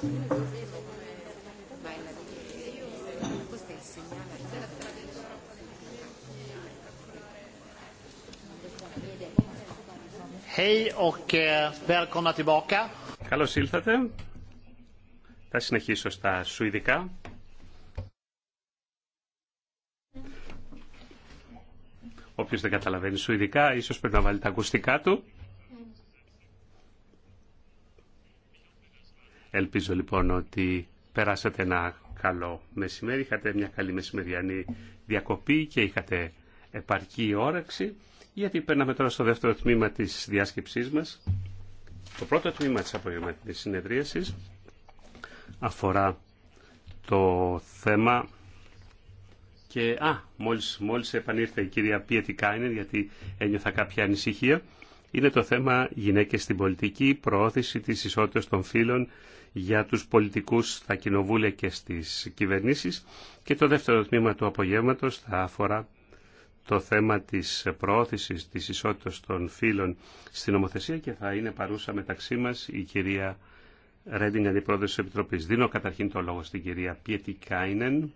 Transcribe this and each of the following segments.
Καλώ och eh, ήλθατε. Θα συνεχίσω στα σουηδικά. Όποιο δεν καταλαβαίνει σουηδικά, ίσω πρέπει να βάλει τα ακουστικά του. Ελπίζω λοιπόν ότι περάσατε ένα καλό μεσημέρι, είχατε μια καλή μεσημεριανή διακοπή και είχατε επαρκή όρεξη, γιατί περνάμε τώρα στο δεύτερο τμήμα της διάσκεψής μας. Το πρώτο τμήμα της απογευματινής συνεδρίασης αφορά το θέμα και α, μόλις, μόλις επανήρθε η κυρία Πιέτη Κάινερ γιατί ένιωθα κάποια ανησυχία είναι το θέμα γυναίκες στην πολιτική, προώθηση της ισότητας των φύλων για τους πολιτικούς στα κοινοβούλια και στις κυβερνήσεις και το δεύτερο τμήμα του απογεύματος θα αφορά το θέμα της προώθησης της ισότητας των φύλων στην νομοθεσία και θα είναι παρούσα μεταξύ μας η κυρία Ρέντινγκ, αντιπρόεδρος της Επιτροπής. Δίνω καταρχήν το λόγο στην κυρία Πιέτη Κάινεν.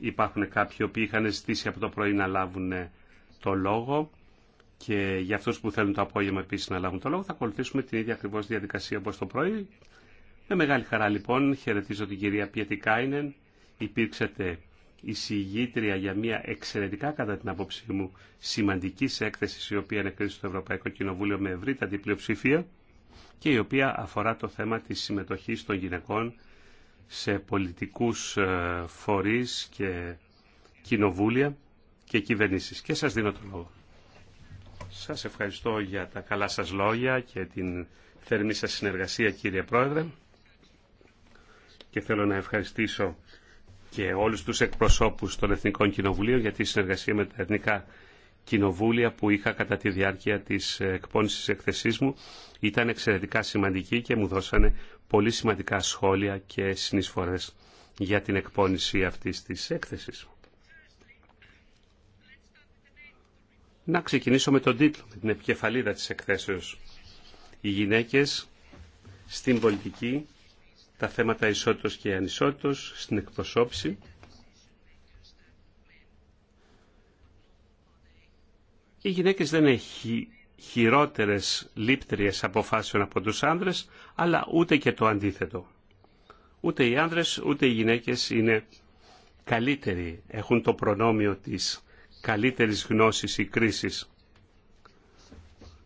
Υπάρχουν κάποιοι που είχαν ζητήσει από το πρωί να λάβουν το λόγο και για αυτού που θέλουν το απόγευμα επίση να λάβουν το λόγο θα ακολουθήσουμε την ίδια ακριβώ διαδικασία όπως το πρωί. Με μεγάλη χαρά λοιπόν χαιρετίζω την κυρία Πιετικάινεν. Υπήρξατε εισηγήτρια για μια εξαιρετικά κατά την άποψή μου σημαντική έκθεση η οποία κρίση στο Ευρωπαϊκό Κοινοβούλιο με ευρύτατη πλειοψηφία και η οποία αφορά το θέμα της συμμετοχής των γυναικών σε πολιτικούς ε, φορείς και κοινοβούλια και κυβερνήσει. Και σας δίνω το λόγο. Σας ευχαριστώ για τα καλά σας λόγια και την θερμή σας συνεργασία κύριε Πρόεδρε και θέλω να ευχαριστήσω και όλους τους εκπροσώπους των Εθνικών Κοινοβουλίων για τη συνεργασία με τα Εθνικά Κοινοβούλια που είχα κατά τη διάρκεια της εκπόνησης εκθεσής μου ήταν εξαιρετικά σημαντική και μου δώσανε πολύ σημαντικά σχόλια και συνεισφορές για την εκπόνηση αυτής της έκθεσης. Να ξεκινήσω με τον τίτλο, με την επικεφαλίδα της εκθέσεως. Οι γυναίκες στην πολιτική, τα θέματα ισότητος και ανισότητος, στην εκπροσώπηση. Οι γυναίκες δεν έχει χειρότερες λήπτριες αποφάσεων από τους άνδρες, αλλά ούτε και το αντίθετο. Ούτε οι άνδρες, ούτε οι γυναίκες είναι καλύτεροι, έχουν το προνόμιο της καλύτερης γνώσης ή κρίσης.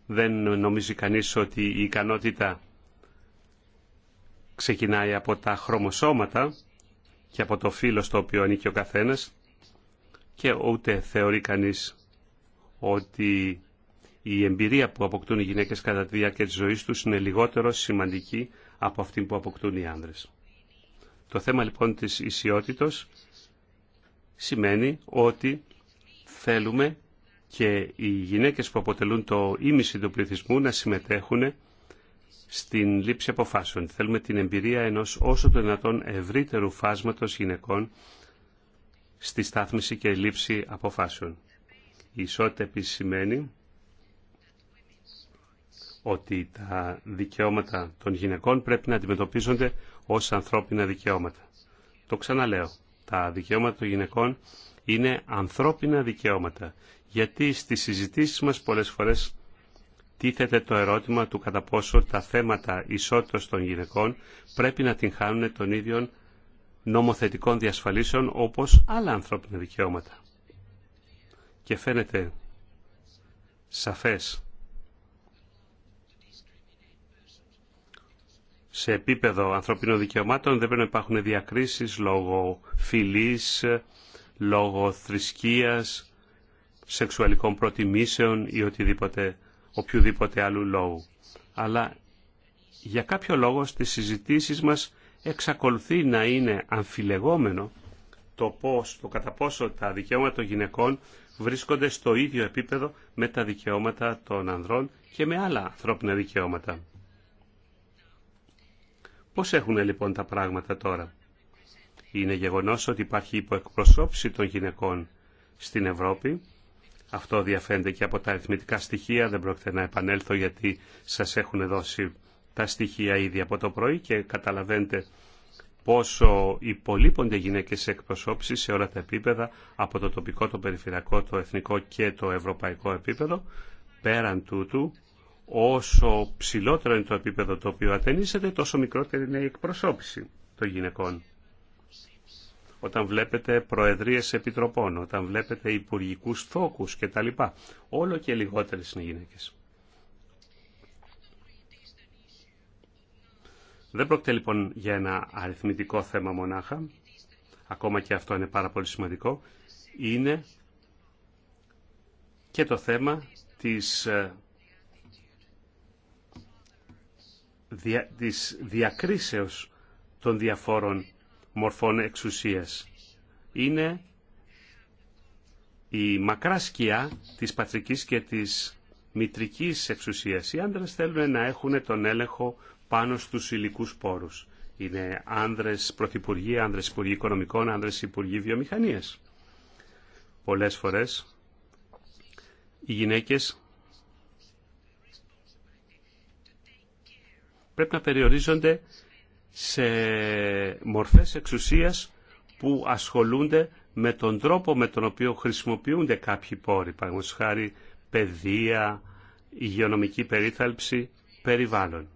Δεν νομίζει κανείς ότι η ικανότητα ξεκινάει από τα χρωμοσώματα και από το φύλλο στο οποίο ανήκει ο καθένας και ούτε θεωρεί κανείς ότι η εμπειρία που αποκτούν οι γυναίκες κατά τη διάρκεια της ζωής τους είναι λιγότερο σημαντική από αυτή που αποκτούν οι άνδρες. Το θέμα λοιπόν της ισιότητος σημαίνει ότι θέλουμε και οι γυναίκες που αποτελούν το ίμιση του πληθυσμού να συμμετέχουν στην λήψη αποφάσεων. Θέλουμε την εμπειρία ενός όσο το δυνατόν ευρύτερου φάσματος γυναικών στη στάθμιση και λήψη αποφάσεων. Η ισότητα επίσης σημαίνει ότι τα δικαιώματα των γυναικών πρέπει να αντιμετωπίζονται ως ανθρώπινα δικαιώματα. Το ξαναλέω, τα δικαιώματα των γυναικών είναι ανθρώπινα δικαιώματα. Γιατί στις συζητήσεις μας πολλές φορές τίθεται το ερώτημα του κατά πόσο τα θέματα ισότητας των γυναικών πρέπει να την χάνουν των ίδιων νομοθετικών διασφαλίσεων όπως άλλα ανθρώπινα δικαιώματα. Και φαίνεται σαφές σε επίπεδο ανθρωπίνων δικαιωμάτων δεν πρέπει να υπάρχουν διακρίσεις λόγω φυλής, λόγω θρησκείας, σεξουαλικών προτιμήσεων ή οτιδήποτε, οποιοδήποτε άλλου λόγου. Αλλά για κάποιο λόγο στις συζητήσεις μας εξακολουθεί να είναι αμφιλεγόμενο το, πώς, το κατά πόσο τα δικαιώματα των γυναικών βρίσκονται στο ίδιο επίπεδο με τα δικαιώματα των ανδρών και με άλλα ανθρώπινα δικαιώματα. Πώς έχουν λοιπόν τα πράγματα τώρα. Είναι γεγονός ότι υπάρχει υποεκπροσώπηση των γυναικών στην Ευρώπη. Αυτό διαφαίνεται και από τα αριθμητικά στοιχεία. Δεν πρόκειται να επανέλθω γιατί σας έχουν δώσει τα στοιχεία ήδη από το πρωί και καταλαβαίνετε πόσο υπολείπονται γυναίκες εκπροσώπηση σε όλα τα επίπεδα από το τοπικό, το περιφερειακό, το εθνικό και το ευρωπαϊκό επίπεδο. Πέραν τούτου, όσο ψηλότερο είναι το επίπεδο το οποίο ατενίζεται, τόσο μικρότερη είναι η εκπροσώπηση των γυναικών όταν βλέπετε προεδρίες επιτροπών, όταν βλέπετε υπουργικού θόκους κτλ. Όλο και λιγότερες είναι γυναίκες. Δεν πρόκειται λοιπόν για ένα αριθμητικό θέμα μονάχα, ακόμα και αυτό είναι πάρα πολύ σημαντικό, είναι και το θέμα της, ε, της διακρίσεως των διαφόρων μορφών εξουσίας. Είναι η μακρά σκιά της πατρικής και της μητρικής εξουσίας. Οι άντρες θέλουν να έχουν τον έλεγχο πάνω στους υλικού πόρους. Είναι άνδρες πρωθυπουργοί, άνδρες υπουργοί οικονομικών, άνδρες υπουργοί βιομηχανίας. Πολλές φορές οι γυναίκες πρέπει να περιορίζονται σε μορφές εξουσίας που ασχολούνται με τον τρόπο με τον οποίο χρησιμοποιούνται κάποιοι πόροι, παραδείγματος χάρη παιδεία, υγειονομική περίθαλψη, περιβάλλον.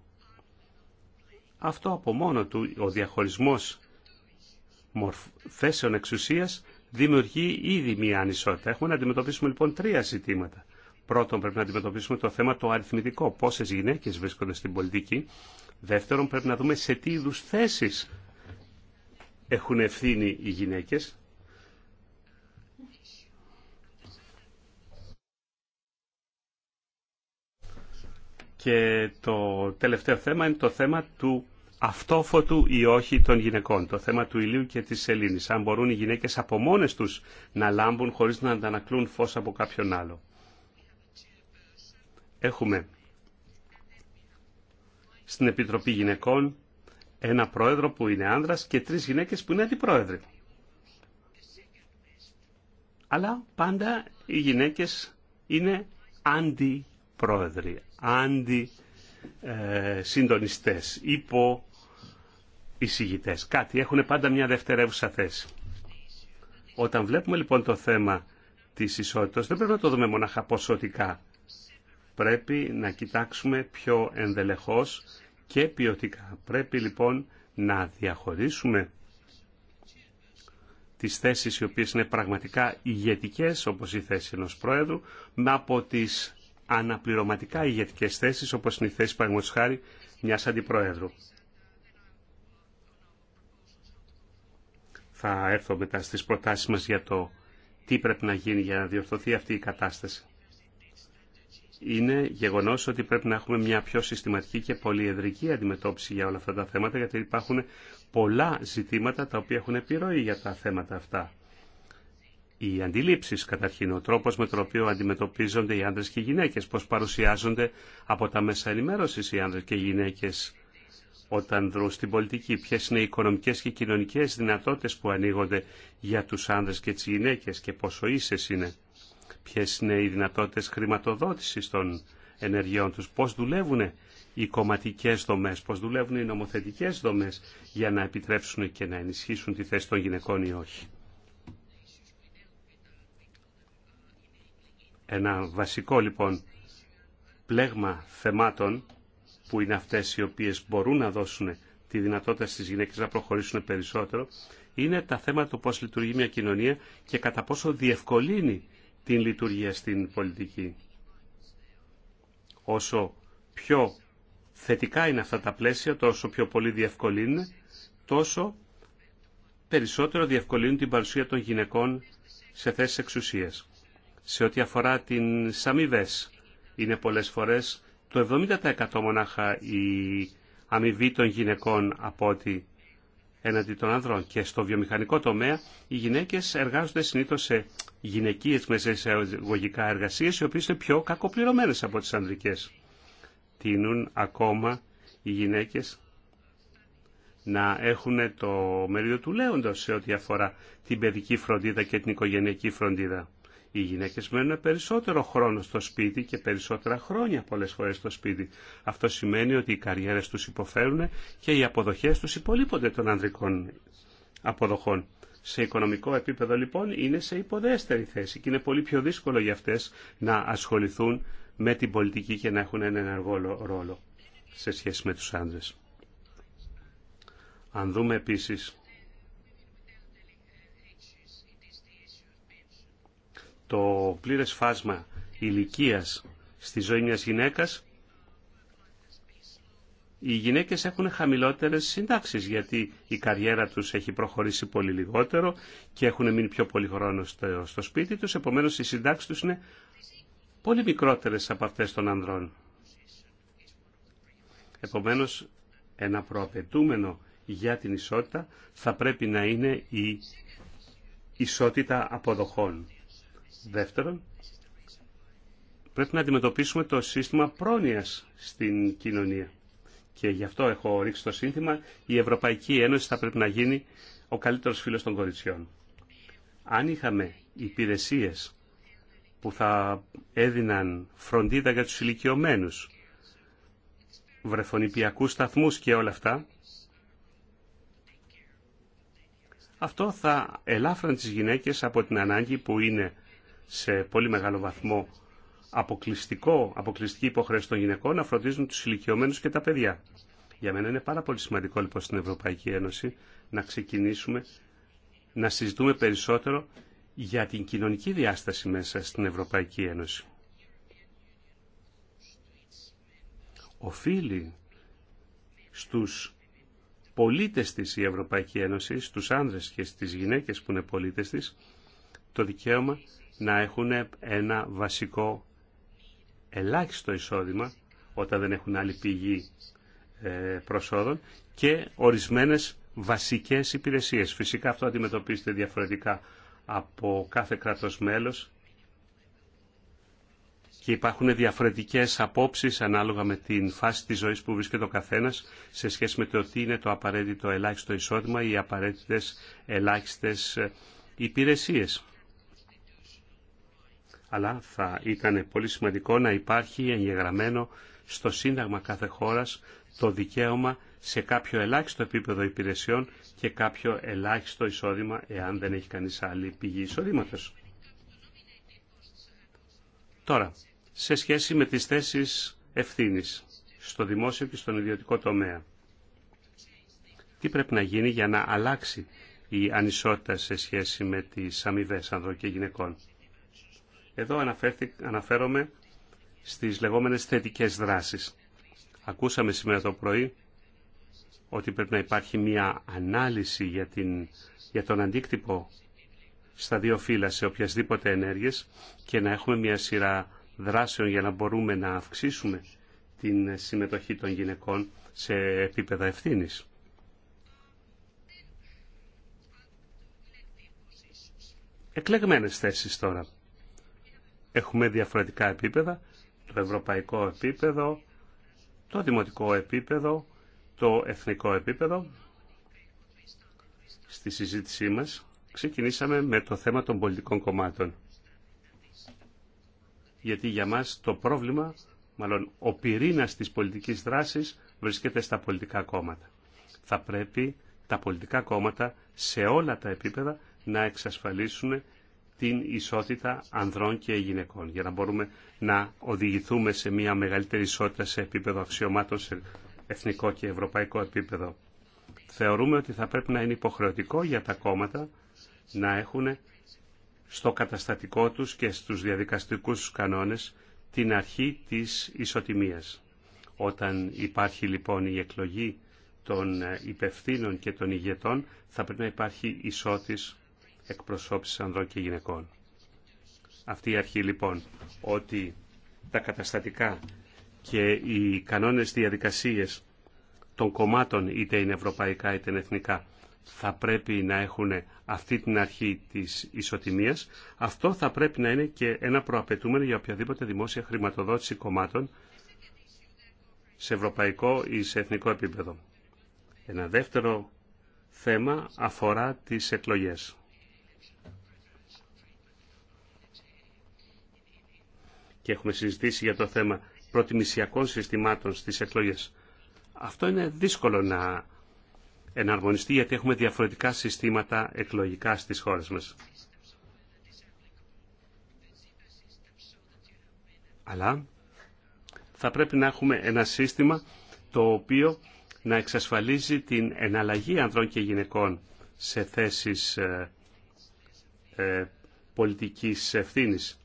Αυτό από μόνο του, ο διαχωρισμός θέσεων εξουσίας, δημιουργεί ήδη μία ανισότητα. Έχουμε να αντιμετωπίσουμε λοιπόν τρία ζητήματα. Πρώτον, πρέπει να αντιμετωπίσουμε το θέμα το αριθμητικό. Πόσε γυναίκε βρίσκονται στην πολιτική. Δεύτερον, πρέπει να δούμε σε τι είδου θέσει έχουν ευθύνη οι γυναίκες. Και το τελευταίο θέμα είναι το θέμα του αυτόφωτου ή όχι των γυναικών. Το θέμα του ηλίου και της σελήνης. Αν μπορούν οι γυναίκες από μόνες τους να λάμπουν χωρίς να αντανακλούν φως από κάποιον άλλο. Έχουμε στην Επιτροπή Γυναικών ένα πρόεδρο που είναι άνδρας και τρεις γυναίκες που είναι αντιπρόεδροι. Αλλά πάντα οι γυναίκες είναι αντιπρόεδροι, αντισυντονιστές, ε, υπό εισηγητές. Κάτι, έχουν πάντα μια δευτερεύουσα θέση. Όταν βλέπουμε λοιπόν το θέμα της ισότητας, δεν πρέπει να το δούμε μοναχα ποσοτικά πρέπει να κοιτάξουμε πιο ενδελεχώς και ποιοτικά. Πρέπει λοιπόν να διαχωρίσουμε τις θέσεις οι οποίες είναι πραγματικά ηγετικέ, όπως η θέση ενός Πρόεδρου, από τις αναπληρωματικά ηγετικέ θέσεις, όπως είναι η θέση του χάρη μιας Αντιπροέδρου. Θα έρθω μετά στις προτάσεις μας για το τι πρέπει να γίνει για να διορθωθεί αυτή η κατάσταση είναι γεγονό ότι πρέπει να έχουμε μια πιο συστηματική και πολυεδρική αντιμετώπιση για όλα αυτά τα θέματα, γιατί υπάρχουν πολλά ζητήματα τα οποία έχουν επιρροή για τα θέματα αυτά. Οι αντιλήψει καταρχήν, ο τρόπο με τον οποίο αντιμετωπίζονται οι άνδρες και οι γυναίκε, πώ παρουσιάζονται από τα μέσα ενημέρωση οι άνδρες και οι γυναίκες όταν δρουν στην πολιτική, ποιε είναι οι οικονομικέ και κοινωνικέ δυνατότητε που ανοίγονται για του άνδρες και τι γυναίκε και πόσο ίσε είναι ποιες είναι οι δυνατότητες χρηματοδότησης των ενεργειών τους, πώς δουλεύουν οι κομματικές δομές, πώς δουλεύουν οι νομοθετικές δομές για να επιτρέψουν και να ενισχύσουν τη θέση των γυναικών ή όχι. Ένα βασικό λοιπόν πλέγμα θεμάτων που είναι αυτές οι οποίες μπορούν να δώσουν τη δυνατότητα στις γυναίκες να προχωρήσουν περισσότερο είναι τα θέματα του πώς λειτουργεί μια κοινωνία και κατά πόσο διευκολύνει την λειτουργία στην πολιτική. Όσο πιο θετικά είναι αυτά τα πλαίσια, τόσο πιο πολύ διευκολύνουν, τόσο περισσότερο διευκολύνουν την παρουσία των γυναικών σε θέσεις εξουσίας. Σε ό,τι αφορά την αμοιβέ, είναι πολλές φορές το 70% μονάχα η αμοιβή των γυναικών από ότι εναντί των ανδρών. Και στο βιομηχανικό τομέα οι γυναίκε εργάζονται συνήθω σε γυναικείε σε εισαγωγικά εργασίε, οι οποίε είναι πιο κακοπληρωμένε από τι ανδρικέ. Τίνουν ακόμα οι γυναίκε να έχουν το μερίδιο του λέοντος σε ό,τι αφορά την παιδική φροντίδα και την οικογενειακή φροντίδα. Οι γυναίκες μένουν περισσότερο χρόνο στο σπίτι και περισσότερα χρόνια πολλές φορές στο σπίτι. Αυτό σημαίνει ότι οι καριέρες τους υποφέρουν και οι αποδοχές τους υπολείπονται των ανδρικών αποδοχών. Σε οικονομικό επίπεδο λοιπόν είναι σε υποδέστερη θέση και είναι πολύ πιο δύσκολο για αυτές να ασχοληθούν με την πολιτική και να έχουν έναν ενεργό ρόλο σε σχέση με τους άντρες. Αν δούμε επίσης το πλήρες φάσμα ηλικίας στη ζωή μιας γυναίκας, οι γυναίκες έχουν χαμηλότερες συντάξεις γιατί η καριέρα τους έχει προχωρήσει πολύ λιγότερο και έχουν μείνει πιο πολύ χρόνο στο, σπίτι τους, επομένως οι συντάξεις τους είναι πολύ μικρότερες από αυτές των ανδρών. Επομένως, ένα προαπαιτούμενο για την ισότητα θα πρέπει να είναι η ισότητα αποδοχών. Δεύτερον, πρέπει να αντιμετωπίσουμε το σύστημα πρόνοιας στην κοινωνία. Και γι' αυτό έχω ρίξει το σύνθημα, η Ευρωπαϊκή Ένωση θα πρέπει να γίνει ο καλύτερος φίλος των κοριτσιών. Αν είχαμε υπηρεσίες που θα έδιναν φροντίδα για τους ηλικιωμένους, βρεφονιπιακούς σταθμούς και όλα αυτά, αυτό θα ελάφραν τις γυναίκες από την ανάγκη που είναι σε πολύ μεγάλο βαθμό αποκλειστικό, αποκλειστική υποχρέωση των γυναικών να φροντίζουν τους ηλικιωμένους και τα παιδιά. Για μένα είναι πάρα πολύ σημαντικό λοιπόν στην Ευρωπαϊκή Ένωση να ξεκινήσουμε να συζητούμε περισσότερο για την κοινωνική διάσταση μέσα στην Ευρωπαϊκή Ένωση. Οφείλει στους πολίτες της η Ευρωπαϊκή Ένωση, στους άνδρες και στις γυναίκες που είναι πολίτες της, το δικαίωμα να έχουν ένα βασικό ελάχιστο εισόδημα όταν δεν έχουν άλλη πηγή ε, προσόδων και ορισμένες βασικές υπηρεσίες. Φυσικά αυτό αντιμετωπίζεται διαφορετικά από κάθε κράτος μέλος και υπάρχουν διαφορετικές απόψεις ανάλογα με την φάση της ζωής που βρίσκεται ο καθένας σε σχέση με το τι είναι το απαραίτητο ελάχιστο εισόδημα ή οι απαραίτητες ελάχιστες ε, υπηρεσίες αλλά θα ήταν πολύ σημαντικό να υπάρχει εγγεγραμμένο στο Σύνταγμα κάθε χώρας το δικαίωμα σε κάποιο ελάχιστο επίπεδο υπηρεσιών και κάποιο ελάχιστο εισόδημα εάν δεν έχει κανείς άλλη πηγή εισόδηματος. Τώρα, σε σχέση με τις θέσεις ευθύνης στο δημόσιο και στον ιδιωτικό τομέα. Τι πρέπει να γίνει για να αλλάξει η ανισότητα σε σχέση με τις αμοιβέ ανδρών και γυναικών. Εδώ αναφέρομαι στις λεγόμενες θετικές δράσεις. Ακούσαμε σήμερα το πρωί ότι πρέπει να υπάρχει μια ανάλυση για, την, για τον αντίκτυπο στα δύο φύλλα σε οποιασδήποτε ενέργειες και να έχουμε μια σειρά δράσεων για να μπορούμε να αυξήσουμε την συμμετοχή των γυναικών σε επίπεδα ευθύνης. Εκλεγμένες θέσεις τώρα. Έχουμε διαφορετικά επίπεδα, το ευρωπαϊκό επίπεδο, το δημοτικό επίπεδο, το εθνικό επίπεδο. Στη συζήτησή μας ξεκινήσαμε με το θέμα των πολιτικών κομμάτων. Γιατί για μας το πρόβλημα, μάλλον ο πυρήνας της πολιτικής δράσης βρίσκεται στα πολιτικά κόμματα. Θα πρέπει τα πολιτικά κόμματα σε όλα τα επίπεδα να εξασφαλίσουν την ισότητα ανδρών και γυναικών, για να μπορούμε να οδηγηθούμε σε μια μεγαλύτερη ισότητα σε επίπεδο αξιωμάτων σε εθνικό και ευρωπαϊκό επίπεδο. Θεωρούμε ότι θα πρέπει να είναι υποχρεωτικό για τα κόμματα να έχουν στο καταστατικό τους και στους διαδικαστικούς κανόνες την αρχή της ισοτιμίας. Όταν υπάρχει λοιπόν η εκλογή των ε, υπευθύνων και των ηγετών θα πρέπει να υπάρχει ισότης εκπροσώπησης ανδρών και γυναικών. Αυτή η αρχή λοιπόν ότι τα καταστατικά και οι κανόνες διαδικασίες των κομμάτων είτε είναι ευρωπαϊκά είτε είναι εθνικά θα πρέπει να έχουν αυτή την αρχή της ισοτιμίας, αυτό θα πρέπει να είναι και ένα προαπαιτούμενο για οποιαδήποτε δημόσια χρηματοδότηση κομμάτων σε ευρωπαϊκό ή σε εθνικό επίπεδο. Ένα δεύτερο θέμα αφορά τις εκλογές. και έχουμε συζητήσει για το θέμα προτιμησιακών συστημάτων στις εκλογές. Αυτό είναι δύσκολο να εναρμονιστεί γιατί έχουμε διαφορετικά συστήματα εκλογικά στις χώρες μας. Αλλά θα πρέπει να έχουμε ένα σύστημα το οποίο να εξασφαλίζει την εναλλαγή ανδρών και γυναικών σε θέσεις ε, ε, πολιτικής ευθύνης.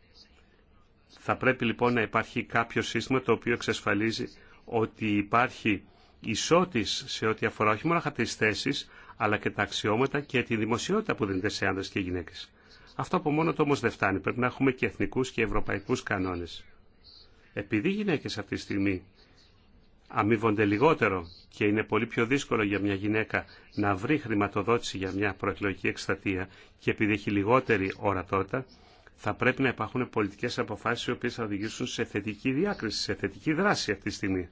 Θα πρέπει λοιπόν να υπάρχει κάποιο σύστημα το οποίο εξασφαλίζει ότι υπάρχει ισότης σε ό,τι αφορά όχι μόνο τις θέσεις, αλλά και τα αξιώματα και τη δημοσιότητα που δίνεται σε άνδρες και γυναίκες. Αυτό από μόνο το όμως δεν φτάνει. Πρέπει να έχουμε και εθνικούς και ευρωπαϊκούς κανόνες. Επειδή οι γυναίκες αυτή τη στιγμή αμείβονται λιγότερο και είναι πολύ πιο δύσκολο για μια γυναίκα να βρει χρηματοδότηση για μια προεκλογική εκστατεία και επειδή έχει λιγότερη ορατότητα, θα πρέπει να υπάρχουν πολιτικές αποφάσεις οι οποίες θα οδηγήσουν σε θετική διάκριση, σε θετική δράση αυτή τη στιγμή.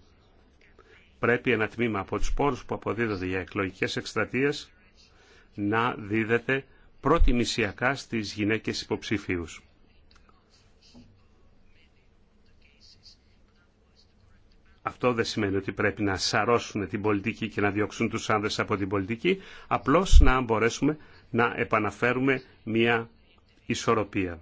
Πρέπει ένα τμήμα από τους πόρους που αποδίδονται για εκλογικές εκστρατείες να δίδεται μισιακά στις γυναίκες υποψηφίους. Αυτό δεν σημαίνει ότι πρέπει να σαρώσουν την πολιτική και να διώξουν τους άνδρες από την πολιτική, απλώς να μπορέσουμε να επαναφέρουμε μια ισορροπία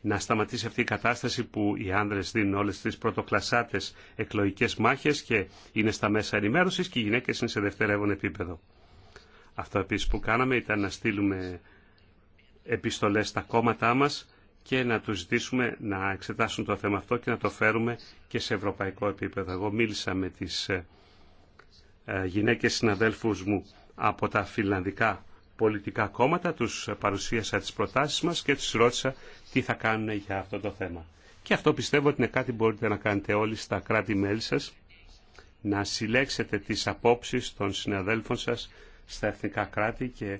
να σταματήσει αυτή η κατάσταση που οι άνδρες δίνουν όλες τις πρωτοκλασσάτες εκλογικές μάχες και είναι στα μέσα ενημέρωσης και οι γυναίκες είναι σε δευτερεύον επίπεδο. Αυτό επίσης που κάναμε ήταν να στείλουμε επιστολές στα κόμματά μας και να τους ζητήσουμε να εξετάσουν το θέμα αυτό και να το φέρουμε και σε ευρωπαϊκό επίπεδο. Εγώ μίλησα με τις ε, ε, γυναίκες συναδέλφους μου από τα φιλανδικά πολιτικά κόμματα, τους παρουσίασα τις προτάσεις μας και τους ρώτησα τι θα κάνουν για αυτό το θέμα. Και αυτό πιστεύω ότι είναι κάτι που μπορείτε να κάνετε όλοι στα κράτη-μέλη σας, να συλλέξετε τις απόψεις των συναδέλφων σας στα εθνικά κράτη και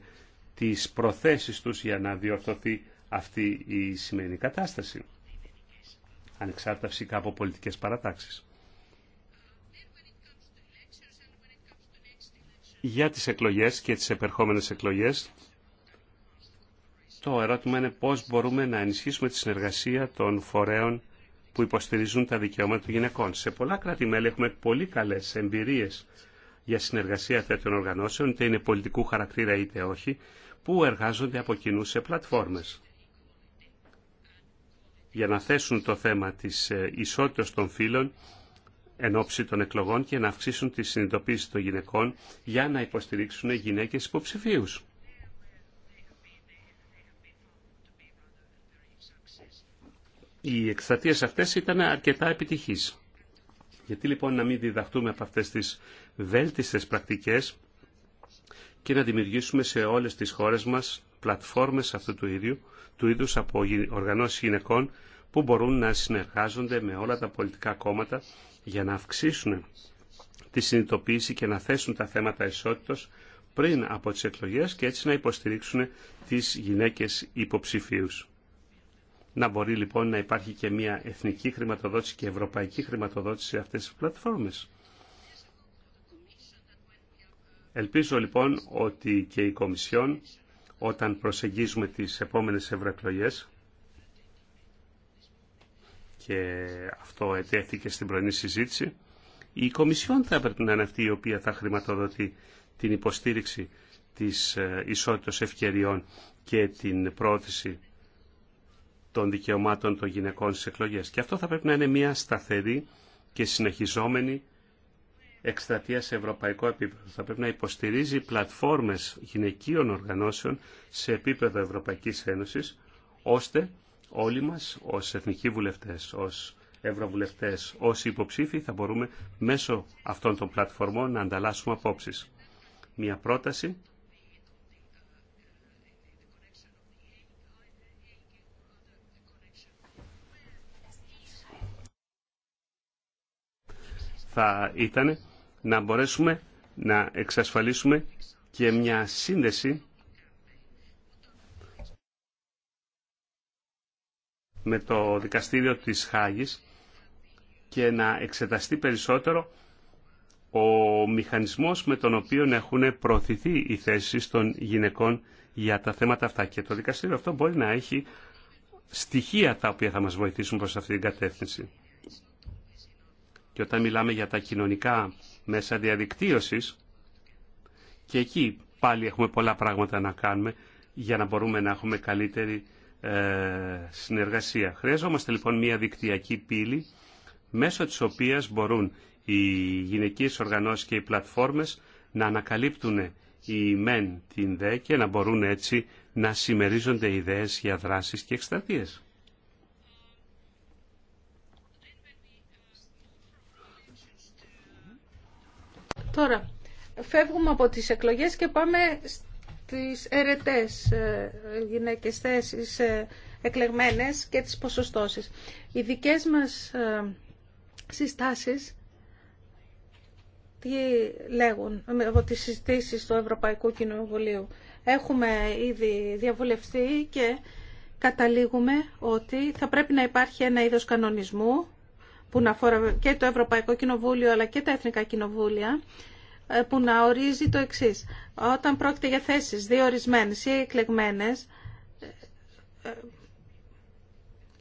τις προθέσεις τους για να διορθωθεί αυτή η σημερινή κατάσταση. Ανεξάρτητα φυσικά από πολιτικές παρατάξεις. για τις εκλογές και τις επερχόμενες εκλογές. Το ερώτημα είναι πώς μπορούμε να ενισχύσουμε τη συνεργασία των φορέων που υποστηρίζουν τα δικαιώματα των γυναικών. Σε πολλά κράτη-μέλη έχουμε πολύ καλές εμπειρίες για συνεργασία τέτοιων οργανώσεων, είτε είναι πολιτικού χαρακτήρα είτε όχι, που εργάζονται από κοινού σε πλατφόρμες. Για να θέσουν το θέμα της ε, ισότητας των φύλων εν ώψη των εκλογών και να αυξήσουν τη συνειδητοποίηση των γυναικών για να υποστηρίξουν γυναίκες υποψηφίους. Οι εκστατείες αυτές ήταν αρκετά επιτυχής. Γιατί λοιπόν να μην διδαχτούμε από αυτές τις βέλτιστες πρακτικές και να δημιουργήσουμε σε όλες τις χώρες μας πλατφόρμες αυτού του, ίδιου, του είδους από οργανώσεις γυναικών που μπορούν να συνεργάζονται με όλα τα πολιτικά κόμματα για να αυξήσουν τη συνειδητοποίηση και να θέσουν τα θέματα ισότητος πριν από τις εκλογές και έτσι να υποστηρίξουν τις γυναίκες υποψηφίους. Να μπορεί λοιπόν να υπάρχει και μια εθνική χρηματοδότηση και ευρωπαϊκή χρηματοδότηση σε αυτές τις πλατφόρμες. Ελπίζω λοιπόν ότι και η Κομισιόν όταν προσεγγίζουμε τις επόμενες ευρωεκλογές και αυτό ετέθηκε στην πρωινή συζήτηση. Η Κομισιόν θα έπρεπε να είναι αυτή η οποία θα χρηματοδοτεί την υποστήριξη της ε, ισότητας ευκαιριών και την πρόθεση των δικαιωμάτων των γυναικών στις εκλογές. Και αυτό θα πρέπει να είναι μια σταθερή και συνεχιζόμενη εκστρατεία σε ευρωπαϊκό επίπεδο. Θα πρέπει να υποστηρίζει πλατφόρμες γυναικείων οργανώσεων σε επίπεδο Ευρωπαϊκής Ένωσης, ώστε όλοι μας ως εθνικοί βουλευτές, ως ευρωβουλευτές, ως υποψήφοι θα μπορούμε μέσω αυτών των πλατφορμών να ανταλλάσσουμε απόψεις. Μια πρόταση θα ήταν να μπορέσουμε να εξασφαλίσουμε και μια σύνδεση με το δικαστήριο της Χάγης και να εξεταστεί περισσότερο ο μηχανισμός με τον οποίο έχουν προωθηθεί οι θέσεις των γυναικών για τα θέματα αυτά. Και το δικαστήριο αυτό μπορεί να έχει στοιχεία τα οποία θα μας βοηθήσουν προς αυτή την κατεύθυνση. Και όταν μιλάμε για τα κοινωνικά μέσα διαδικτύωσης, και εκεί πάλι έχουμε πολλά πράγματα να κάνουμε για να μπορούμε να έχουμε καλύτερη ε, συνεργασία. Χρειαζόμαστε λοιπόν μια δικτυακή πύλη μέσω της οποίας μπορούν οι γυναικείες οργανώσεις και οι πλατφόρμες να ανακαλύπτουν η μεν την δε και να μπορούν έτσι να συμμερίζονται ιδέες για δράσεις και εκστρατείες. Τώρα, φεύγουμε από τις εκλογές και πάμε τις ερετές ε, γυναίκες θέσεις ε, εκλεγμένες και τις ποσοστώσεις. Οι δικές μας ε, συστάσεις τι λέγουν από τις συζητήσεις του Ευρωπαϊκού Κοινοβουλίου. Έχουμε ήδη διαβουλευτεί και καταλήγουμε ότι θα πρέπει να υπάρχει ένα είδος κανονισμού που να αφορά και το Ευρωπαϊκό Κοινοβούλιο αλλά και τα Εθνικά Κοινοβούλια ε, που να ορίζει το εξής. Όταν πρόκειται για θέσεις διορισμένες ή εκλεγμένες, ε,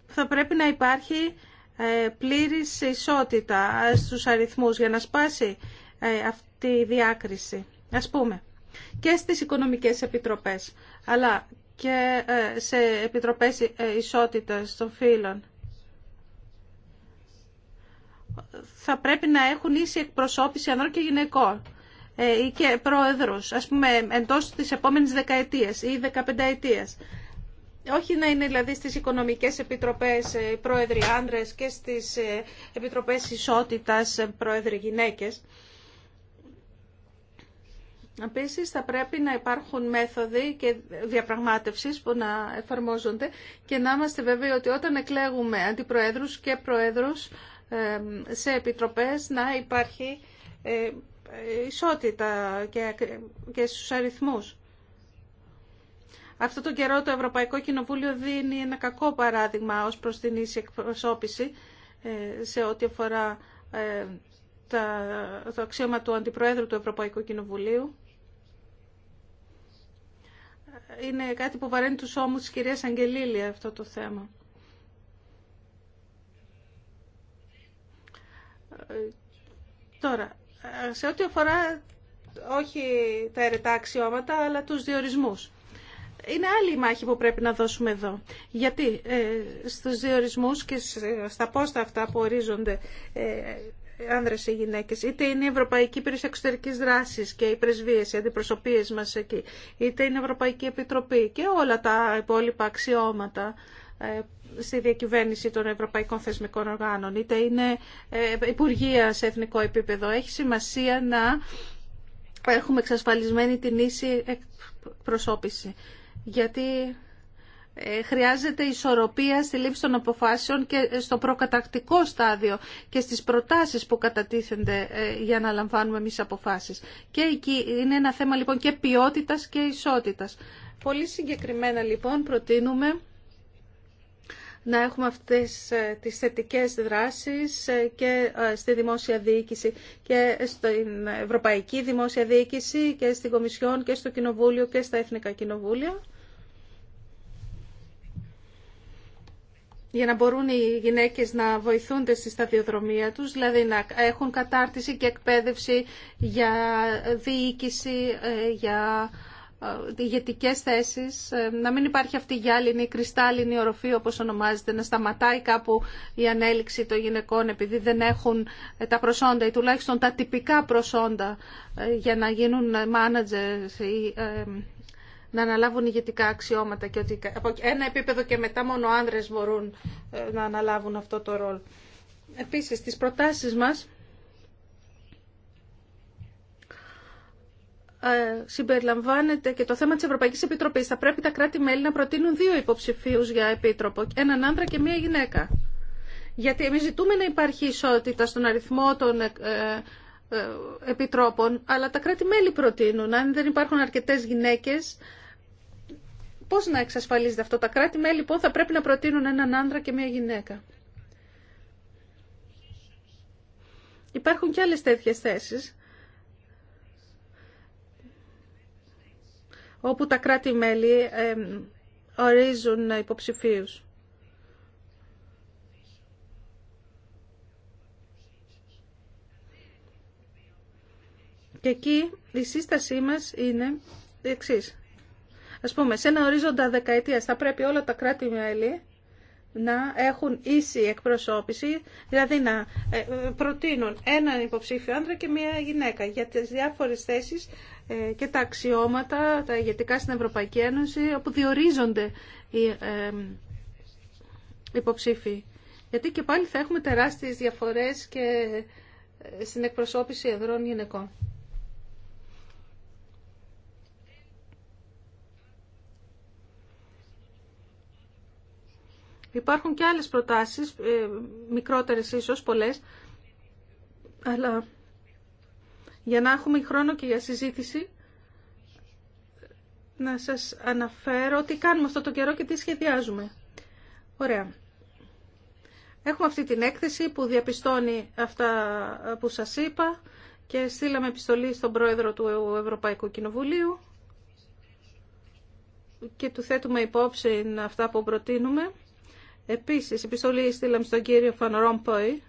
θα πρέπει να υπάρχει ε, πλήρης ισότητα στους αριθμούς για να σπάσει αυτή η διάκριση, ας πούμε, και στις οικονομικές επιτροπές, αλλά και σε επιτροπές ισότητας των φύλων. Θα πρέπει να έχουν ίση εκπροσώπηση ανδρών και γυναικών. Ε, ή και πρόεδρος, ας πούμε, εντός της επόμενης δεκαετίας ή δεκαπενταετίας. Όχι να είναι δηλαδή στις οικονομικές επιτροπές ε, πρόεδροι άνδρες και στις ε, επιτροπές ισότητας πρόεδροι γυναίκες. Επίση, θα πρέπει να υπάρχουν μέθοδοι και διαπραγμάτευσης που να εφαρμόζονται και να είμαστε βέβαιοι ότι όταν εκλέγουμε αντιπροέδρους και προέδρους σε επιτροπές να υπάρχει ισότητα και, και στους αριθμούς. Αυτό το καιρό το Ευρωπαϊκό Κοινοβούλιο δίνει ένα κακό παράδειγμα ως προς την ίση εκπροσώπηση ε, σε ό,τι αφορά ε, το αξίωμα του Αντιπροέδρου του Ευρωπαϊκού Κοινοβουλίου. Είναι κάτι που βαραίνει τους ώμους της κυρίας Αγγελίλη αυτό το θέμα. Ε, τώρα, σε ό,τι αφορά όχι τα αιρετά αξιώματα, αλλά τους διορισμούς. Είναι άλλη η μάχη που πρέπει να δώσουμε εδώ. Γιατί ε, στους διορισμούς και στα πόστα αυτά που ορίζονται ε, άνδρες ή γυναίκες, είτε είναι η Ευρωπαϊκή Υπηρεσία Εξωτερικής Δράσης και οι πρεσβείες, οι αντιπροσωπείες μας εκεί, είτε είναι η Ευρωπαϊκή Επιτροπή και όλα τα υπόλοιπα αξιώματα ε, στη διακυβέρνηση των ευρωπαϊκών θεσμικών οργάνων, είτε είναι ε, υπουργεία σε εθνικό επίπεδο. Έχει σημασία να έχουμε εξασφαλισμένη την ίση προσώπηση. Γιατί ε, χρειάζεται ισορροπία στη λήψη των αποφάσεων και στο προκατακτικό στάδιο και στις προτάσεις που κατατίθενται για να λαμβάνουμε εμείς αποφάσεις. Και εκεί είναι ένα θέμα λοιπόν και ποιότητας και ισότητας. Πολύ συγκεκριμένα λοιπόν προτείνουμε να έχουμε αυτές ε, τις θετικέ δράσεις ε, και ε, στη δημόσια διοίκηση και στην Ευρωπαϊκή Δημόσια Διοίκηση και στην Κομισιόν και στο Κοινοβούλιο και στα Εθνικά Κοινοβούλια. για να μπορούν οι γυναίκες να βοηθούνται στη σταδιοδρομία τους, δηλαδή να έχουν κατάρτιση και εκπαίδευση για διοίκηση, για ε, ε, ηγετικέ θέσει, ε, να μην υπάρχει αυτή η γυάλινη, η κρυστάλλινη οροφή όπω ονομάζεται, να σταματάει κάπου η ανέλυξη των γυναικών επειδή δεν έχουν τα προσόντα ή τουλάχιστον τα τυπικά προσόντα για να γίνουν managers ή να αναλάβουν ηγετικά αξιώματα και ότι από ένα επίπεδο και μετά μόνο άνδρες μπορούν να αναλάβουν αυτό το ρόλο. Επίσης, στις προτάσεις μας Ε, συμπεριλαμβάνεται και το θέμα της Ευρωπαϊκής Επιτροπής. Θα πρέπει τα κράτη-μέλη να προτείνουν δύο υποψηφίους για επίτροπο, έναν άντρα και μία γυναίκα. Γιατί εμείς ζητούμε να υπάρχει ισότητα στον αριθμό των ε, ε, επιτρόπων, αλλά τα κράτη-μέλη προτείνουν. Αν δεν υπάρχουν αρκετές γυναίκες, πώς να εξασφαλίζεται αυτό. Τα κράτη-μέλη λοιπόν θα πρέπει να προτείνουν έναν άντρα και μία γυναίκα. Υπάρχουν και άλλες τέτοιες θέσεις όπου τα κράτη-μέλη ορίζουν υποψηφίους. Και εκεί η σύστασή μας είναι η εξής. Ας πούμε, σε ένα ορίζοντα δεκαετίας θα πρέπει όλα τα κράτη-μέλη να έχουν ίση εκπροσώπηση, δηλαδή να ε, προτείνουν έναν υποψήφιο άντρα και μία γυναίκα για τις διάφορες θέσεις ε, και τα αξιώματα, τα ηγετικά στην Ευρωπαϊκή Ένωση, όπου διορίζονται οι ε, υποψήφοι. Γιατί και πάλι θα έχουμε τεράστιες διαφορές και στην εκπροσώπηση εδρών γυναικών. Υπάρχουν και άλλες προτάσεις, ε, μικρότερες ίσως, πολλές, αλλά για να έχουμε χρόνο και για συζήτηση, να σας αναφέρω τι κάνουμε αυτό το καιρό και τι σχεδιάζουμε. Ωραία. Έχουμε αυτή την έκθεση που διαπιστώνει αυτά που σας είπα και στείλαμε επιστολή στον πρόεδρο του Ευρωπαϊκού Κοινοβουλίου και του θέτουμε υπόψη αυτά που προτείνουμε Επίσης, επιστολή στείλαμε στον κύριο Φαν Ρόμποϊ.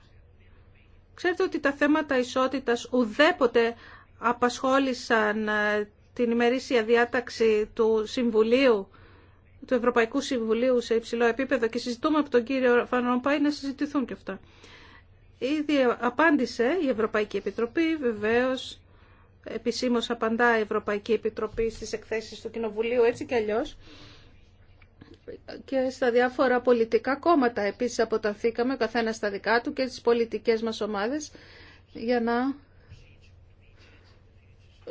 Ξέρετε ότι τα θέματα ισότητας ουδέποτε απασχόλησαν ε, την ημερήσια διάταξη του Συμβουλίου, του Ευρωπαϊκού Συμβουλίου σε υψηλό επίπεδο και συζητούμε από τον κύριο Φαν Ρόμποϊ να συζητηθούν και αυτά. Ήδη απάντησε η Ευρωπαϊκή Επιτροπή, βεβαίως επισήμως απαντά η Ευρωπαϊκή Επιτροπή στις εκθέσεις του Κοινοβουλίου έτσι κι αλλιώς και στα διάφορα πολιτικά κόμματα. Επίσης αποταθήκαμε, καθένα στα δικά του και στις πολιτικές μας ομάδες, για να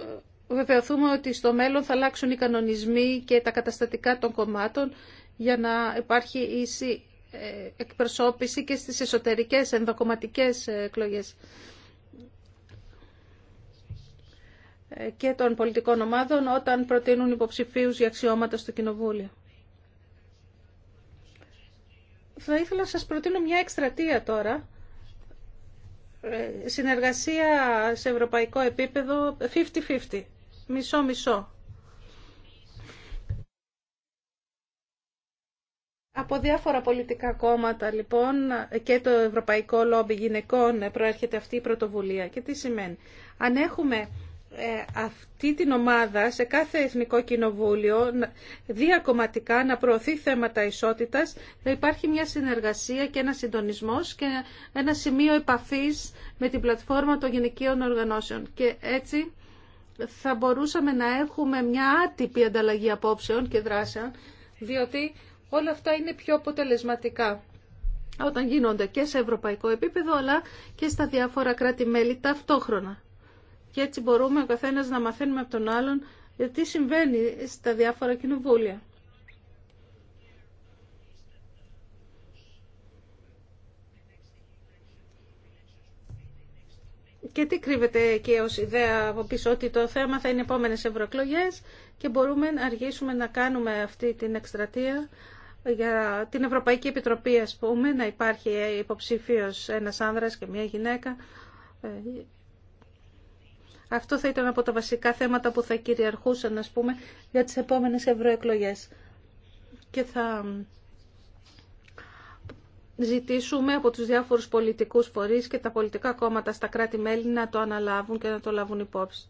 ε, βεβαιωθούμε ότι στο μέλλον θα αλλάξουν οι κανονισμοί και τα καταστατικά των κομμάτων για να υπάρχει ίση ε, εκπροσώπηση και στις εσωτερικές ενδοκομματικές ε, εκλογές και των πολιτικών ομάδων όταν προτείνουν υποψηφίους για αξιώματα στο Κοινοβούλιο θα ήθελα να σας προτείνω μια εκστρατεία τώρα. Ε, συνεργασία σε ευρωπαϊκό επίπεδο 50-50. Μισό-μισό. Από διάφορα πολιτικά κόμματα, λοιπόν, και το Ευρωπαϊκό Λόμπι Γυναικών ε, προέρχεται αυτή η πρωτοβουλία. Και τι σημαίνει. Αν έχουμε ε, αυτή την ομάδα σε κάθε εθνικό κοινοβούλιο διακομματικά να προωθεί θέματα ισότητας να υπάρχει μια συνεργασία και ένα συντονισμός και ένα σημείο επαφής με την πλατφόρμα των γυναικείων οργανώσεων και έτσι θα μπορούσαμε να έχουμε μια άτυπη ανταλλαγή απόψεων και δράσεων διότι όλα αυτά είναι πιο αποτελεσματικά όταν γίνονται και σε ευρωπαϊκό επίπεδο αλλά και στα διάφορα κράτη-μέλη ταυτόχρονα και έτσι μπορούμε ο καθένας να μαθαίνουμε από τον άλλον τι συμβαίνει στα διάφορα κοινοβούλια. Και τι κρύβεται εκεί ως ιδέα από πίσω ότι το θέμα θα είναι επόμενες ευρωεκλογέ και μπορούμε να αργήσουμε να κάνουμε αυτή την εκστρατεία για την Ευρωπαϊκή Επιτροπή ας πούμε να υπάρχει υποψήφιος ένας άνδρας και μια γυναίκα ε, αυτό θα ήταν από τα βασικά θέματα που θα κυριαρχούσαν, ας πούμε, για τις επόμενες ευρωεκλογέ. Και θα ζητήσουμε από τους διάφορους πολιτικούς φορείς και τα πολιτικά κόμματα στα κράτη-μέλη να το αναλάβουν και να το λάβουν υπόψη.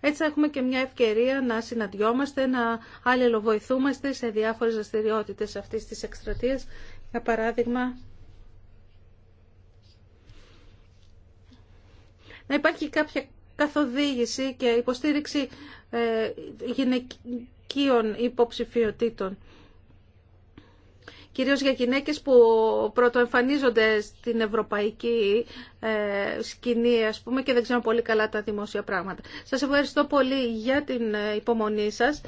Έτσι έχουμε και μια ευκαιρία να συναντιόμαστε, να αλληλοβοηθούμαστε σε διάφορες δραστηριότητε αυτής της εκστρατεία. Για παράδειγμα, να υπάρχει κάποια καθοδήγηση και υποστήριξη ε, γυναικείων υποψηφιωτήτων. Κυρίως για γυναίκες που πρωτοεμφανίζονται στην ευρωπαϊκή ε, σκηνή ας πούμε, και δεν ξέρουν πολύ καλά τα δημόσια πράγματα. Σας ευχαριστώ πολύ για την ε, υπομονή σας.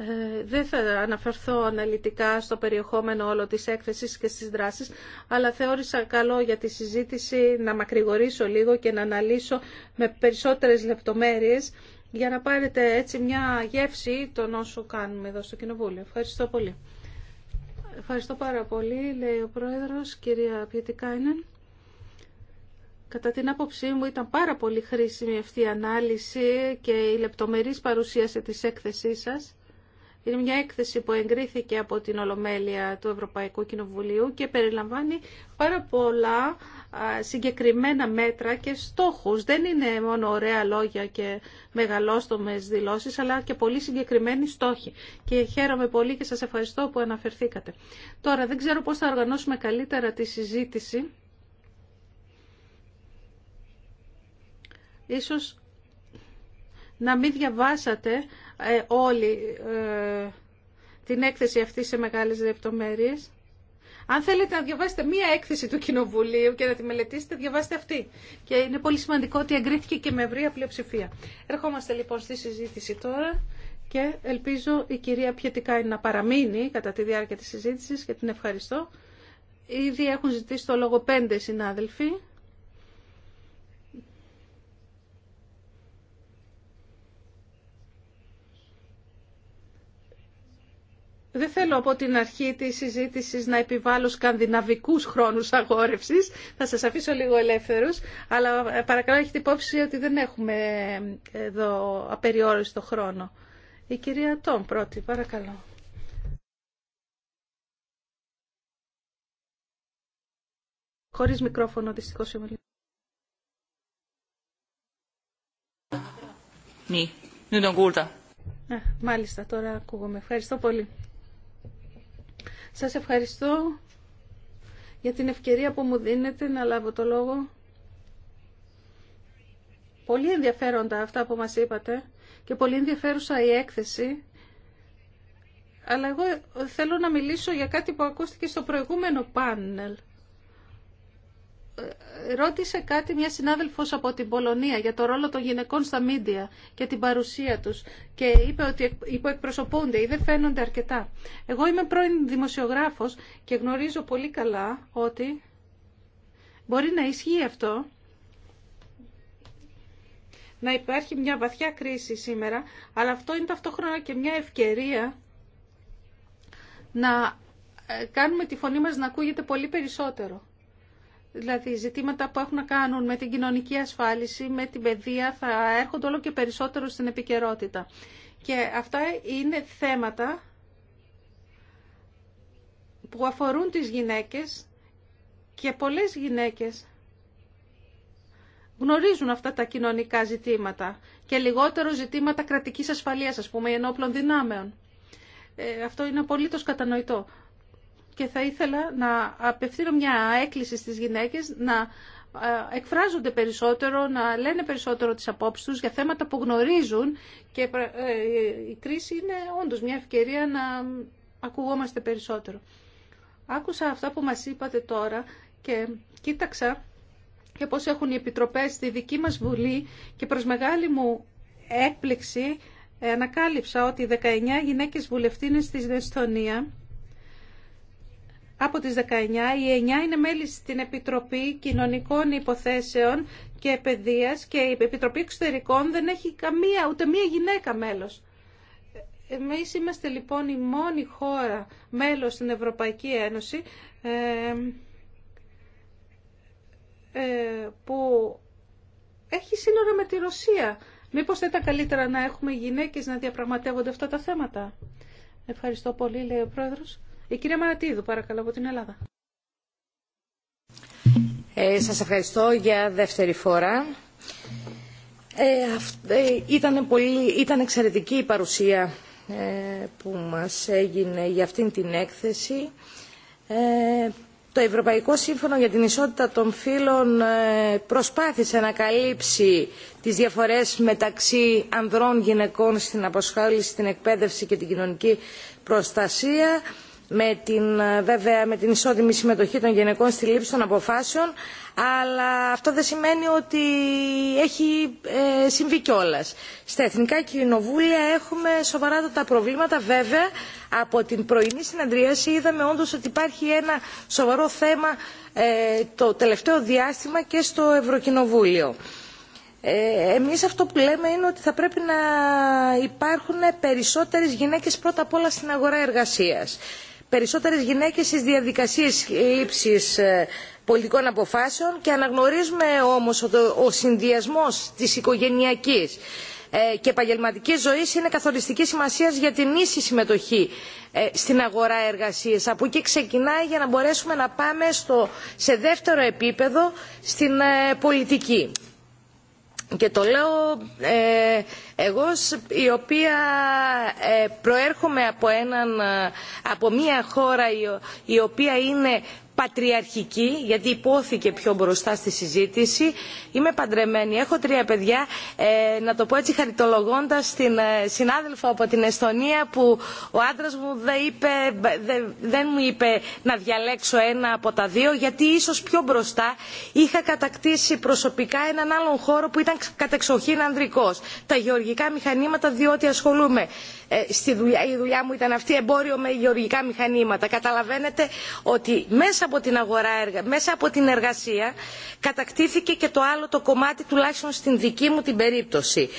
Ε, δεν θα αναφερθώ αναλυτικά στο περιεχόμενο όλο της έκθεσης και στις δράσεις, αλλά θεώρησα καλό για τη συζήτηση να μακρηγορήσω λίγο και να αναλύσω με περισσότερες λεπτομέρειες για να πάρετε έτσι μια γεύση των όσων κάνουμε εδώ στο Κοινοβούλιο. Ευχαριστώ πολύ. Ευχαριστώ πάρα πολύ, λέει ο Πρόεδρος, κυρία Πιετικάινεν. Κατά την άποψή μου ήταν πάρα πολύ χρήσιμη αυτή η ανάλυση και η λεπτομερής παρουσίαση της έκθεσής σας. Είναι μια έκθεση που εγκρίθηκε από την Ολομέλεια του Ευρωπαϊκού Κοινοβουλίου και περιλαμβάνει πάρα πολλά συγκεκριμένα μέτρα και στόχους. Δεν είναι μόνο ωραία λόγια και μεγαλόστομες δηλώσεις, αλλά και πολύ συγκεκριμένοι στόχοι. Και χαίρομαι πολύ και σας ευχαριστώ που αναφερθήκατε. Τώρα, δεν ξέρω πώς θα οργανώσουμε καλύτερα τη συζήτηση. Ίσως να μην διαβάσατε ε, όλη ε, την έκθεση αυτή σε μεγάλες λεπτομέρειες. Αν θέλετε να διαβάσετε μία έκθεση του Κοινοβουλίου και να τη μελετήσετε, διαβάστε αυτή. Και είναι πολύ σημαντικό ότι εγκρίθηκε και με ευρία πλειοψηφία. Ερχόμαστε λοιπόν στη συζήτηση τώρα και ελπίζω η κυρία Πιετικά να παραμείνει κατά τη διάρκεια της συζήτησης και την ευχαριστώ. Ήδη έχουν ζητήσει το λόγο πέντε συνάδελφοι. Δεν θέλω από την αρχή τη συζήτηση να επιβάλλω σκανδιναβικού χρόνου αγόρευση. Θα σας αφήσω λίγο ελεύθερου. αλλά ε, παρακαλώ έχετε υπόψη ότι δεν έχουμε ε, εδώ απεριόριστο χρόνο. Η κυρία Τόμ πρώτη, παρακαλώ. Χωρίς μικρόφωνο, δυστυχώς η Ναι, μάλιστα, τώρα ακούγομαι. Ευχαριστώ πολύ. Σας ευχαριστώ για την ευκαιρία που μου δίνετε να λάβω το λόγο. Πολύ ενδιαφέροντα αυτά που μας είπατε και πολύ ενδιαφέρουσα η έκθεση. Αλλά εγώ θέλω να μιλήσω για κάτι που ακούστηκε στο προηγούμενο πάνελ ρώτησε κάτι μια συνάδελφος από την Πολωνία για το ρόλο των γυναικών στα μίντια και την παρουσία τους και είπε ότι υποεκπροσωπούνται ή δεν φαίνονται αρκετά. Εγώ είμαι πρώην δημοσιογράφος και γνωρίζω πολύ καλά ότι μπορεί να ισχύει αυτό να υπάρχει μια βαθιά κρίση σήμερα, αλλά αυτό είναι ταυτόχρονα και μια ευκαιρία να ε, κάνουμε τη φωνή μας να ακούγεται πολύ περισσότερο. Δηλαδή ζητήματα που έχουν να κάνουν με την κοινωνική ασφάλιση, με την παιδεία θα έρχονται όλο και περισσότερο στην επικαιρότητα. Και αυτά είναι θέματα που αφορούν τις γυναίκες και πολλές γυναίκες γνωρίζουν αυτά τα κοινωνικά ζητήματα και λιγότερο ζητήματα κρατικής ασφαλείας, ας πούμε, ενόπλων δυνάμεων. Ε, αυτό είναι απολύτως κατανοητό και θα ήθελα να απευθύνω μια έκκληση στις γυναίκες να ε, εκφράζονται περισσότερο, να λένε περισσότερο τις απόψεις τους για θέματα που γνωρίζουν και ε, η κρίση είναι όντως μια ευκαιρία να ακουγόμαστε περισσότερο. Άκουσα αυτά που μας είπατε τώρα και κοίταξα και πώς έχουν οι επιτροπές στη δική μας Βουλή και προς μεγάλη μου έκπληξη ε, ανακάλυψα ότι 19 γυναίκες βουλευτήνες στη Δεστονία από τις 19. Οι 9 είναι μέλη στην Επιτροπή Κοινωνικών Υποθέσεων και Παιδείας και η Επιτροπή Εξωτερικών δεν έχει καμία, ούτε μία γυναίκα μέλος. Εμείς είμαστε λοιπόν η μόνη χώρα μέλος στην Ευρωπαϊκή Ένωση ε, ε, που έχει σύνορα με τη Ρωσία. Μήπως δεν ήταν καλύτερα να έχουμε γυναίκες να διαπραγματεύονται αυτά τα θέματα. Ευχαριστώ πολύ, λέει ο Πρόεδρος. Η κυρία Μαρατίδου, παρακαλώ, από την Ελλάδα. Ε, σας ευχαριστώ για δεύτερη φορά. Ε, ε ήταν, πολύ, ήταν εξαιρετική η παρουσία ε, που μας έγινε για αυτήν την έκθεση. Ε, το Ευρωπαϊκό Σύμφωνο για την Ισότητα των Φύλων προσπάθησε να καλύψει τις διαφορές μεταξύ ανδρών γυναικών στην αποσχόληση, στην εκπαίδευση και την κοινωνική προστασία με την, βέβαια, με την ισότιμη συμμετοχή των γυναικών στη λήψη των αποφάσεων, αλλά αυτό δεν σημαίνει ότι έχει ε, συμβεί κιόλα. Στα εθνικά κοινοβούλια έχουμε σοβαρά τα προβλήματα. Βέβαια, από την πρωινή συναντρίαση είδαμε όντως ότι υπάρχει ένα σοβαρό θέμα ε, το τελευταίο διάστημα και στο Ευρωκοινοβούλιο. Ε, εμείς αυτό που λέμε είναι ότι θα πρέπει να υπάρχουν περισσότερες γυναίκες πρώτα απ' όλα στην αγορά εργασίας περισσότερες γυναίκες στις διαδικασίες ύψης ε, πολιτικών αποφάσεων και αναγνωρίζουμε όμως ότι ο συνδυασμός της οικογενειακής ε, και επαγγελματική ζωή είναι καθοριστική σημασία για την ίση συμμετοχή ε, στην αγορά εργασία. Από εκεί ξεκινάει για να μπορέσουμε να πάμε στο, σε δεύτερο επίπεδο στην πολιτική και το λέω ε, εγώ η οποία ε, προέρχομαι από, ε, μια χώρα η οποία είναι πατριαρχική γιατί υπόθηκε πιο μπροστά στη συζήτηση είμαι παντρεμένη, έχω τρία παιδιά ε, να το πω έτσι χαριτολογώντας την ε, συνάδελφο από την Εστονία που ο άντρας μου δεν, είπε, δεν μου είπε να διαλέξω ένα από τα δύο γιατί ίσως πιο μπροστά είχα κατακτήσει προσωπικά έναν άλλον χώρο που ήταν κατεξοχήν ανδρικός τα γεωργικά μηχανήματα διότι ασχολούμαι ε, στη δουλειά, η δουλειά μου ήταν αυτή εμπόριο με γεωργικά μηχανήματα καταλαβαίνετε ότι μέσα από την, αγορά, μέσα από την εργασία κατακτήθηκε και το άλλο το κομμάτι τουλάχιστον στην δική μου την περίπτωση.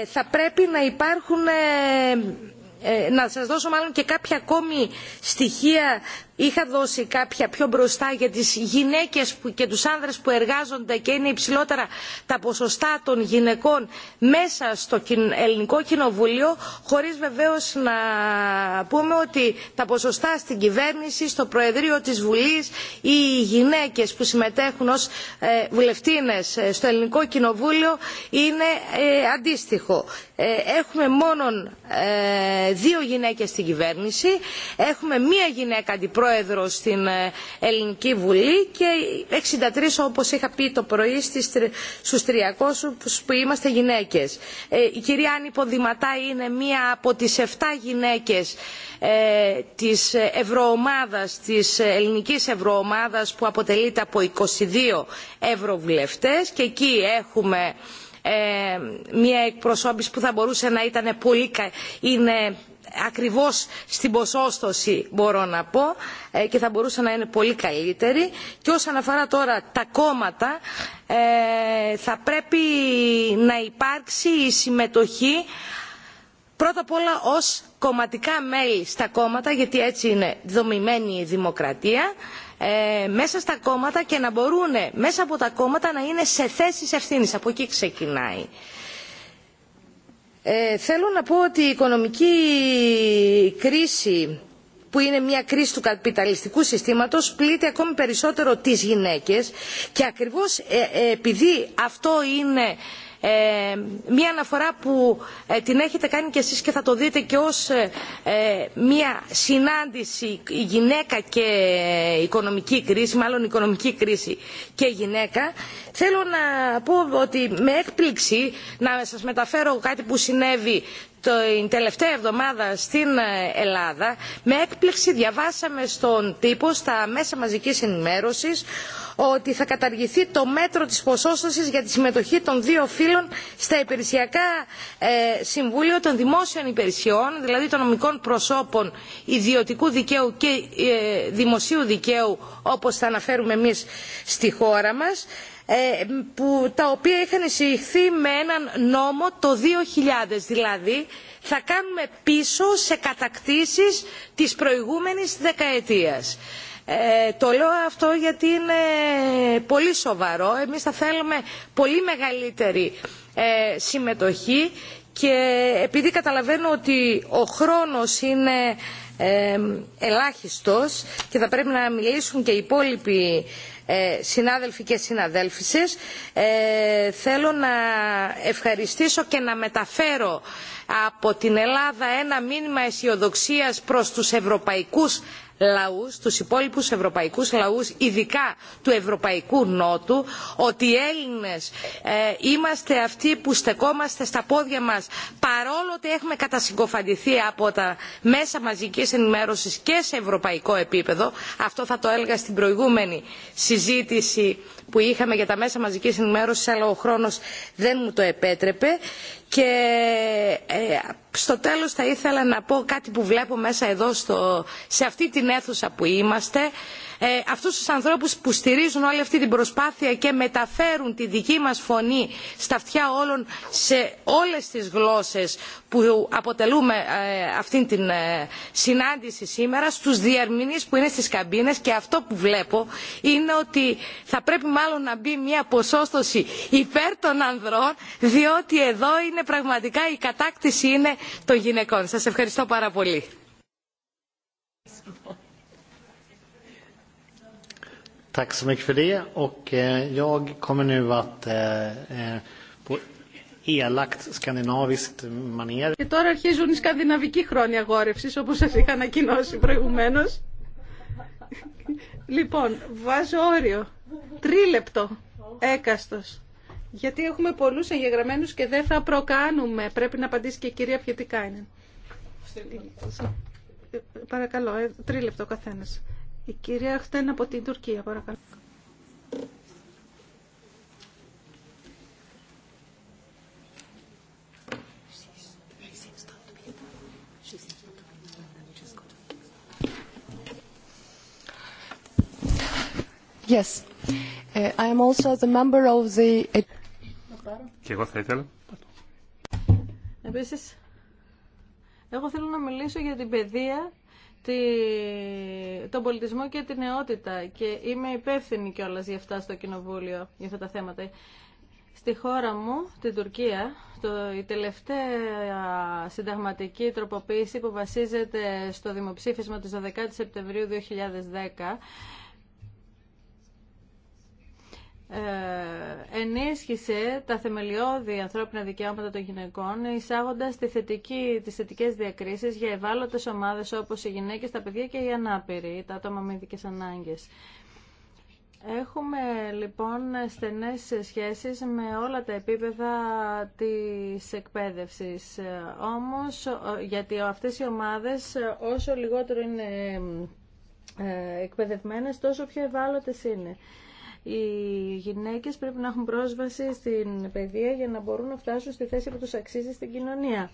Ε, θα πρέπει να υπάρχουν... Ε, ε, να σας δώσω μάλλον και κάποια ακόμη στοιχεία είχα δώσει κάποια πιο μπροστά για τις γυναίκες και τους άνδρες που εργάζονται και είναι υψηλότερα τα ποσοστά των γυναικών μέσα στο ελληνικό κοινοβούλιο χωρίς βεβαίως να πούμε ότι τα ποσοστά στην κυβέρνηση στο προεδρείο της βουλής ή οι γυναίκες που συμμετέχουν ως ε, βουλευτίνες ε, στο ελληνικό κοινοβούλιο είναι ε, αντίστοιχο. Έχουμε μόνο δύο γυναίκες στην κυβέρνηση, έχουμε μία γυναίκα αντιπρόεδρο πρόεδρο στην ε, Ελληνική Βουλή και 63 όπως είχα πει το πρωί στους 300 που είμαστε γυναίκες. Ε, η κυρία Άννη Ποδηματά είναι μία από τις 7 γυναίκες ε, της ευρωομάδας, της ελληνικής ευρωομάδας που αποτελείται από 22 ευρωβουλευτές και εκεί έχουμε μια εκπροσώπηση που θα μπορούσε να ήταν πολύ, είναι ακριβώς στην ποσόστοση μπορώ να πω ε, και θα μπορούσε να είναι πολύ καλύτερη και όσον αφορά τώρα τα κόμματα ε, θα πρέπει να υπάρξει η συμμετοχή πρώτα απ' όλα ως κομματικά μέλη στα κόμματα γιατί έτσι είναι δομημένη η δημοκρατία ε, μέσα στα κόμματα και να μπορούν μέσα από τα κόμματα να είναι σε θέσεις ευθύνης. Από εκεί ξεκινάει. Ε, θέλω να πω ότι η οικονομική κρίση που είναι μια κρίση του καπιταλιστικού συστήματος πλήττει ακόμη περισσότερο τις γυναίκες και ακριβώς ε, ε, επειδή αυτό είναι ε, μία αναφορά που ε, την έχετε κάνει και εσείς και θα το δείτε και ως ε, μία συνάντηση γυναίκα και οικονομική κρίση, μάλλον οικονομική κρίση και γυναίκα. Θέλω να πω ότι με έκπληξη να σας μεταφέρω κάτι που συνέβη την τελευταία εβδομάδα στην ε, Ελλάδα με έκπληξη διαβάσαμε στον τύπο στα μέσα μαζικής ενημέρωσης ότι θα καταργηθεί το μέτρο της ποσόστοση για τη συμμετοχή των δύο φύλων στα υπηρεσιακά ε, συμβούλια των δημόσιων υπηρεσιών, δηλαδή των νομικών προσώπων ιδιωτικού δικαίου και ε, δημοσίου δικαίου όπως θα αναφέρουμε εμείς στη χώρα μας. Ε, τα οποία είχαν εισηγηθεί με έναν νόμο το 2000 δηλαδή θα κάνουμε πίσω σε κατακτήσεις της προηγούμενης δεκαετίας. Ε, το λέω αυτό γιατί είναι πολύ σοβαρό. Εμείς θα θέλουμε πολύ μεγαλύτερη ε, συμμετοχή και επειδή καταλαβαίνω ότι ο χρόνος είναι ε, ελάχιστος και θα πρέπει να μιλήσουν και οι υπόλοιποι ε, συνάδελφοι και συναδέλφισες ε, θέλω να ευχαριστήσω και να μεταφέρω από την Ελλάδα ένα μήνυμα αισιοδοξία προς τους ευρωπαϊκούς λαούς, τους υπόλοιπους ευρωπαϊκούς λαούς, ειδικά του Ευρωπαϊκού Νότου, ότι οι Έλληνες ε, είμαστε αυτοί που στεκόμαστε στα πόδια μας παρόλο ότι έχουμε κατασυγκοφαντηθεί από τα μέσα μαζικής ενημέρωσης και σε ευρωπαϊκό επίπεδο. Αυτό θα το έλεγα στην προηγούμενη συζήτηση που είχαμε για τα μέσα μαζικής ενημέρωσης αλλά ο χρόνος δεν μου το επέτρεπε και ε, στο τέλος θα ήθελα να πω κάτι που βλέπω μέσα εδώ στο, σε αυτή την αίθουσα που είμαστε ε, αυτούς τους ανθρώπους που στηρίζουν όλη αυτή την προσπάθεια και μεταφέρουν τη δική μας φωνή στα αυτιά όλων σε όλες τις γλώσσες που αποτελούμε ε, αυτήν την ε, συνάντηση σήμερα, στους διερμηνείς που είναι στις καμπίνες και αυτό που βλέπω είναι ότι θα πρέπει μάλλον να μπει μια ποσόστοση υπέρ των ανδρών διότι εδώ είναι πραγματικά η κατάκτηση είναι των γυναικών. Σας ευχαριστώ πάρα πολύ. Και τώρα αρχίζουν οι σκανδιναβικοί χρόνοι αγόρευσης, όπως σας είχα ανακοινώσει προηγουμένως. λοιπόν, βάζω όριο. Τρίλεπτο. Έκαστος. Γιατί έχουμε πολλούς εγγεγραμμένους και δεν θα προκάνουμε. Πρέπει να απαντήσει και η κυρία Πιετικάινεν. Ε, παρακαλώ, ε, τρίλεπτο καθένας. Η κυρία Χτέν από την Τουρκία, παρακαλώ. Yes. Uh, I am also the member of the... Uh, Και εγώ θα ήθελα. Επίσης, εγώ θέλω να μιλήσω για την παιδεία τον πολιτισμό και την νεότητα και είμαι υπεύθυνη κιόλας για αυτά στο Κοινοβούλιο, για αυτά τα θέματα. Στη χώρα μου, την Τουρκία, το, η τελευταία συνταγματική τροποποίηση που βασίζεται στο δημοψήφισμα του 12 Σεπτεμβρίου 2010 ε, ενίσχυσε τα θεμελιώδη ανθρώπινα δικαιώματα των γυναικών εισάγοντας τη θετική, τις θετικές διακρίσεις για ευάλωτες ομάδες όπως οι γυναίκες, τα παιδιά και οι ανάπηροι, τα άτομα με ειδικές ανάγκες. Έχουμε λοιπόν στενές σχέσεις με όλα τα επίπεδα της εκπαίδευσης. Όμως, γιατί αυτές οι ομάδες όσο λιγότερο είναι ε, εκπαιδευμένες, τόσο πιο ευάλωτες είναι. Οι γυναίκες πρέπει να έχουν πρόσβαση στην παιδεία για να μπορούν να φτάσουν στη θέση που τους αξίζει στην κοινωνία.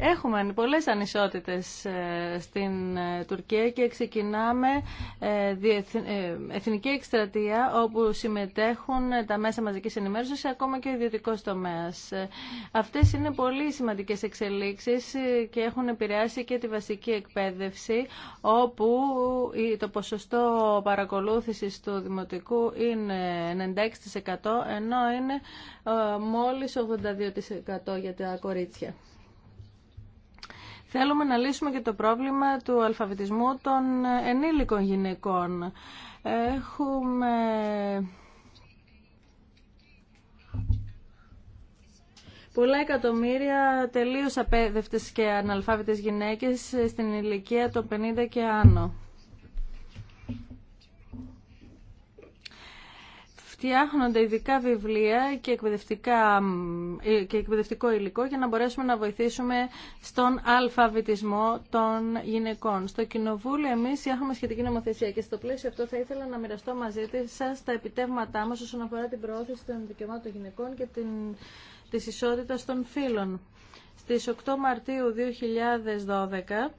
Έχουμε πολλές ανισότητες ε, στην ε, Τουρκία και ξεκινάμε ε, εθνική εκστρατεία όπου συμμετέχουν τα μέσα μαζικής ενημέρωσης ακόμα και ο ιδιωτικός τομέας. Αυτές είναι πολύ σημαντικές εξελίξεις και έχουν επηρεάσει και τη βασική εκπαίδευση όπου το ποσοστό παρακολούθησης του δημοτικού είναι 96% ενώ είναι μόλις 82% για τα κορίτσια. Θέλουμε να λύσουμε και το πρόβλημα του αλφαβητισμού των ενήλικων γυναικών. Έχουμε Πολλά εκατομμύρια τελείως απέδευτες και αναλφάβητες γυναίκες στην ηλικία των 50 και άνω. φτιάχνονται ειδικά βιβλία και, εκπαιδευτικά, ε, και εκπαιδευτικό υλικό για να μπορέσουμε να βοηθήσουμε στον αλφαβητισμό των γυναικών. Στο Κοινοβούλιο εμείς έχουμε σχετική νομοθεσία και στο πλαίσιο αυτό θα ήθελα να μοιραστώ μαζί σας τα επιτεύγματά μας όσον αφορά την προώθηση των δικαιωμάτων των γυναικών και την, της ισότητας των φύλων. Στις 8 Μαρτίου 2012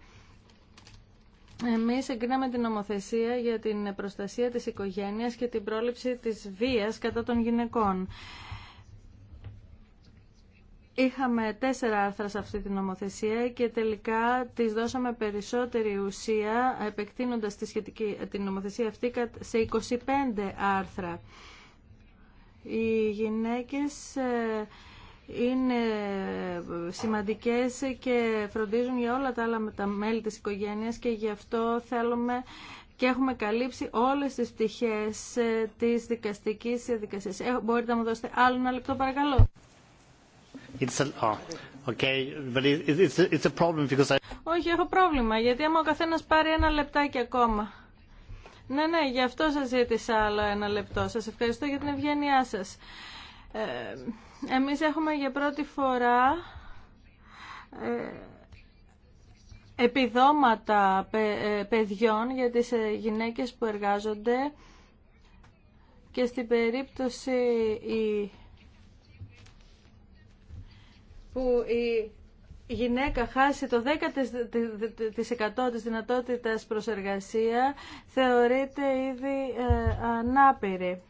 εμείς εγκρίναμε την νομοθεσία για την προστασία της οικογένειας και την πρόληψη της βίας κατά των γυναικών. Είχαμε τέσσερα άρθρα σε αυτή την νομοθεσία και τελικά της δώσαμε περισσότερη ουσία επεκτείνοντας τη σχετική, την νομοθεσία αυτή σε 25 άρθρα. Οι γυναίκες ε, είναι σημαντικές και φροντίζουν για όλα τα άλλα τα μέλη της οικογένειας και γι' αυτό θέλουμε και έχουμε καλύψει όλες τις πτυχές ε, της δικαστικής διαδικασίας. Ε, μπορείτε να μου δώσετε άλλο ένα λεπτό παρακαλώ. Oh, okay, it's problem because I... Όχι, έχω πρόβλημα, γιατί άμα ο καθένας πάρει ένα λεπτάκι ακόμα. Ναι, ναι, γι' αυτό σας ζήτησα άλλο ένα λεπτό. Σας ευχαριστώ για την ευγένειά σας. Ε, εμείς έχουμε για πρώτη φορά ε, επιδόματα ε, παιδιών για τις ε, γυναίκες που εργάζονται και στην περίπτωση που η γυναίκα χάσει το 10% της δυνατότητας προσεργασία θεωρείται ήδη ανάπηρη.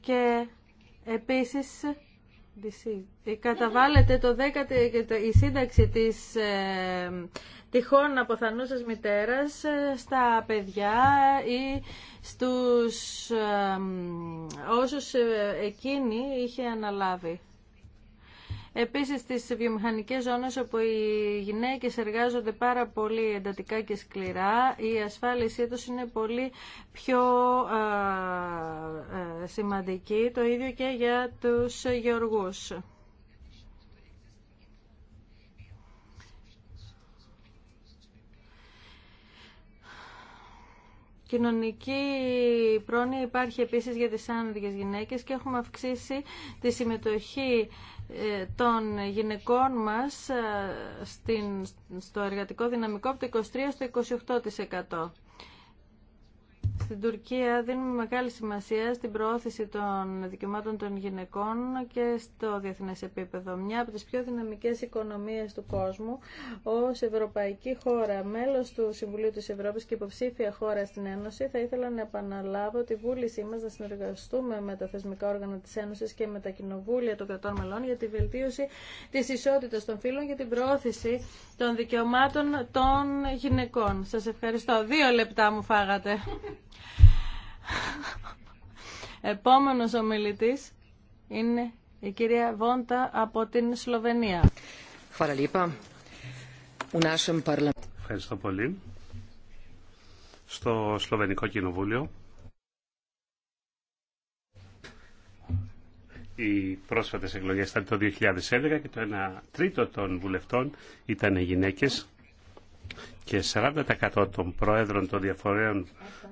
Και Επίσης, καταβάλλεται το 10, η σύνταξη της ε, τυχόν αποθανούσας μητέρας ε, στα παιδιά ή στους ε, όσους ε, εκείνη είχε αναλάβει. Επίσης στις βιομηχανικές ζώνες όπου οι γυναίκες εργάζονται πάρα πολύ εντατικά και σκληρά, η ασφάλισή τους είναι πολύ πιο σημαντική, το ίδιο και για τους γεωργούς. Κοινωνική πρόνοια υπάρχει επίσης για τις άνεργες γυναίκες και έχουμε αυξήσει τη συμμετοχή ε, των γυναικών μας ε, στο εργατικό δυναμικό από το 23% στο 28%. Στην Τουρκία δίνουμε μεγάλη σημασία στην προώθηση των δικαιωμάτων των γυναικών και στο διεθνές επίπεδο. Μια από τις πιο δυναμικές οικονομίες του κόσμου, ως ευρωπαϊκή χώρα, μέλος του Συμβουλίου της Ευρώπης και υποψήφια χώρα στην Ένωση, θα ήθελα να επαναλάβω τη βούλησή μας να συνεργαστούμε με τα θεσμικά όργανα της Ένωσης και με τα κοινοβούλια των κρατών μελών για τη βελτίωση της ισότητας των φύλων και την προώθηση των δικαιωμάτων των γυναικών. Σας ευχαριστώ. Δύο λεπτά μου φάγατε. Επόμενος ομιλητής είναι η κυρία Βόντα από την Σλοβενία. Ευχαριστώ πολύ. Στο Σλοβενικό Κοινοβούλιο οι πρόσφατες εκλογές ήταν το 2011 και το 1 τρίτο των βουλευτών ήταν γυναίκες και 40% των πρόεδρων των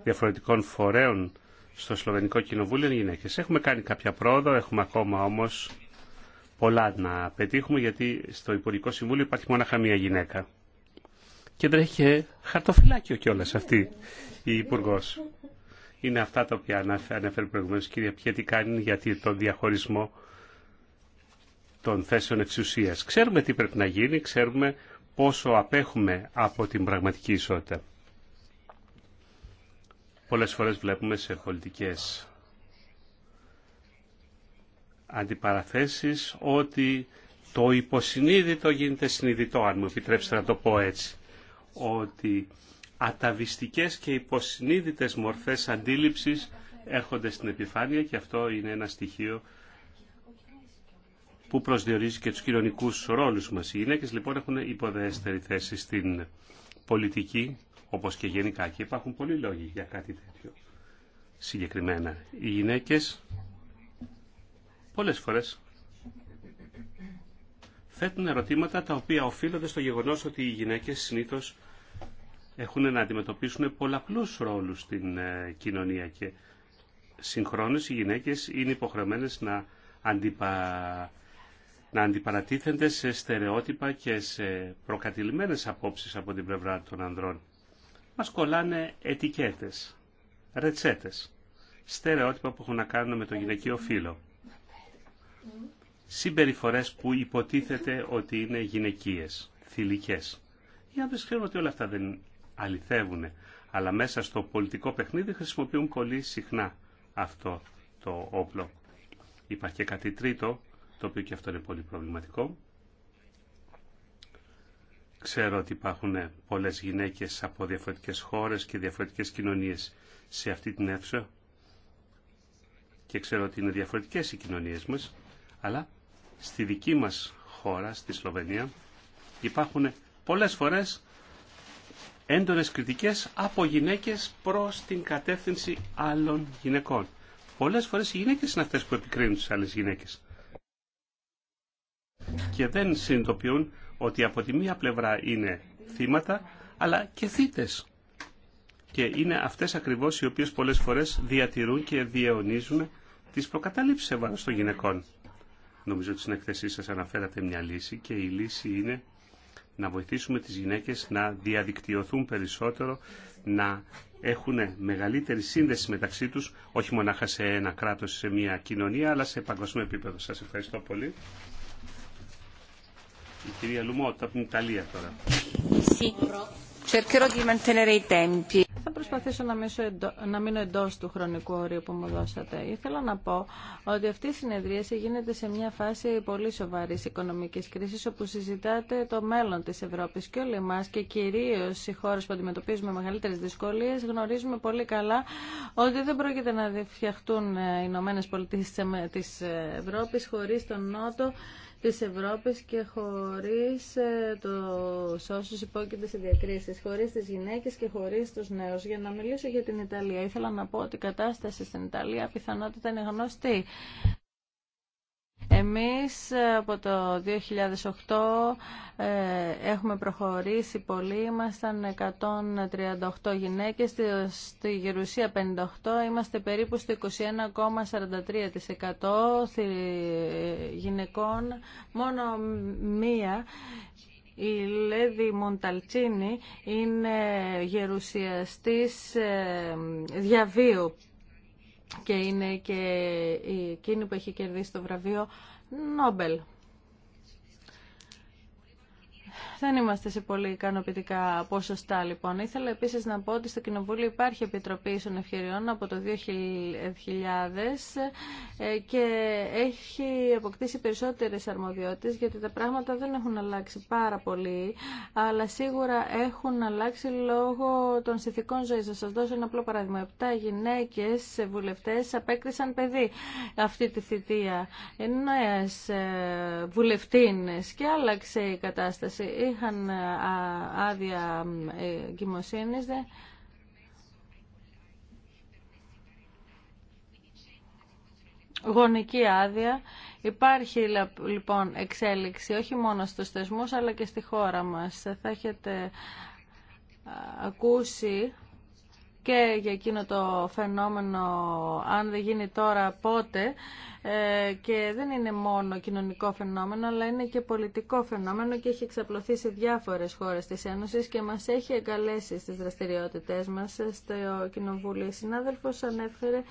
διαφορετικών φορέων στο Σλοβενικό Κοινοβούλιο είναι γυναίκες. Έχουμε κάνει κάποια πρόοδο, έχουμε ακόμα όμως πολλά να πετύχουμε γιατί στο Υπουργικό Συμβούλιο υπάρχει μόνο μία γυναίκα. Και δεν έχει χαρτοφυλάκιο κιόλα αυτή η Υπουργό. Είναι αυτά τα οποία ανέφερε προηγουμένω η κυρία Πιέτη κάνει γιατί τον διαχωρισμό των θέσεων εξουσία. Ξέρουμε τι πρέπει να γίνει, ξέρουμε πόσο απέχουμε από την πραγματική ισότητα. Πολλές φορές βλέπουμε σε πολιτικές αντιπαραθέσεις ότι το υποσυνείδητο γίνεται συνειδητό, αν μου επιτρέψετε να το πω έτσι, ότι αταβιστικές και υποσυνείδητες μορφές αντίληψης έρχονται στην επιφάνεια και αυτό είναι ένα στοιχείο που προσδιορίζει και τους κοινωνικούς ρόλους μας. Οι γυναίκες λοιπόν έχουν υποδέστερη θέση στην πολιτική, όπως και γενικά. Και υπάρχουν πολλοί λόγοι για κάτι τέτοιο συγκεκριμένα. Οι γυναίκες πολλές φορές θέτουν ερωτήματα τα οποία οφείλονται στο γεγονός ότι οι γυναίκες συνήθως έχουν να αντιμετωπίσουν πολλαπλούς ρόλους στην ε, κοινωνία και συγχρόνως οι γυναίκες είναι υποχρεωμένες να αντιπα να αντιπαρατίθενται σε στερεότυπα και σε προκατηλημένες απόψεις από την πλευρά των ανδρών. Μας κολλάνε ετικέτες, ρετσέτες, στερεότυπα που έχουν να κάνουν με το γυναικείο φύλλο. Συμπεριφορές που υποτίθεται ότι είναι γυναικείες, θηλυκές. Οι άντρες ξέρουν ότι όλα αυτά δεν αληθεύουν, αλλά μέσα στο πολιτικό παιχνίδι χρησιμοποιούν πολύ συχνά αυτό το όπλο. Υπάρχει και κάτι τρίτο το οποίο και αυτό είναι πολύ προβληματικό. Ξέρω ότι υπάρχουν πολλές γυναίκες από διαφορετικές χώρες και διαφορετικές κοινωνίες σε αυτή την αίθουσα και ξέρω ότι είναι διαφορετικές οι κοινωνίες μας, αλλά στη δική μας χώρα, στη Σλοβενία, υπάρχουν πολλές φορές έντονες κριτικές από γυναίκες προς την κατεύθυνση άλλων γυναικών. Πολλές φορές οι γυναίκες είναι αυτές που επικρίνουν τις άλλες γυναίκες και δεν συνειδητοποιούν ότι από τη μία πλευρά είναι θύματα αλλά και θύτες. Και είναι αυτές ακριβώς οι οποίες πολλές φορές διατηρούν και διαιωνίζουν τις προκαταλήψεις σε βάρος των γυναικών. Νομίζω ότι στην εκθεσή σας αναφέρατε μια πλευρα ειναι θυματα αλλα και θυτες και ειναι αυτες ακριβως οι οποιες πολλες φορες διατηρουν και διαιωνιζουν τις προκαταληψεις σε των γυναικων νομιζω οτι στην εκθεση σας αναφερατε μια λυση και η λύση είναι να βοηθήσουμε τις γυναίκες να διαδικτυωθούν περισσότερο, να έχουν μεγαλύτερη σύνδεση μεταξύ τους, όχι μονάχα σε ένα κράτος, σε μια κοινωνία, αλλά σε παγκόσμιο επίπεδο. Σας ευχαριστώ πολύ. Η Θα προσπαθήσω να, μείνω εντό του χρονικού όριου που μου δώσατε. Ήθελα να πω ότι αυτή η συνεδρίαση γίνεται σε μια φάση πολύ σοβαρή οικονομική κρίση, όπου συζητάτε το μέλλον τη Ευρώπη. Και όλοι εμά και κυρίω οι χώρε που αντιμετωπίζουμε μεγαλύτερε δυσκολίε γνωρίζουμε πολύ καλά ότι δεν πρόκειται να φτιαχτούν ε, οι Ηνωμένε τη Ευρώπη χωρί τον Νότο της Ευρώπης και χωρίς ε, το όσους υπόκειται σε διακρίσεις, χωρίς τις γυναίκες και χωρίς τους νέους. Για να μιλήσω για την Ιταλία, ήθελα να πω ότι η κατάσταση στην Ιταλία πιθανότητα είναι γνωστή. Εμείς ε, από το 2008 ε, έχουμε προχωρήσει πολύ. Ήμασταν 138 γυναίκες, στη Γερουσία 58. Είμαστε περίπου στο 21,43% γυναικών. Μόνο μία η Λέδη Μονταλτσίνη είναι γερουσιαστής ε, διαβίου και είναι και εκείνη που έχει κερδίσει το βραβείο Νόμπελ. Δεν είμαστε σε πολύ ικανοποιητικά ποσοστά λοιπόν. Ήθελα επίσης να πω ότι στο Κοινοβούλιο υπάρχει Επιτροπή Ίσων Ευκαιριών από το 2000 ε, και έχει αποκτήσει περισσότερες αρμοδιότητες γιατί τα πράγματα δεν έχουν αλλάξει πάρα πολύ αλλά σίγουρα έχουν αλλάξει λόγω των συνθηκών ζωής. Θα σας δώσω ένα απλό παράδειγμα. Επτά γυναίκες βουλευτές απέκτησαν παιδί αυτή τη θητεία. Νέες βουλευτίνες και άλλαξε η κατάσταση είχαν ε, άδεια ε, εγκυμοσύνης γονική άδεια. Υπάρχει λοιπόν εξέλιξη όχι μόνο στους θεσμούς αλλά και στη χώρα μας. Θα έχετε ακούσει και για εκείνο το φαινόμενο αν δεν γίνει τώρα πότε ε, και δεν είναι μόνο κοινωνικό φαινόμενο, αλλά είναι και πολιτικό φαινόμενο και έχει εξαπλωθεί σε διάφορες χώρες της Ένωσης και μας έχει εγκαλέσει στις δραστηριότητές μας στο Κοινοβούλιο. Η συνάδελφος ανέφερε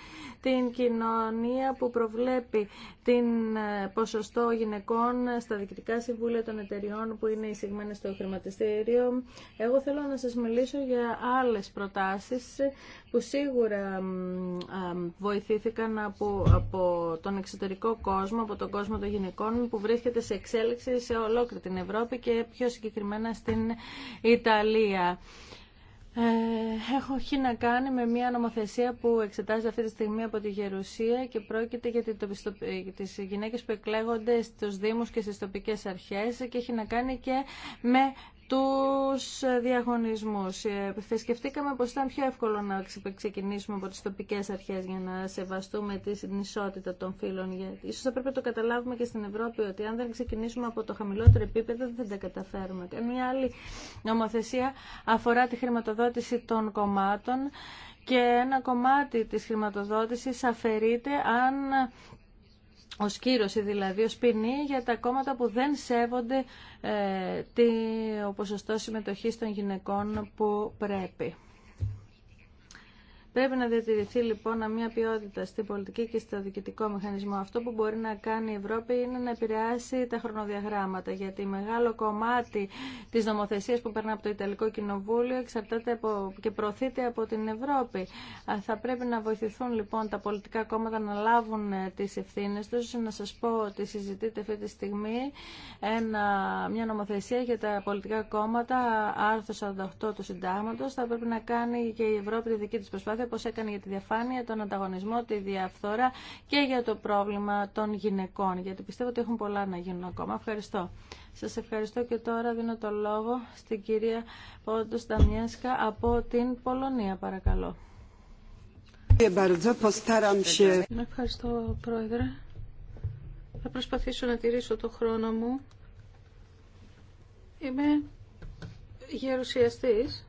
την κοινωνία που προβλέπει την ε, ποσοστό γυναικών στα διοικητικά συμβούλια των εταιριών που είναι εισηγμένες στο χρηματιστήριο. Εγώ θέλω να σας μιλήσω για άλλες προτάσεις που σίγουρα βοηθήθηκαν από τον εξωτερικό κόσμο, από τον κόσμο των γυναικών που βρίσκεται σε εξέλιξη σε ολόκληρη την Ευρώπη και πιο συγκεκριμένα στην Ιταλία. Ε, έχω Έχει να κάνει με μια νομοθεσία που εξετάζεται αυτή τη στιγμή από τη Γερουσία και πρόκειται ε, για τις γυναίκες που εκλέγονται στους Δήμους και στις τοπικές αρχές και έχει να κάνει και με τους διαγωνισμούς. Ε, σκεφτήκαμε πως ήταν πιο εύκολο να ξεκινήσουμε από τις τοπικές αρχές για να σεβαστούμε την ισότητα των φύλων. Ίσως θα πρέπει να το καταλάβουμε και στην Ευρώπη ότι αν δεν ξεκινήσουμε από το χαμηλότερο επίπεδο δεν θα τα καταφέρουμε. Μια άλλη νομοθεσία αφορά τη χρηματοδότηση των κομμάτων και ένα κομμάτι της χρηματοδότησης αφαιρείται αν ως κύρωση δηλαδή, ως ποινή για τα κόμματα που δεν σέβονται ε, το ποσοστό συμμετοχής των γυναικών που πρέπει. Πρέπει να διατηρηθεί λοιπόν μια ποιότητα στην πολιτική και στο διοικητικό μηχανισμό. Αυτό που μπορεί να κάνει η Ευρώπη είναι να επηρεάσει τα χρονοδιαγράμματα, γιατί μεγάλο κομμάτι τη νομοθεσία που περνά από το Ιταλικό Κοινοβούλιο εξαρτάται και προωθείται από την Ευρώπη. Θα πρέπει να βοηθηθούν λοιπόν τα πολιτικά κόμματα να λάβουν ε, τι ευθύνε του. Να σα πω ότι συζητείται αυτή τη στιγμή ένα, μια νομοθεσία για τα πολιτικά κόμματα, άρθρο 48 του συντάγματο. Θα πρέπει να κάνει και η Ευρώπη τη δική τη προσπάθεια όπως έκανε για τη διαφάνεια, τον ανταγωνισμό, τη διαφθόρα και για το πρόβλημα των γυναικών, γιατί πιστεύω ότι έχουν πολλά να γίνουν ακόμα. Ευχαριστώ. Σας ευχαριστώ και τώρα δίνω το λόγο στην κυρία Πόντος Ταμιάσκα από την Πολωνία, παρακαλώ. Ευχαριστώ, Πρόεδρε. Θα προσπαθήσω να τηρήσω το χρόνο μου. Είμαι γερουσιαστής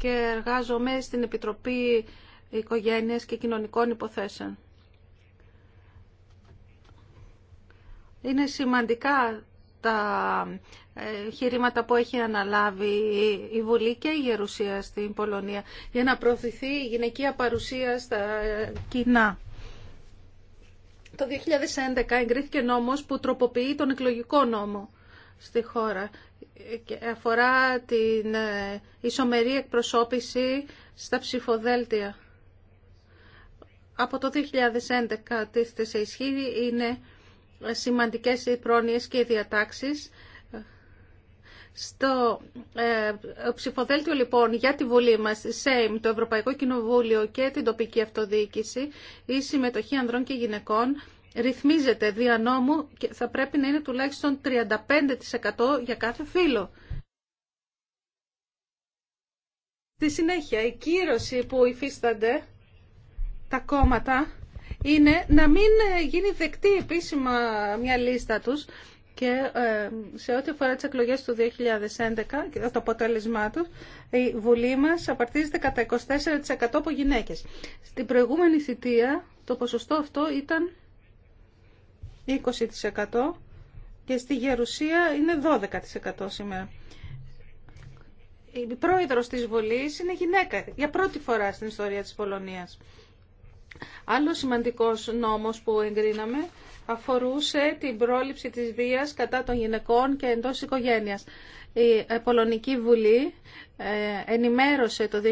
και εργάζομαι στην Επιτροπή Οικογένειας και Κοινωνικών Υποθέσεων. Είναι σημαντικά τα χειρήματα που έχει αναλάβει η Βουλή και η Γερουσία στην Πολωνία για να προωθηθεί η γυναικεία παρουσία στα κοινά. Το 2011 εγκρίθηκε νόμος που τροποποιεί τον εκλογικό νόμο στη χώρα και αφορά την ε, ισομερή εκπροσώπηση στα ψηφοδέλτια. Από το 2011 τίθεται σε ισχύ, είναι σημαντικές οι πρόνοιες και οι διατάξεις. Στο ε, ψηφοδέλτιο λοιπόν για τη Βουλή μας, ΣΕΙΜ, το Ευρωπαϊκό Κοινοβούλιο και την τοπική αυτοδιοίκηση, η συμμετοχή ανδρών και γυναικών ρυθμίζεται δια νόμου και θα πρέπει να είναι τουλάχιστον 35% για κάθε φύλλο. Στη συνέχεια, η κύρωση που υφίστανται τα κόμματα είναι να μην ε, γίνει δεκτή επίσημα μια λίστα τους και ε, σε ό,τι αφορά τις εκλογές του 2011 και το αποτέλεσμά του, η Βουλή μας απαρτίζεται κατά 24% από γυναίκες. Στην προηγούμενη θητεία το ποσοστό αυτό ήταν 20% και στη Γερουσία είναι 12% σήμερα. Η πρόεδρος της Βουλής είναι γυναίκα για πρώτη φορά στην ιστορία της Πολωνίας. Άλλο σημαντικός νόμος που εγκρίναμε αφορούσε την πρόληψη της βίας κατά των γυναικών και εντός οικογένειας. Η ε, Πολωνική Βουλή ε, ενημέρωσε το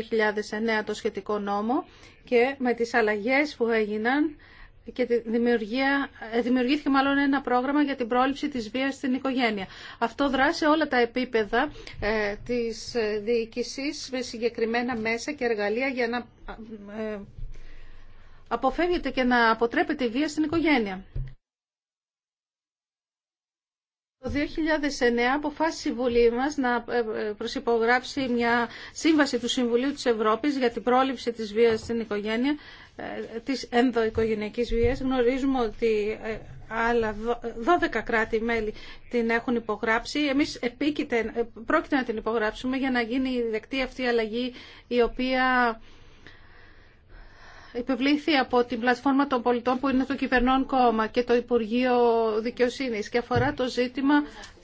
2009 το σχετικό νόμο και με τις αλλαγές που έγιναν και ε, δημιουργήθηκε μάλλον ένα πρόγραμμα για την πρόληψη της βίας στην οικογένεια. Αυτό δράσε όλα τα επίπεδα ε, της ε, διοίκησης με συγκεκριμένα μέσα και εργαλεία για να ε, αποφεύγεται και να αποτρέπεται η βία στην οικογένεια. Το 2009 αποφάσισε η Βουλή μας να προσυπογράψει μια σύμβαση του Συμβουλίου της Ευρώπης για την πρόληψη της βίας στην οικογένεια ε, της ενδοοικογενειακής βίας. Γνωρίζουμε ότι ε, άλλα 12 κράτη-μέλη την έχουν υπογράψει. Εμείς ε, πρόκειται να την υπογράψουμε για να γίνει δεκτή αυτή η αλλαγή η οποία υπευλήθη από την πλατφόρμα των πολιτών που είναι το κυβερνών κόμμα και το Υπουργείο Δικαιοσύνης και αφορά το ζήτημα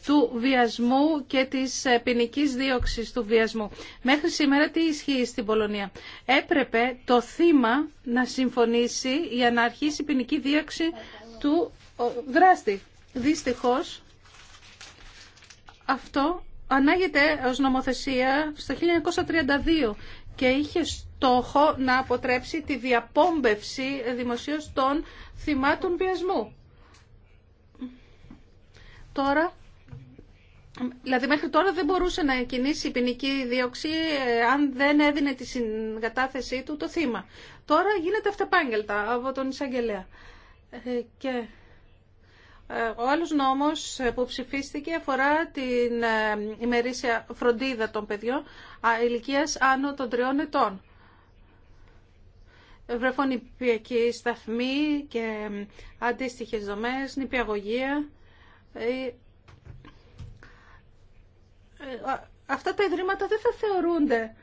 του βιασμού και της ε, ποινική δίωξης του βιασμού. Μέχρι σήμερα τι ισχύει στην Πολωνία. Έπρεπε το θύμα να συμφωνήσει για να αρχίσει η ποινική δίωξη του δράστη. Δυστυχώς αυτό ανάγεται ως νομοθεσία στο 1932 και είχε στόχο να αποτρέψει τη διαπόμπευση δημοσίως των θυμάτων βιασμού. Τώρα Δηλαδή μέχρι τώρα δεν μπορούσε να κινήσει η ποινική δίωξη ε, αν δεν έδινε τη συγκατάθεσή του το θύμα. Τώρα γίνεται αυτεπάγγελτα από τον εισαγγελέα. Ε, και... Ε, ο άλλος νόμος που ψηφίστηκε αφορά την ημερήσια φροντίδα των παιδιών ηλικίας άνω των τριών ετών. Βρεφών σταθμή και αντίστοιχες δομές, νηπιαγωγία, ε, αυτά τα ιδρύματα δεν θα θεωρούνται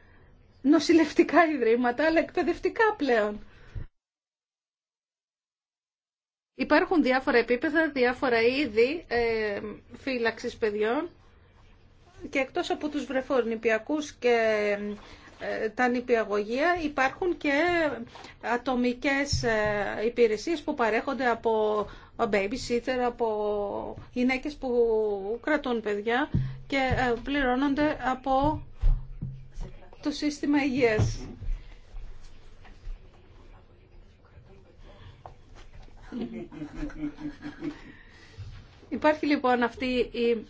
νοσηλευτικά ιδρύματα, αλλά εκπαιδευτικά πλέον. Υπάρχουν διάφορα επίπεδα, διάφορα είδη ε, φύλαξης παιδιών και εκτός από τους βρεφονηπιακούς και ε, τα νηπιαγωγεία υπάρχουν και ατομικές ε, υπηρεσίες που παρέχονται από babysitter, από γυναίκες που κρατούν παιδιά και ε, πληρώνονται από το σύστημα υγείας. Υπάρχει λοιπόν αυτή η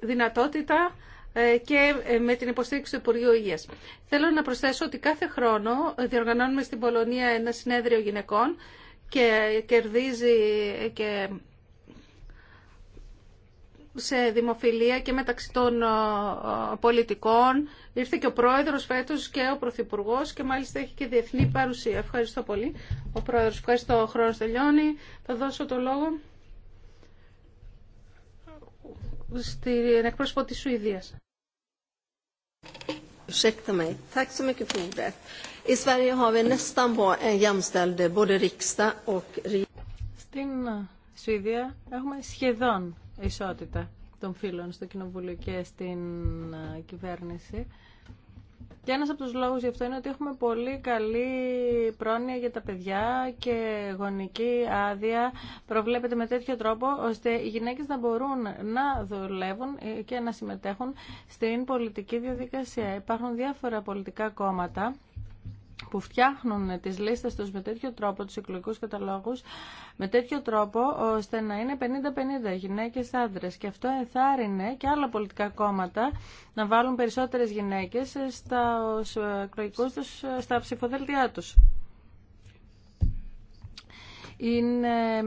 δυνατότητα ε, και ε, με την υποστήριξη του Υπουργείου Υγείας. Θέλω να προσθέσω ότι κάθε χρόνο διοργανώνουμε στην Πολωνία ένα συνέδριο γυναικών και κερδίζει και σε δημοφιλία και μεταξύ των ε, πολιτικών. Ήρθε και ο πρόεδρος φέτος και ο Πρωθυπουργό και μάλιστα έχει και διεθνή παρουσία. Ευχαριστώ πολύ. Ο πρόεδρος, ευχαριστώ. Ο χρόνος τελειώνει. Θα δώσω το λόγο στην εκπρόσωπο της Σουηδίας. Στην Σουηδία έχουμε σχεδόν ισότητα των φίλων στο Κοινοβούλιο και στην ε, κυβέρνηση. Και ένας από τους λόγους γι' αυτό είναι ότι έχουμε πολύ καλή πρόνοια για τα παιδιά και γονική άδεια προβλέπεται με τέτοιο τρόπο ώστε οι γυναίκες να μπορούν να δουλεύουν ε, και να συμμετέχουν στην πολιτική διαδικασία. Υπάρχουν διάφορα πολιτικά κόμματα που φτιάχνουν τις λίστες τους με τέτοιο τρόπο, τους εκλογικού καταλόγους, με τέτοιο τρόπο ώστε να είναι 50-50 γυναίκες άντρες. Και αυτό ενθάρρυνε και άλλα πολιτικά κόμματα να βάλουν περισσότερες γυναίκες στα, τους, στα ψηφοδέλτιά τους. Είναι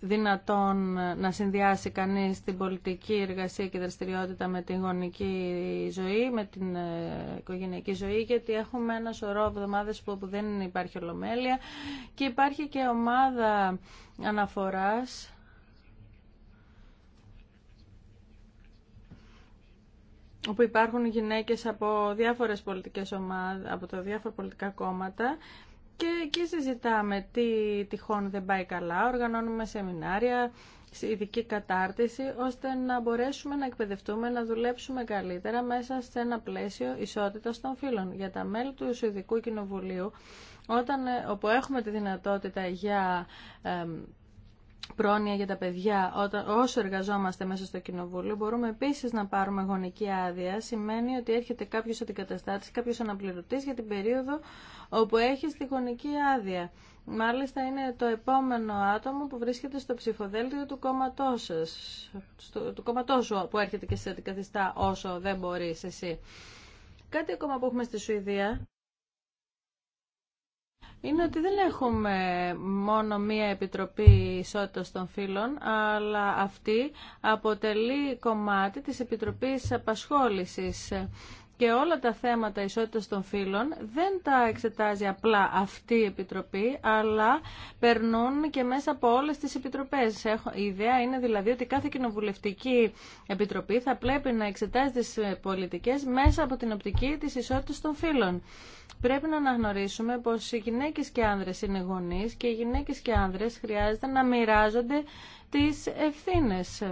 δυνατόν να συνδυάσει κανείς την πολιτική εργασία και δραστηριότητα με την γονική ζωή, με την ε, οικογενειακή ζωή, γιατί έχουμε ένα σωρό εβδομάδε που δεν υπάρχει ολομέλεια και υπάρχει και ομάδα αναφοράς όπου υπάρχουν γυναίκες από διάφορες πολιτικές ομάδες, από τα διάφορα πολιτικά κόμματα και εκεί συζητάμε τι τυχόν δεν πάει καλά, οργανώνουμε σεμινάρια, ειδική κατάρτιση, ώστε να μπορέσουμε να εκπαιδευτούμε, να δουλέψουμε καλύτερα μέσα σε ένα πλαίσιο ισότητας των φύλων. Για τα μέλη του Ισοειδικού Κοινοβουλίου, όταν, ε, όπου έχουμε τη δυνατότητα για πρόνοια για τα παιδιά όταν, όσο εργαζόμαστε μέσα στο κοινοβούλιο μπορούμε επίσης να πάρουμε γονική άδεια σημαίνει ότι έρχεται κάποιος αντικαταστάτης, κάποιος αναπληρωτής για την περίοδο όπου έχεις τη γονική άδεια. Μάλιστα είναι το επόμενο άτομο που βρίσκεται στο ψηφοδέλτιο του κόμματός σας, του κόμματός σου που έρχεται και σε αντικαθιστά όσο δεν μπορείς εσύ. Κάτι ακόμα που έχουμε στη Σουηδία είναι ότι δεν έχουμε μόνο μία Επιτροπή Ισότητας των Φύλων, αλλά αυτή αποτελεί κομμάτι της Επιτροπής Απασχόλησης και όλα τα θέματα ισότητας των φύλων δεν τα εξετάζει απλά αυτή η Επιτροπή, αλλά περνούν και μέσα από όλες τις Επιτροπές. η ιδέα είναι δηλαδή ότι κάθε κοινοβουλευτική Επιτροπή θα πρέπει να εξετάζει τις πολιτικές μέσα από την οπτική της ισότητας των φύλων. Πρέπει να αναγνωρίσουμε πως οι γυναίκες και άνδρες είναι γονείς και οι γυναίκες και άνδρες χρειάζεται να μοιράζονται τις ευθύνες.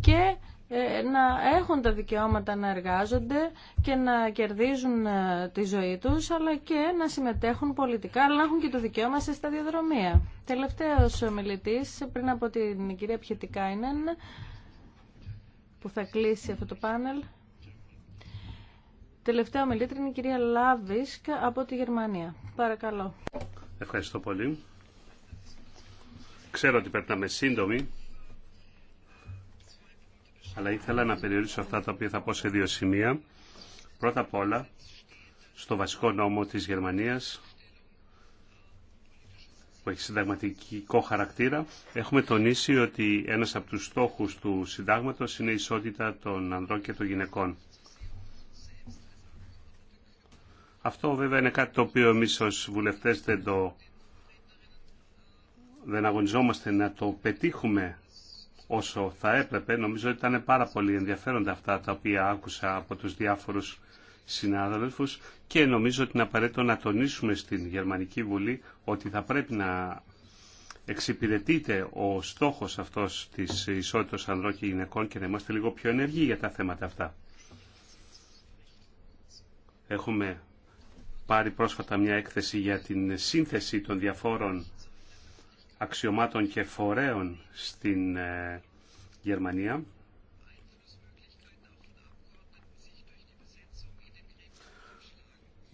Και ε, να έχουν τα δικαιώματα να εργάζονται και να κερδίζουν ε, τη ζωή τους αλλά και να συμμετέχουν πολιτικά αλλά να έχουν και το δικαίωμα σε σταδιοδρομία. Τελευταίος ομιλητής πριν από την κυρία Πιετικάινεν που θα κλείσει αυτό το πάνελ Τελευταία ομιλήτρια είναι η κυρία Λάβισκ από τη Γερμανία. Παρακαλώ. Ευχαριστώ πολύ. Ξέρω ότι πρέπει να είμαι σύντομη αλλά ήθελα να περιορίσω αυτά τα οποία θα πω σε δύο σημεία. Πρώτα απ' όλα, στο βασικό νόμο της Γερμανίας, που έχει συνταγματικό χαρακτήρα, έχουμε τονίσει ότι ένας από τους στόχους του συντάγματος είναι η ισότητα των ανδρών και των γυναικών. Αυτό βέβαια είναι κάτι το οποίο εμείς ως βουλευτές δεν το δεν αγωνιζόμαστε να το πετύχουμε όσο θα έπρεπε. Νομίζω ότι ήταν πάρα πολύ ενδιαφέροντα αυτά τα οποία άκουσα από τους διάφορους συνάδελφους και νομίζω ότι είναι απαραίτητο να τονίσουμε στην Γερμανική Βουλή ότι θα πρέπει να εξυπηρετείται ο στόχος αυτός της ισότητας ανδρών και γυναικών και να είμαστε λίγο πιο ενεργοί για τα θέματα αυτά. Έχουμε πάρει πρόσφατα μια έκθεση για την σύνθεση των διαφόρων αξιωμάτων και φορέων στην ε, Γερμανία.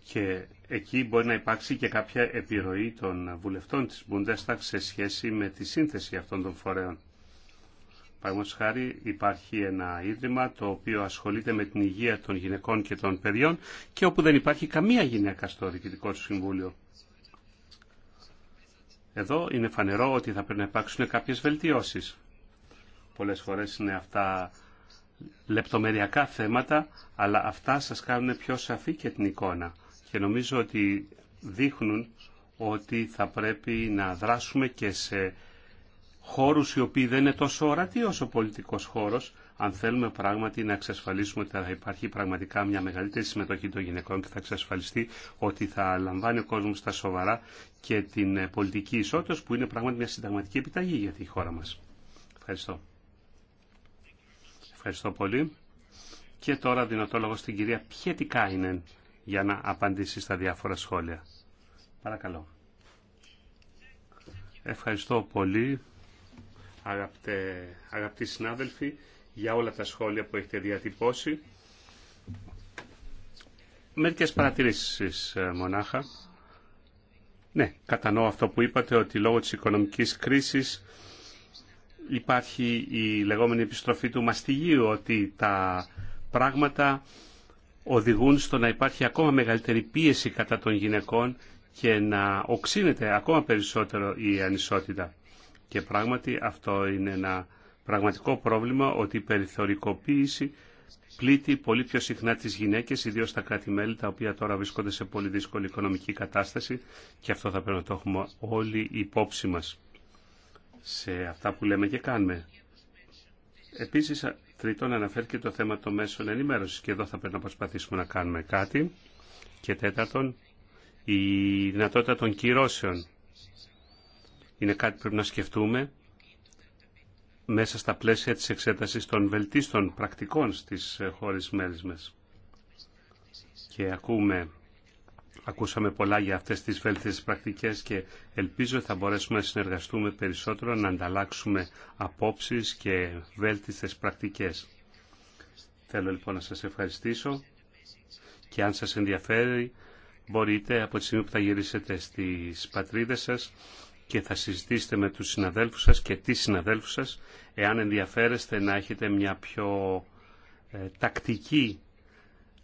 Και εκεί μπορεί να υπάρξει και κάποια επιρροή των βουλευτών της Bundestag σε σχέση με τη σύνθεση αυτών των φορέων. Παραδείγματο χάρη υπάρχει ένα ίδρυμα το οποίο ασχολείται με την υγεία των γυναικών και των παιδιών και όπου δεν υπάρχει καμία γυναίκα στο Διοικητικό του Συμβούλιο. Εδώ είναι φανερό ότι θα πρέπει να υπάρξουν κάποιες βελτιώσεις. Πολλές φορές είναι αυτά λεπτομεριακά θέματα, αλλά αυτά σας κάνουν πιο σαφή και την εικόνα. Και νομίζω ότι δείχνουν ότι θα πρέπει να δράσουμε και σε χώρους οι οποίοι δεν είναι τόσο ορατοί όσο ο πολιτικός χώρος αν θέλουμε πράγματι να εξασφαλίσουμε ότι θα υπάρχει πραγματικά μια μεγαλύτερη συμμετοχή των γυναικών και θα εξασφαλιστεί ότι θα λαμβάνει ο κόσμος στα σοβαρά και την ε, πολιτική ισότητα που είναι πράγματι μια συνταγματική επιταγή για τη χώρα μας. Ευχαριστώ. Ευχαριστώ πολύ. Και τώρα δίνω λόγο στην κυρία Πιετικάινεν για να απαντήσει στα διάφορα σχόλια. Παρακαλώ. Ευχαριστώ πολύ αγαπητοί συνάδελφοι για όλα τα σχόλια που έχετε διατυπώσει. Μερικές παρατηρήσεις ε, μονάχα. Ναι, κατανοώ αυτό που είπατε ότι λόγω της οικονομικής κρίσης υπάρχει η λεγόμενη επιστροφή του μαστιγίου ότι τα πράγματα οδηγούν στο να υπάρχει ακόμα μεγαλύτερη πίεση κατά των γυναικών και να οξύνεται ακόμα περισσότερο η ανισότητα. Και πράγματι αυτό είναι ένα πραγματικό πρόβλημα ότι η περιθωρικοποίηση πλήττει πολύ πιο συχνά τις γυναίκες, ιδίως τα κράτη-μέλη, τα οποία τώρα βρίσκονται σε πολύ δύσκολη οικονομική κατάσταση και αυτό θα πρέπει να το έχουμε όλοι υπόψη μας σε αυτά που λέμε και κάνουμε. Επίσης, τρίτον, και το θέμα των μέσων ενημέρωσης και εδώ θα πρέπει να προσπαθήσουμε να κάνουμε κάτι. Και τέταρτον, η δυνατότητα των κυρώσεων. Είναι κάτι που πρέπει να σκεφτούμε μέσα στα πλαίσια της εξέτασης των βελτίστων πρακτικών στις ε, χώρες μέρες μας. Και ακούμε, ακούσαμε πολλά για αυτές τις βέλτιστες πρακτικές και ελπίζω θα μπορέσουμε να συνεργαστούμε περισσότερο, να ανταλλάξουμε απόψεις και βέλτιστες πρακτικές. Θέλω λοιπόν να σας ευχαριστήσω και αν σας ενδιαφέρει μπορείτε από τη στιγμή που θα γυρίσετε στις πατρίδες σας και θα συζητήσετε με τους συναδέλφους σας και τις συναδέλφους σας εάν ενδιαφέρεστε να έχετε μια πιο ε, τακτική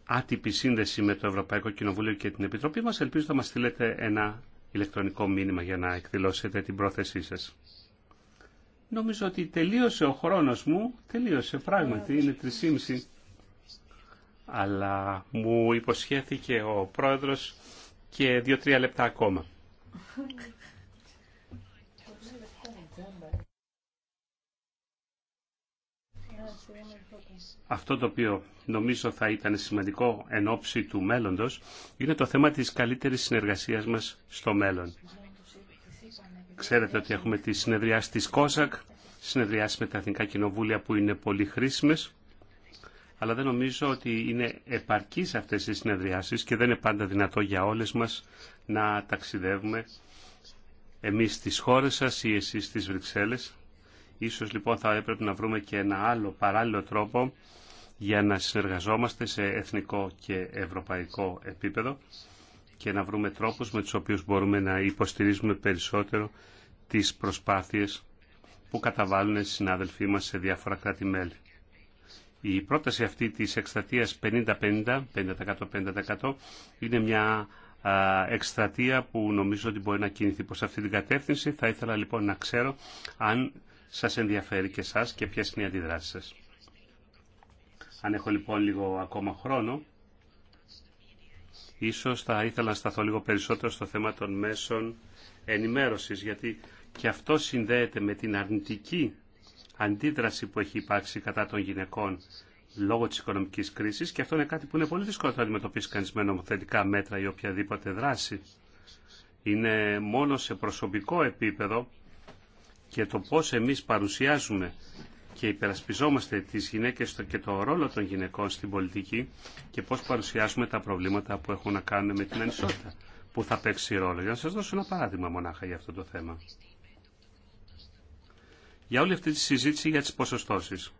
άτυπη σύνδεση με το Ευρωπαϊκό Κοινοβούλιο και την Επιτροπή μας. Ελπίζω να μας στείλετε ένα ηλεκτρονικό μήνυμα για να εκδηλώσετε την πρόθεσή σας. Νομίζω ότι τελείωσε ο χρόνος μου, τελείωσε πράγματι, είναι 3,5. Αλλά μου υποσχέθηκε ο πρόεδρος και δύο-τρία λεπτά ακόμα. Αυτό το οποίο νομίζω θα ήταν σημαντικό εν ώψη του μέλλοντος είναι το θέμα της καλύτερης συνεργασίας μας στο μέλλον. Ξέρετε ότι έχουμε τη συνεδρία της ΚΟΣΑΚ, συνεδριάσεις με τα Εθνικά Κοινοβούλια που είναι πολύ χρήσιμες, αλλά δεν νομίζω ότι είναι επαρκείς αυτές οι συνεδριάσεις και δεν είναι πάντα δυνατό για όλες μας να ταξιδεύουμε εμείς στις χώρες σας ή εσείς στις Βρυξέλλες. Ίσως λοιπόν θα έπρεπε να βρούμε και ένα άλλο παράλληλο τρόπο για να συνεργαζόμαστε σε εθνικό και ευρωπαϊκό επίπεδο και να βρούμε τρόπους με τους οποίους μπορούμε να υποστηρίζουμε περισσότερο τις προσπάθειες που καταβάλουν οι συνάδελφοί μας σε διάφορα κράτη-μέλη. Η πρόταση αυτή της εκστρατείας 50-50, 50%-50% είναι μια εκστρατεία που νομίζω ότι μπορεί να κινηθεί προς αυτή την κατεύθυνση. Θα ήθελα λοιπόν να ξέρω αν σας ενδιαφέρει και εσάς και ποιες είναι οι αντιδράσεις σας. Αν έχω λοιπόν λίγο ακόμα χρόνο, ίσως θα ήθελα να σταθώ λίγο περισσότερο στο θέμα των μέσων ενημέρωσης, γιατί και αυτό συνδέεται με την αρνητική αντίδραση που έχει υπάρξει κατά των γυναικών λόγω της οικονομικής κρίσης και αυτό είναι κάτι που είναι πολύ δύσκολο να αντιμετωπίσει κανείς με νομοθετικά μέτρα ή οποιαδήποτε δράση. Είναι μόνο σε προσωπικό επίπεδο και το πώς εμείς παρουσιάζουμε και υπερασπιζόμαστε τις γυναίκες και το ρόλο των γυναικών στην πολιτική και πώς παρουσιάζουμε τα προβλήματα που έχουν να κάνουν με την ανισότητα που θα παίξει ρόλο. Για να σας δώσω ένα παράδειγμα μονάχα για αυτό το θέμα. Για όλη αυτή τη συζήτηση για τις ποσοστώσεις.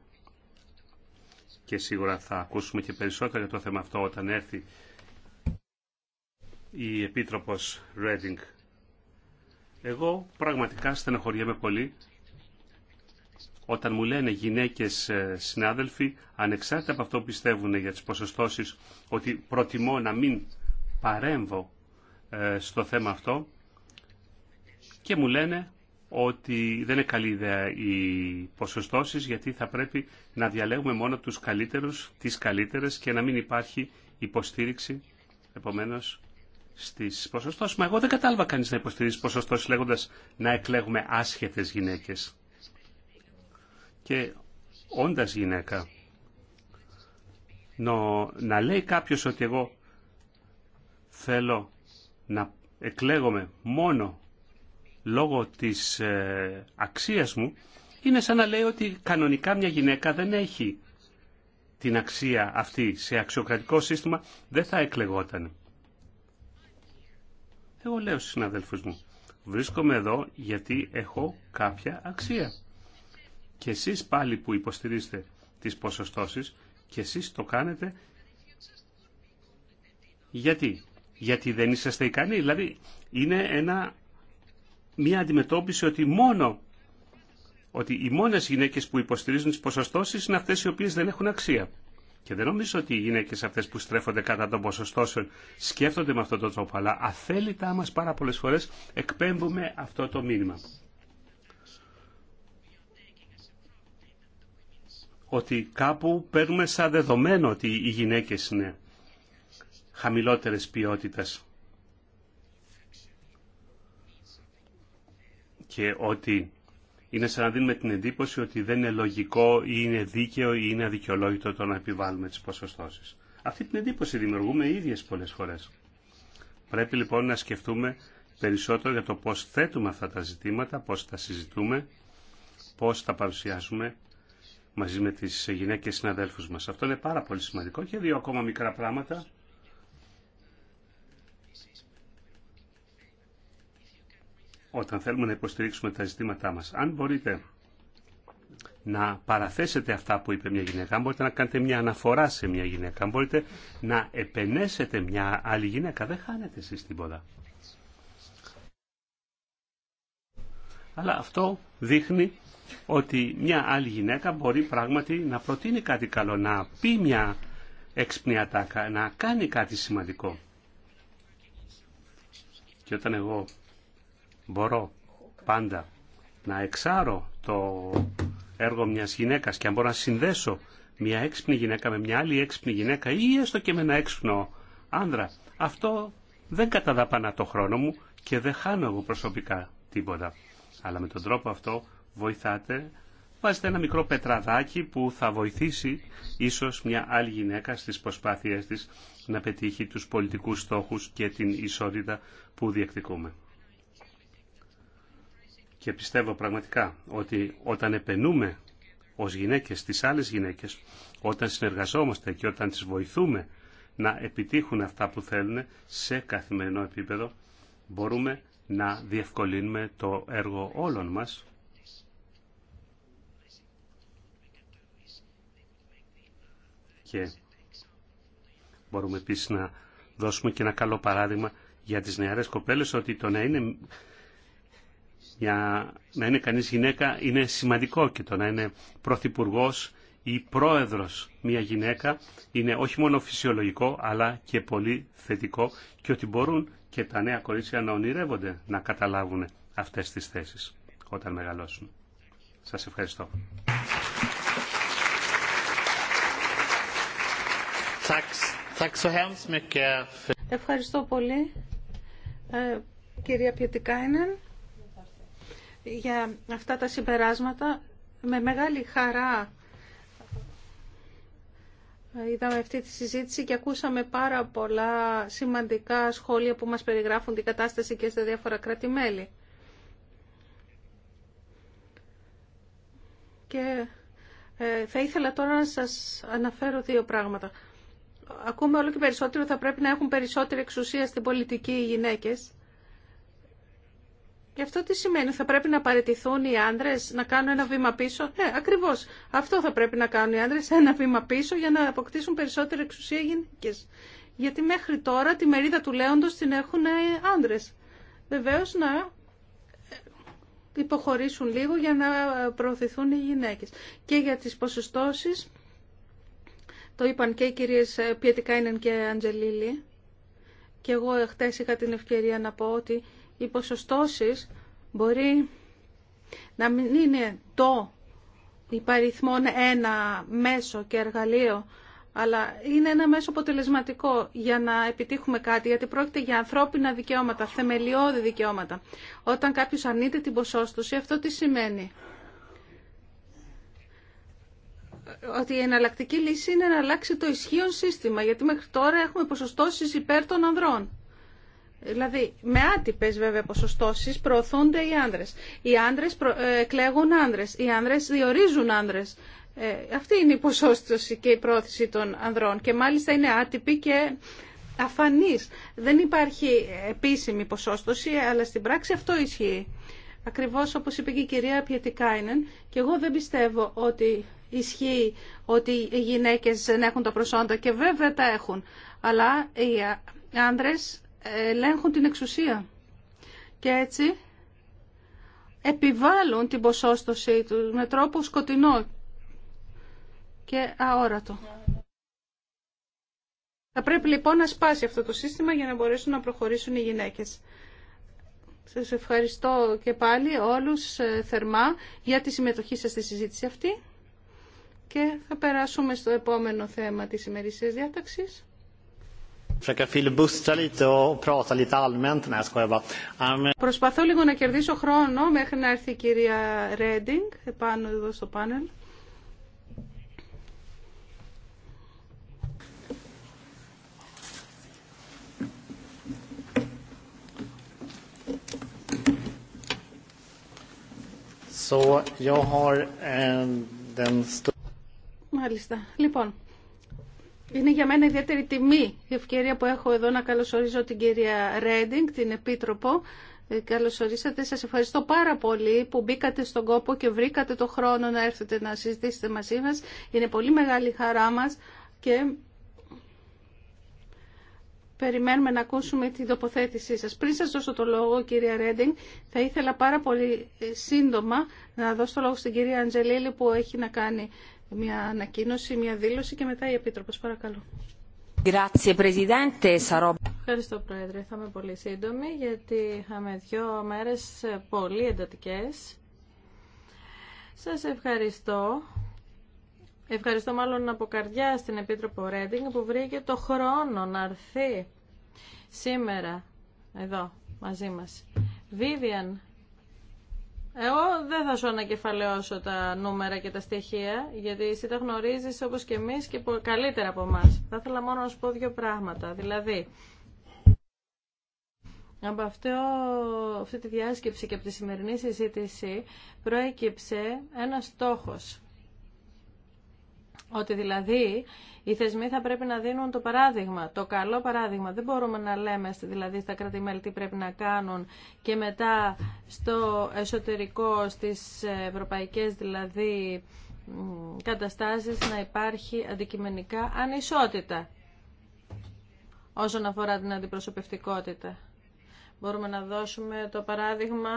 Και σίγουρα θα ακούσουμε και περισσότερα για το θέμα αυτό όταν έρθει η Επίτροπος Ρέντινγκ εγώ πραγματικά στενοχωριέμαι πολύ όταν μου λένε γυναίκες ε, συνάδελφοι, ανεξάρτητα από αυτό που πιστεύουν για τις ποσοστώσεις, ότι προτιμώ να μην παρέμβω ε, στο θέμα αυτό και μου λένε ότι δεν είναι καλή ιδέα οι ποσοστώσεις γιατί θα πρέπει να διαλέγουμε μόνο τους καλύτερους, τις καλύτερες και να μην υπάρχει υποστήριξη. Επομένως, στι ποσοστώσει. Μα εγώ δεν κατάλαβα κανεί να υποστηρίζει ποσοστώσει λέγοντα να εκλέγουμε άσχετε γυναίκε. Και όντα γυναίκα, νο, να λέει κάποιο ότι εγώ θέλω να εκλέγομαι μόνο λόγω της ε, αξίας μου, είναι σαν να λέει ότι κανονικά μια γυναίκα δεν έχει την αξία αυτή σε αξιοκρατικό σύστημα, δεν θα εκλεγόταν. Εγώ λέω στους συναδέλφους μου, βρίσκομαι εδώ γιατί έχω κάποια αξία. Και εσείς πάλι που υποστηρίζετε τις ποσοστώσεις και εσείς το κάνετε γιατί. Γιατί δεν είσαστε ικανοί. Δηλαδή είναι ένα, μια αντιμετώπιση ότι μόνο ότι οι μόνες γυναίκες που υποστηρίζουν τις ποσοστώσεις είναι αυτές οι οποίες δεν έχουν αξία. Και δεν νομίζω ότι οι γυναίκε αυτέ που στρέφονται κατά των ποσοστώσεων σκέφτονται με αυτόν τον τρόπο, αλλά αθέλητά μα πάρα πολλέ φορέ εκπέμπουμε αυτό το μήνυμα. Ότι κάπου παίρνουμε σαν δεδομένο ότι οι γυναίκες είναι χαμηλότερες ποιότητας και ότι είναι σαν να δίνουμε την εντύπωση ότι δεν είναι λογικό ή είναι δίκαιο ή είναι αδικαιολόγητο το να επιβάλλουμε τις ποσοστώσεις. Αυτή την εντύπωση δημιουργούμε οι ίδιες πολλές φορές. Πρέπει λοιπόν να σκεφτούμε περισσότερο για το πώς θέτουμε αυτά τα ζητήματα, πώς τα συζητούμε, πώς τα παρουσιάζουμε μαζί με τις γυναίκες συναδέλφους μας. Αυτό είναι πάρα πολύ σημαντικό και δύο ακόμα μικρά πράγματα όταν θέλουμε να υποστηρίξουμε τα ζητήματά μας. Αν μπορείτε να παραθέσετε αυτά που είπε μια γυναίκα, αν μπορείτε να κάνετε μια αναφορά σε μια γυναίκα, αν μπορείτε να επενέσετε μια άλλη γυναίκα, δεν χάνετε εσείς τίποτα. Αλλά αυτό δείχνει ότι μια άλλη γυναίκα μπορεί πράγματι να προτείνει κάτι καλό, να πει μια έξυπνη να κάνει κάτι σημαντικό. Και όταν εγώ μπορώ πάντα να εξάρω το έργο μιας γυναίκας και αν μπορώ να συνδέσω μια έξυπνη γυναίκα με μια άλλη έξυπνη γυναίκα ή έστω και με ένα έξυπνο άνδρα, αυτό δεν καταδαπανά το χρόνο μου και δεν χάνω εγώ προσωπικά τίποτα. Αλλά με τον τρόπο αυτό βοηθάτε, βάζετε ένα μικρό πετραδάκι που θα βοηθήσει ίσως μια άλλη γυναίκα στις προσπάθειές της να πετύχει τους πολιτικούς στόχους και την ισότητα που διεκδικούμε και πιστεύω πραγματικά ότι όταν επενούμε ως γυναίκες τις άλλες γυναίκες, όταν συνεργαζόμαστε και όταν τις βοηθούμε να επιτύχουν αυτά που θέλουν σε καθημερινό επίπεδο, μπορούμε να διευκολύνουμε το έργο όλων μας. Και μπορούμε επίσης να δώσουμε και ένα καλό παράδειγμα για τις νεαρές κοπέλες ότι το να είναι για να είναι κανείς γυναίκα είναι σημαντικό και το να είναι πρωθυπουργό ή πρόεδρος μια γυναίκα είναι όχι μόνο φυσιολογικό αλλά και πολύ θετικό και ότι μπορούν και τα νέα κορίτσια να ονειρεύονται να καταλάβουν αυτές τις θέσεις όταν μεγαλώσουν. Σας ευχαριστώ. Ευχαριστώ πολύ. Ε, κυρία Πιετικάινεν για αυτά τα συμπεράσματα. Με μεγάλη χαρά είδαμε αυτή τη συζήτηση και ακούσαμε πάρα πολλά σημαντικά σχόλια που μας περιγράφουν την κατάσταση και στα διάφορα κράτη-μέλη. Και ε, θα ήθελα τώρα να σας αναφέρω δύο πράγματα. Ακούμε όλο και περισσότερο θα πρέπει να έχουν περισσότερη εξουσία στην πολιτική οι γυναίκες και αυτό τι σημαίνει, θα πρέπει να παραιτηθούν οι άντρε να κάνουν ένα βήμα πίσω. Ναι, ακριβώ. Αυτό θα πρέπει να κάνουν οι άντρε, ένα βήμα πίσω για να αποκτήσουν περισσότερη εξουσία γυναίκε. Γιατί μέχρι τώρα τη μερίδα του λέοντο την έχουν οι άντρε. Βεβαίω να υποχωρήσουν λίγο για να προωθηθούν οι γυναίκες. Και για τις ποσοστώσεις, το είπαν και οι κυρίες Πιετικάινεν και Αντζελίλη, και εγώ χτες είχα την ευκαιρία να πω ότι οι ποσοστώσεις μπορεί να μην είναι το υπαριθμόν ένα μέσο και εργαλείο, αλλά είναι ένα μέσο αποτελεσματικό για να επιτύχουμε κάτι, γιατί πρόκειται για ανθρώπινα δικαιώματα, θεμελιώδη δικαιώματα. Όταν κάποιος αρνείται την ποσόστοση, αυτό τι σημαίνει. Ότι η εναλλακτική λύση είναι να αλλάξει το ισχύον σύστημα, γιατί μέχρι τώρα έχουμε ποσοστώσεις υπέρ των ανδρών. Δηλαδή, με άτυπε βέβαια ποσοστώσει προωθούνται οι άνδρες. Οι άνδρες προ... Ε, εκλέγουν άνδρες. Οι άνδρες διορίζουν άνδρες. Ε, αυτή είναι η ποσόστοση και η πρόθεση των ανδρών. Και μάλιστα είναι άτυπη και αφανής. Δεν υπάρχει επίσημη ποσόστοση, αλλά στην πράξη αυτό ισχύει. Ακριβώς όπως είπε και η κυρία Πιετικάινεν, και εγώ δεν πιστεύω ότι ισχύει ότι οι γυναίκε δεν έχουν τα προσόντα και βέβαια τα έχουν. Αλλά οι άνδρες ελέγχουν την εξουσία και έτσι επιβάλλουν την ποσόστοσή του με τρόπο σκοτεινό και αόρατο. Θα πρέπει λοιπόν να σπάσει αυτό το σύστημα για να μπορέσουν να προχωρήσουν οι γυναίκες. Σας ευχαριστώ και πάλι όλους ε, θερμά για τη συμμετοχή σας στη συζήτηση αυτή και θα περάσουμε στο επόμενο θέμα της ημερησίας διάταξης. Προσπαθώ λίγο να κερδίσω χρόνο μέχρι να έρθει η κυρία Ρέντινγκ επάνω εδώ στο πάνελ. Eh, Μάλιστα. Λοιπόν, είναι για μένα ιδιαίτερη τιμή η ευκαιρία που έχω εδώ να καλωσορίζω την κυρία Ρέντινγκ, την Επίτροπο. Ε, καλωσορίσατε. Σας ευχαριστώ πάρα πολύ που μπήκατε στον κόπο και βρήκατε το χρόνο να έρθετε να συζητήσετε μαζί μας. Είναι πολύ μεγάλη χαρά μας και περιμένουμε να ακούσουμε την τοποθέτησή σας. Πριν σας δώσω το λόγο, κυρία Ρέντινγκ, θα ήθελα πάρα πολύ σύντομα να δώσω το λόγο στην κυρία Αντζελίλη που έχει να κάνει μια ανακοίνωση, μια δήλωση και μετά η Επίτροπος. Παρακαλώ. Ευχαριστώ, Πρόεδρε. Θα είμαι πολύ σύντομη, γιατί είχαμε δύο μέρες πολύ εντατικές. Σας ευχαριστώ. Ευχαριστώ μάλλον από καρδιά στην Επίτροπο Ρέντινγκ που βρήκε το χρόνο να έρθει σήμερα εδώ μαζί μας. Βίβιαν, εγώ δεν θα σου ανακεφαλαιώσω τα νούμερα και τα στοιχεία, γιατί εσύ τα γνωρίζεις όπως και εμείς και καλύτερα από εμά. Θα ήθελα μόνο να σου πω δύο πράγματα. Δηλαδή, από αυτό, αυτή τη διάσκεψη και από τη σημερινή συζήτηση προέκυψε ένας στόχος ότι δηλαδή οι θεσμοί θα πρέπει να δίνουν το παράδειγμα, το καλό παράδειγμα. Δεν μπορούμε να λέμε δηλαδή στα κράτη-μέλη τι πρέπει να κάνουν και μετά στο εσωτερικό, στις ευρωπαϊκές δηλαδή καταστάσεις να υπάρχει αντικειμενικά ανισότητα όσον αφορά την αντιπροσωπευτικότητα. Μπορούμε να δώσουμε το παράδειγμα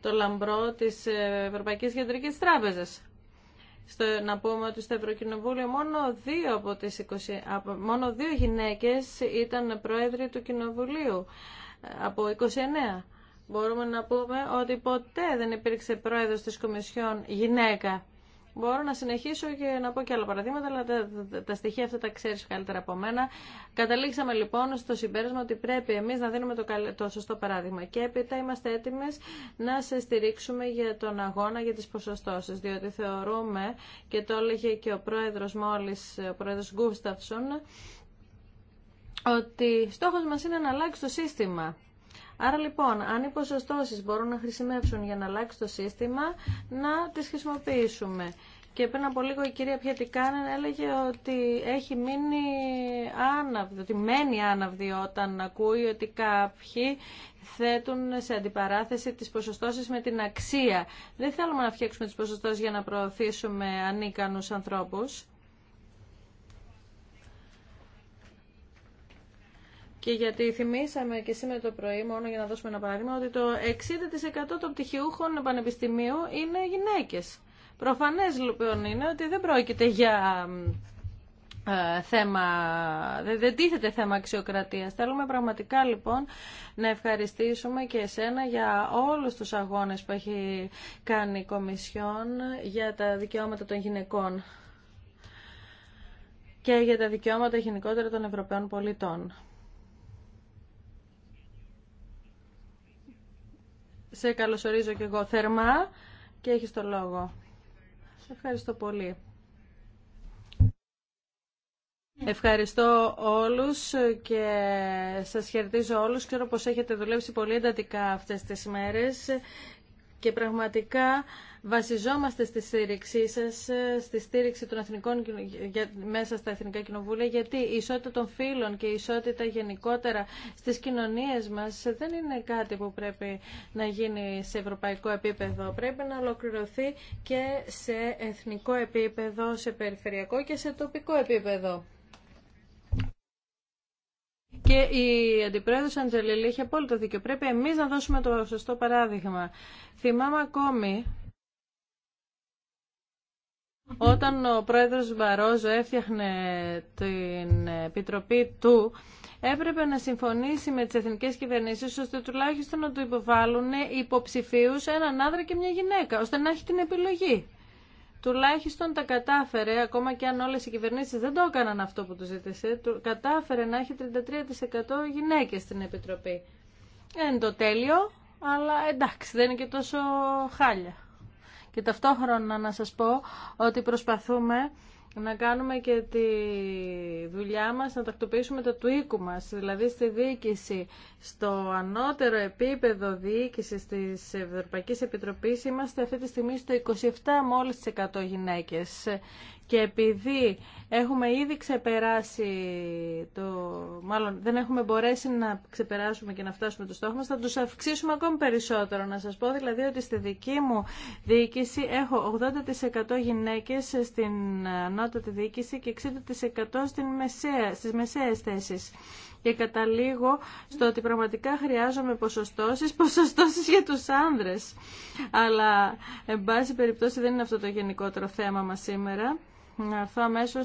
το λαμπρό της ε, Ευρωπαϊκής Κεντρικής Τράπεζας στο, να πούμε ότι στο Ευρωκοινοβούλιο μόνο δύο, από τις 20, από, μόνο δύο γυναίκες ήταν πρόεδροι του Κοινοβουλίου από 29. Μπορούμε να πούμε ότι ποτέ δεν υπήρξε πρόεδρος της Κομισιόν γυναίκα. Μπορώ να συνεχίσω και να πω και άλλα παραδείγματα, αλλά τα, στοιχεία αυτά τα ξέρεις καλύτερα από μένα. Καταλήξαμε λοιπόν στο συμπέρασμα ότι πρέπει εμείς να δίνουμε το, το σωστό παράδειγμα και έπειτα είμαστε έτοιμες να σε στηρίξουμε για τον αγώνα για τις ποσοστώσει. διότι θεωρούμε, και το έλεγε και ο πρόεδρο μόλι, ο πρόεδρο Γκούσταυσον, ότι στόχος μας είναι να αλλάξει το σύστημα. Άρα λοιπόν, αν οι ποσοστώσεις μπορούν να χρησιμεύσουν για να αλλάξει το σύστημα, να τις χρησιμοποιήσουμε. Και πριν από λίγο η κυρία Πιατικάνεν έλεγε ότι έχει μείνει άναυδη, ότι μένει άναυδη όταν ακούει ότι κάποιοι θέτουν σε αντιπαράθεση τις ποσοστώσεις με την αξία. Δεν θέλουμε να φτιάξουμε τις ποσοστώσεις για να προωθήσουμε ανίκανους ανθρώπους. Και γιατί θυμήσαμε και σήμερα το πρωί, μόνο για να δώσουμε ένα παράδειγμα, ότι το 60% των πτυχιούχων πανεπιστημίου είναι γυναίκες. Προφανές λοιπόν είναι ότι δεν πρόκειται για ε, θέμα, δεν τίθεται θέμα αξιοκρατίας. Θέλουμε πραγματικά λοιπόν να ευχαριστήσουμε και εσένα για όλους τους αγώνες που έχει κάνει η Κομισιόν για τα δικαιώματα των γυναικών και για τα δικαιώματα γενικότερα των Ευρωπαίων πολιτών. σε καλωσορίζω και εγώ θερμά και έχεις το λόγο. Σε ευχαριστώ πολύ. Ευχαριστώ όλους και σας χαιρετίζω όλους. Ξέρω πως έχετε δουλέψει πολύ εντατικά αυτές τις μέρες και πραγματικά βασιζόμαστε στη στήριξή σας, ε, στη στήριξη των εθνικών, μέσα στα Εθνικά Κοινοβούλια, γιατί η ισότητα των φύλων και η ισότητα γενικότερα στις κοινωνίες μας δεν είναι κάτι που πρέπει να γίνει σε ευρωπαϊκό επίπεδο. Πρέπει να ολοκληρωθεί και σε εθνικό επίπεδο, σε περιφερειακό και σε τοπικό επίπεδο. Και η Αντιπρόεδρος Αντζελίλη έχει απόλυτο δίκιο. Πρέπει εμεί να δώσουμε το σωστό παράδειγμα. Θυμάμαι ακόμη όταν ο πρόεδρος Βαρόζο έφτιαχνε την επιτροπή του, έπρεπε να συμφωνήσει με τις εθνικές κυβερνήσεις ώστε τουλάχιστον να του υποβάλουν υποψηφίους έναν άντρα και μια γυναίκα, ώστε να έχει την επιλογή τουλάχιστον τα κατάφερε, ακόμα και αν όλες οι κυβερνήσεις δεν το έκαναν αυτό που του ζήτησε, κατάφερε να έχει 33% γυναίκες στην Επιτροπή. Δεν είναι το τέλειο, αλλά εντάξει, δεν είναι και τόσο χάλια. Και ταυτόχρονα να σας πω ότι προσπαθούμε να κάνουμε και τη δουλειά μας, να τακτοποιήσουμε το του οίκου μας, δηλαδή στη διοίκηση, στο ανώτερο επίπεδο διοίκησης της Ευρωπαϊκής Επιτροπής είμαστε αυτή τη στιγμή στο 27 μόλις 100 γυναίκες και επειδή έχουμε ήδη ξεπεράσει το... Μάλλον δεν έχουμε μπορέσει να ξεπεράσουμε και να φτάσουμε το στόχο μας, θα τους αυξήσουμε ακόμη περισσότερο. Να σας πω δηλαδή ότι στη δική μου διοίκηση έχω 80% γυναίκες στην ανώτατη διοίκηση και 60% στην μεσαία, στις μεσαίες θέσεις. Και καταλήγω στο ότι πραγματικά χρειάζομαι ποσοστώσεις, ποσοστώσεις για τους άνδρες. Αλλά, εν πάση περιπτώσει, δεν είναι αυτό το γενικότερο θέμα μας σήμερα να έρθω αμέσω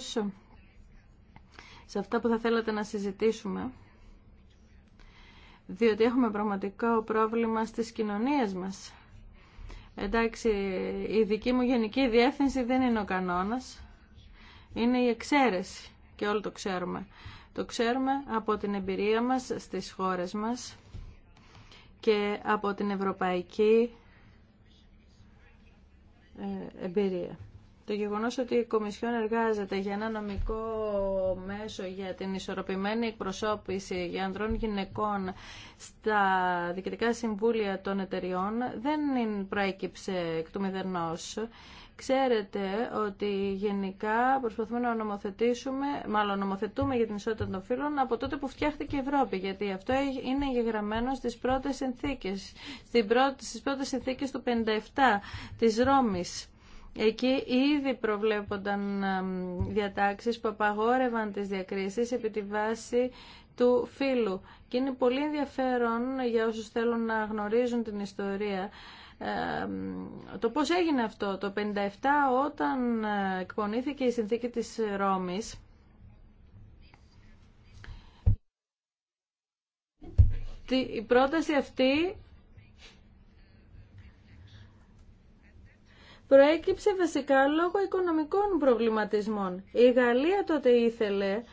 σε αυτά που θα θέλατε να συζητήσουμε, διότι έχουμε πραγματικό πρόβλημα στις κοινωνίες μας. Εντάξει, η δική μου γενική διεύθυνση δεν είναι ο κανόνας, είναι η εξαίρεση και όλοι το ξέρουμε. Το ξέρουμε από την εμπειρία μας στις χώρες μας και από την ευρωπαϊκή ε, εμπειρία το γεγονός ότι η Κομισιόν εργάζεται για ένα νομικό μέσο για την ισορροπημένη εκπροσώπηση για ανδρών γυναικών στα διοικητικά συμβούλια των εταιριών δεν προέκυψε εκ του μηδενό. Ξέρετε ότι γενικά προσπαθούμε να νομοθετήσουμε, μάλλον νομοθετούμε για την ισότητα των φύλων από τότε που φτιάχτηκε η Ευρώπη, γιατί αυτό είναι γεγραμμένο στις πρώτες συνθήκες, στις πρώτες συνθήκες του 57 της Ρώμης. Εκεί ήδη προβλέπονταν διατάξεις που απαγόρευαν τις διακρίσεις επί τη βάση του φύλου. Και είναι πολύ ενδιαφέρον για όσους θέλουν να γνωρίζουν την ιστορία το πώς έγινε αυτό. Το 57 όταν ε, εκπονήθηκε η συνθήκη της Ρώμης, η πρόταση αυτή προέκυψε βασικά λόγω οικονομικών προβληματισμών. Η Γαλλία τότε ήθελε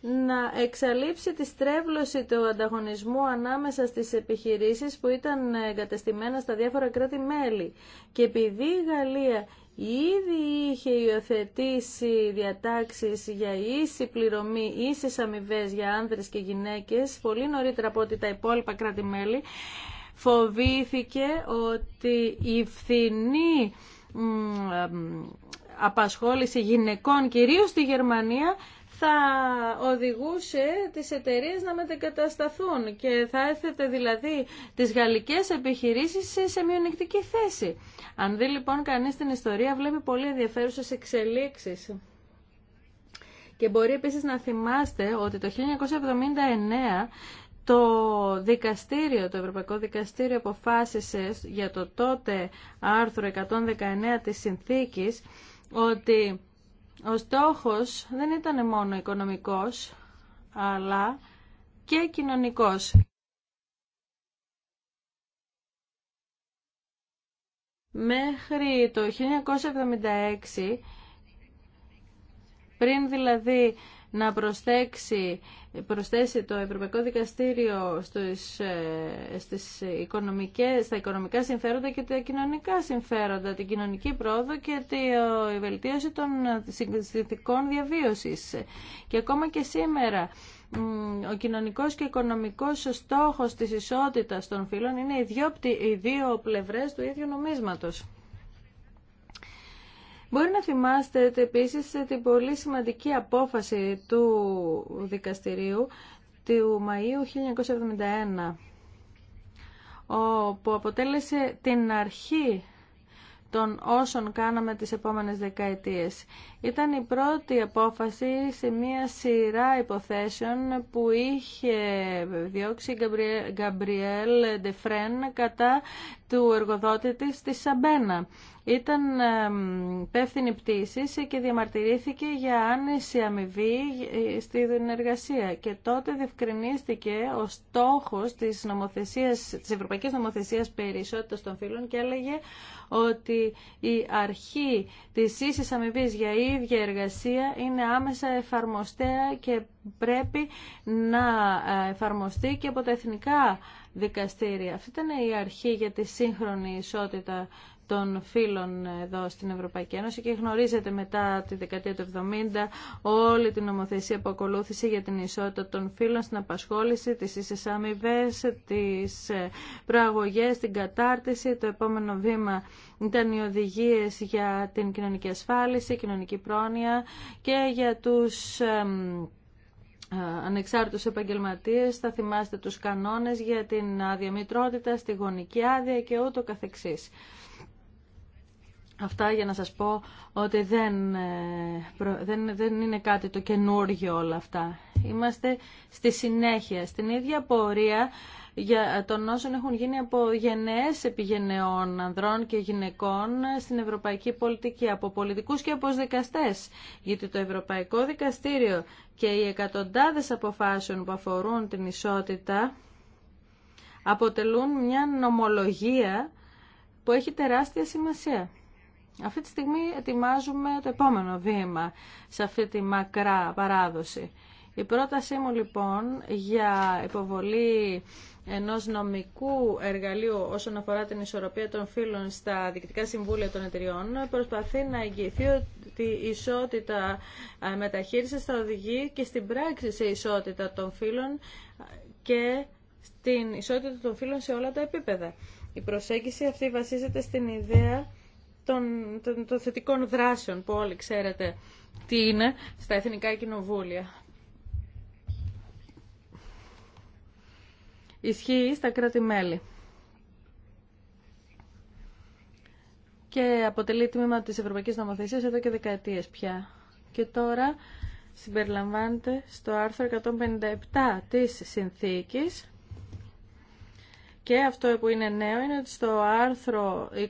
να εξαλείψει τη στρέβλωση του ανταγωνισμού ανάμεσα στις επιχειρήσεις που ήταν εγκατεστημένα στα διάφορα κράτη-μέλη. Και επειδή η Γαλλία ήδη είχε υιοθετήσει διατάξεις για ίση πληρωμή, ίσες αμοιβέ για άνδρες και γυναίκες, πολύ νωρίτερα από ό,τι τα υπόλοιπα κράτη-μέλη, φοβήθηκε ότι η φθηνή απασχόληση γυναικών, κυρίως στη Γερμανία, θα οδηγούσε τις εταιρείες να μετεγκατασταθούν και θα έθετε δηλαδή τις γαλλικές επιχειρήσεις σε μειονεκτική θέση. Αν δει λοιπόν κανείς την ιστορία βλέπει πολύ ενδιαφέρουσες εξελίξεις. Και μπορεί επίσης να θυμάστε ότι το 1979 το δικαστήριο, το Ευρωπαϊκό Δικαστήριο αποφάσισε για το τότε άρθρο 119 της συνθήκης ότι ο στόχος δεν ήταν μόνο οικονομικός αλλά και κοινωνικός. Μέχρι το 1976, πριν δηλαδή να προσθέσει, προσθέσει το Ευρωπαϊκό Δικαστήριο ε, στις οικονομικές, στα οικονομικά συμφέροντα και τα κοινωνικά συμφέροντα, την κοινωνική πρόοδο και τη ε, βελτίωση των ε, συνθηκών διαβίωσης. Και ακόμα και σήμερα ο κοινωνικός και οικονομικός στόχος της ισότητας των φύλων είναι οι δύο, οι δύο πλευρές του ίδιου νομίσματος. Μπορεί να θυμάστε επίσης ε, την πολύ σημαντική απόφαση του δικαστηρίου του Μαΐου 1971 που αποτέλεσε την αρχή των όσων κάναμε τις επόμενες δεκαετίες. Ήταν η πρώτη απόφαση σε μια σειρά υποθέσεων που είχε διώξει η Γκαμπριέλ Ντεφρέν κατά του εργοδότη της της Σαμπένα ήταν πεύθυνη πτήση και διαμαρτυρήθηκε για άνεση αμοιβή στη εργασία. Και τότε διευκρινίστηκε ο στόχος της, νομοθεσίας, της Ευρωπαϊκής Νομοθεσίας περί των φύλων και έλεγε ότι η αρχή της ίσης αμοιβή για ίδια εργασία είναι άμεσα εφαρμοστέα και πρέπει να ε, εφαρμοστεί και από τα εθνικά δικαστήρια. Αυτή ήταν η αρχή για τη σύγχρονη ισότητα των φίλων εδώ στην Ευρωπαϊκή Ένωση και γνωρίζετε μετά τη δεκαετία του 70 όλη την νομοθεσία που ακολούθησε για την ισότητα των φίλων στην απασχόληση, τις ίσες αμοιβέ, τις ε, προαγωγές, την κατάρτιση. Το επόμενο βήμα ήταν οι οδηγίες για την κοινωνική ασφάλιση, κοινωνική πρόνοια και για τους ε, ανεξάρτητους επαγγελματίες, θα θυμάστε τους κανόνες για την αδιαμητρότητα, στη γονική άδεια και ούτω καθεξής. Αυτά για να σας πω ότι δεν, ε, δεν, δεν είναι κάτι το καινούργιο όλα αυτά. Είμαστε στη συνέχεια, στην ίδια πορεία για των όσων έχουν γίνει από γενναίες επιγενεών ανδρών και γυναικών στην ευρωπαϊκή πολιτική, από πολιτικούς και από δικαστές. Γιατί το Ευρωπαϊκό Δικαστήριο και οι εκατοντάδες αποφάσεων που αφορούν την ισότητα αποτελούν μια νομολογία που έχει τεράστια σημασία. Αυτή τη στιγμή ετοιμάζουμε το επόμενο βήμα σε αυτή τη μακρά παράδοση. Η πρότασή μου λοιπόν για υποβολή ενός νομικού εργαλείου όσον αφορά την ισορροπία των φύλων στα διοικητικά συμβούλια των εταιριών προσπαθεί να εγγυηθεί ότι η ισότητα ε, μεταχείρισης θα οδηγεί και στην πράξη σε ισότητα των φύλων και στην ισότητα των φύλων σε όλα τα επίπεδα. Η προσέγγιση αυτή βασίζεται στην ιδέα των, των, των θετικών δράσεων που όλοι ξέρετε τι είναι στα Εθνικά Κοινοβούλια. Ισχύει στα κράτη-μέλη. Και αποτελεί τμήμα της Ευρωπαϊκής Νομοθεσίας εδώ και δεκαετίες πια. Και τώρα συμπεριλαμβάνεται στο άρθρο 157 της Συνθήκης και αυτό που είναι νέο είναι ότι στο άρθρο 23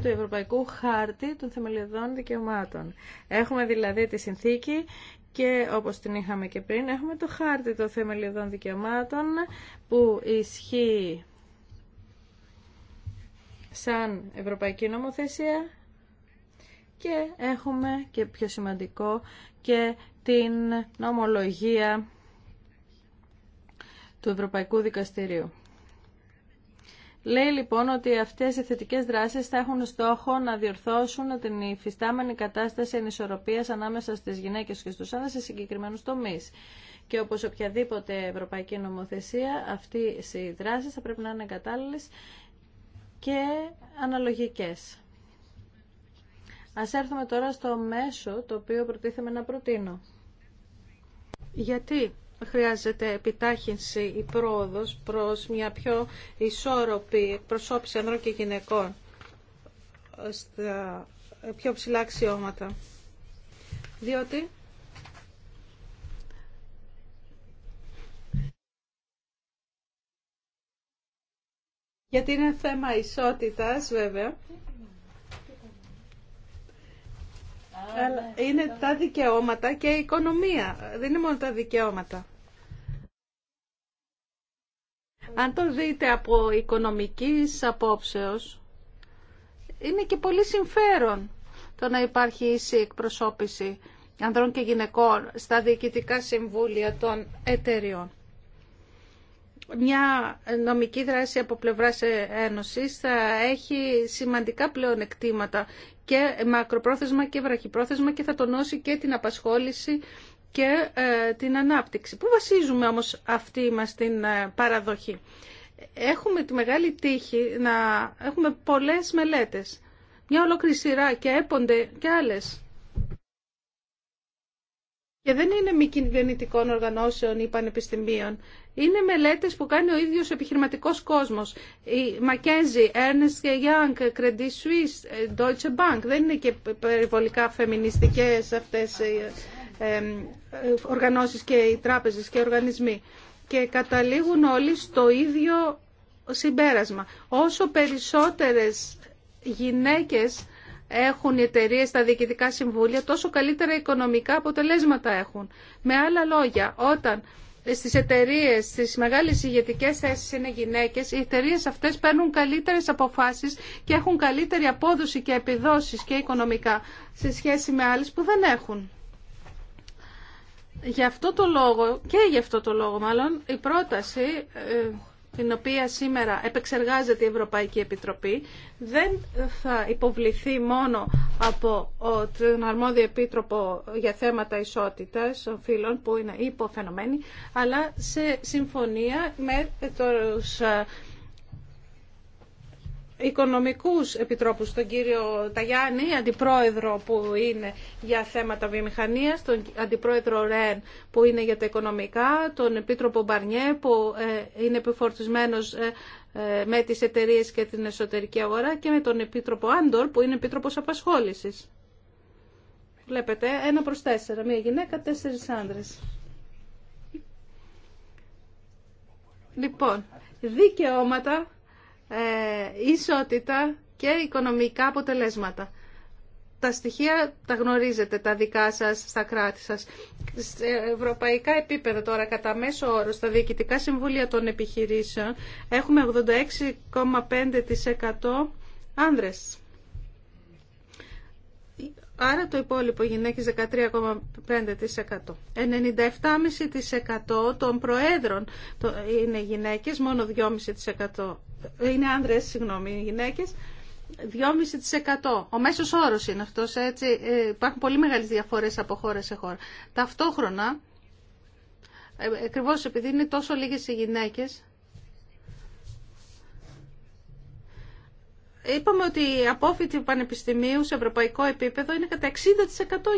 του Ευρωπαϊκού Χάρτη των Θεμελιωδών Δικαιωμάτων. Έχουμε δηλαδή τη συνθήκη και όπως την είχαμε και πριν έχουμε το χάρτη των Θεμελιωδών Δικαιωμάτων που ισχύει σαν Ευρωπαϊκή Νομοθεσία και έχουμε και πιο σημαντικό και την νομολογία του Ευρωπαϊκού Δικαστηρίου. Λέει λοιπόν ότι αυτές οι θετικές δράσεις θα έχουν στόχο να διορθώσουν την υφιστάμενη κατάσταση ανισορροπίας ανάμεσα στις γυναίκες και στους άνδρες σε συγκεκριμένους τομείς. Και όπως οποιαδήποτε ευρωπαϊκή νομοθεσία, αυτές οι δράσεις θα πρέπει να είναι κατάλληλες και αναλογικές. Ας έρθουμε τώρα στο μέσο το οποίο προτίθεμε να προτείνω. Γιατί χρειάζεται επιτάχυνση η πρόοδος προς μια πιο ισόρροπη προσώπηση ανδρών και γυναικών στα πιο ψηλά αξιώματα. Διότι Γιατί είναι θέμα ισότητας βέβαια. είναι τα δικαιώματα και η οικονομία. Δεν είναι μόνο τα δικαιώματα. Αν το δείτε από οικονομικής απόψεως, είναι και πολύ συμφέρον το να υπάρχει ίση εκπροσώπηση ανδρών και γυναικών στα διοικητικά συμβούλια των εταιριών. Μια νομική δράση από πλευράς Ένωσης θα έχει σημαντικά πλεονεκτήματα και μακροπρόθεσμα και βραχυπρόθεσμα και θα τονώσει και την απασχόληση και ε, την ανάπτυξη. Πού βασίζουμε όμως αυτή μας την ε, παραδοχή. Έχουμε τη μεγάλη τύχη να έχουμε πολλές μελέτες. Μια ολόκληρη σειρά και έπονται και άλλες. Και δεν είναι μη κυβερνητικών οργανώσεων ή πανεπιστημίων. Είναι μελέτες που κάνει ο ίδιος επιχειρηματικός κόσμος. Η Μακένζι, Ernest Young, Credit Suisse, ε, Deutsche Bank. Δεν είναι και περιβολικά φεμινιστικές αυτές οι οργανώσεις και οι τράπεζες και οργανισμοί. Και καταλήγουν όλοι στο ίδιο συμπέρασμα. Όσο περισσότερες γυναίκες έχουν οι εταιρείε στα διοικητικά συμβούλια, τόσο καλύτερα οικονομικά αποτελέσματα έχουν. Με άλλα λόγια, όταν στις εταιρείε, στις μεγάλες ηγετικέ θέσει είναι γυναίκες οι εταιρείε αυτές παίρνουν καλύτερες αποφάσεις και έχουν καλύτερη απόδοση και επιδόσεις και οικονομικά σε σχέση με άλλες που δεν έχουν. Γι' αυτό το λόγο, και γι' αυτό το λόγο μάλλον, η πρόταση ε, την οποία σήμερα επεξεργάζεται η Ευρωπαϊκή Επιτροπή δεν θα υποβληθεί μόνο από τον αρμόδιο επίτροπο για θέματα ισότητας των φύλων που είναι υποφαινομένη αλλά σε συμφωνία με τους ε, οικονομικούς επιτρόπους, τον κύριο Ταγιάννη, αντιπρόεδρο που είναι για θέματα βιομηχανίας, τον αντιπρόεδρο Ρεν που είναι για τα οικονομικά, τον επίτροπο Μπαρνιέ που ε, είναι επιφορτισμένος ε, ε, με τις εταιρείες και την εσωτερική αγορά και με τον επίτροπο Άντορ που είναι επίτροπος απασχόλησης. Βλέπετε, ένα προς τέσσερα, μία γυναίκα, τέσσερις άντρες. Λοιπόν, δικαιώματα ε, ισότητα και οικονομικά αποτελέσματα. Τα στοιχεία τα γνωρίζετε, τα δικά σας, στα κράτη σας. Σε ευρωπαϊκά επίπεδα τώρα, κατά μέσο όρο, στα διοικητικά συμβούλια των επιχειρήσεων, έχουμε 86,5% άνδρες. Άρα το υπόλοιπο γυναίκες 13,5%. 97,5% των προέδρων είναι γυναίκες, μόνο 2,5% είναι άνδρες, συγγνώμη, γυναίκες, 2,5%. Ο μέσος όρος είναι αυτός, έτσι. Ε, υπάρχουν πολύ μεγάλες διαφορές από χώρα σε χώρα. Ταυτόχρονα, ε, ακριβώ επειδή είναι τόσο λίγες οι γυναίκες, Είπαμε ότι οι απόφοιτοι πανεπιστημίου σε ευρωπαϊκό επίπεδο είναι κατά 60%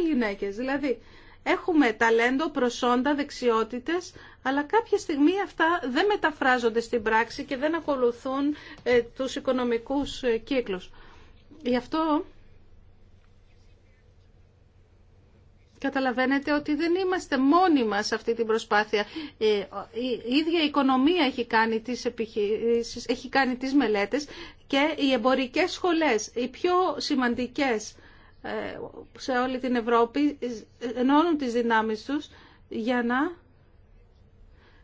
γυναίκες. Δηλαδή, Έχουμε ταλέντο, προσόντα, δεξιότητες, αλλά κάποια στιγμή αυτά δεν μεταφράζονται στην πράξη και δεν ακολουθούν ε, τους οικονομικούς ε, κύκλους. Γι' αυτό καταλαβαίνετε ότι δεν είμαστε μόνοι μας σε αυτή την προσπάθεια. Ε, η ίδια η οικονομία έχει κάνει τις επιχειρήσεις, έχει κάνει τις μελέτες και οι εμπορικές σχολές, οι πιο σημαντικές ε, σε όλη την Ευρώπη, ενώνουν τις δυνάμεις τους για να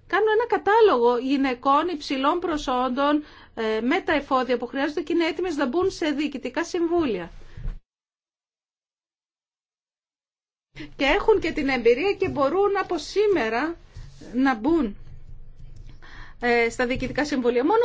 κάνουν ένα κατάλογο γυναικών υψηλών προσόντων ε, με τα εφόδια που χρειάζονται και είναι έτοιμες να μπουν σε διοικητικά συμβούλια. Και έχουν και την εμπειρία και μπορούν από σήμερα να μπουν ε, στα διοικητικά συμβούλια. Μόνο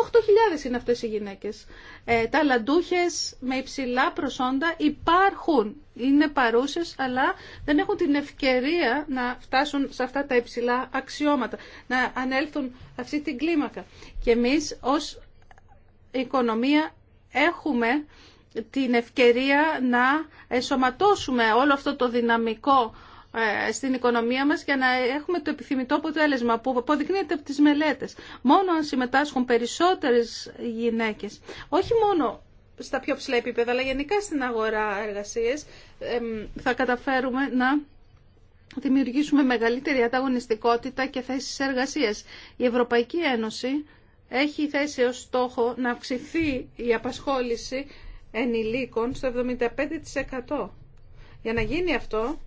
8.000 είναι αυτές οι γυναίκες. Ε, τα λαντούχες με υψηλά προσόντα υπάρχουν, είναι παρούσες, αλλά δεν έχουν την ευκαιρία να φτάσουν σε αυτά τα υψηλά αξιώματα, να ανέλθουν αυτή την κλίμακα. Και εμείς ως οικονομία έχουμε την ευκαιρία να εσωματώσουμε όλο αυτό το δυναμικό ε, στην οικονομία μας για να έχουμε το επιθυμητό αποτέλεσμα που αποδεικνύεται από τις μελέτες. Μόνο αν συμμετάσχουν περισσότερες γυναίκες, όχι μόνο στα πιο ψηλά επίπεδα, αλλά γενικά στην αγορά εργασίες, θα καταφέρουμε να δημιουργήσουμε μεγαλύτερη ανταγωνιστικότητα και θέσεις εργασίας. Η Ευρωπαϊκή Ένωση έχει θέσει ως στόχο να αυξηθεί η απασχόληση ενηλίκων στο 75%. Για να γίνει αυτό,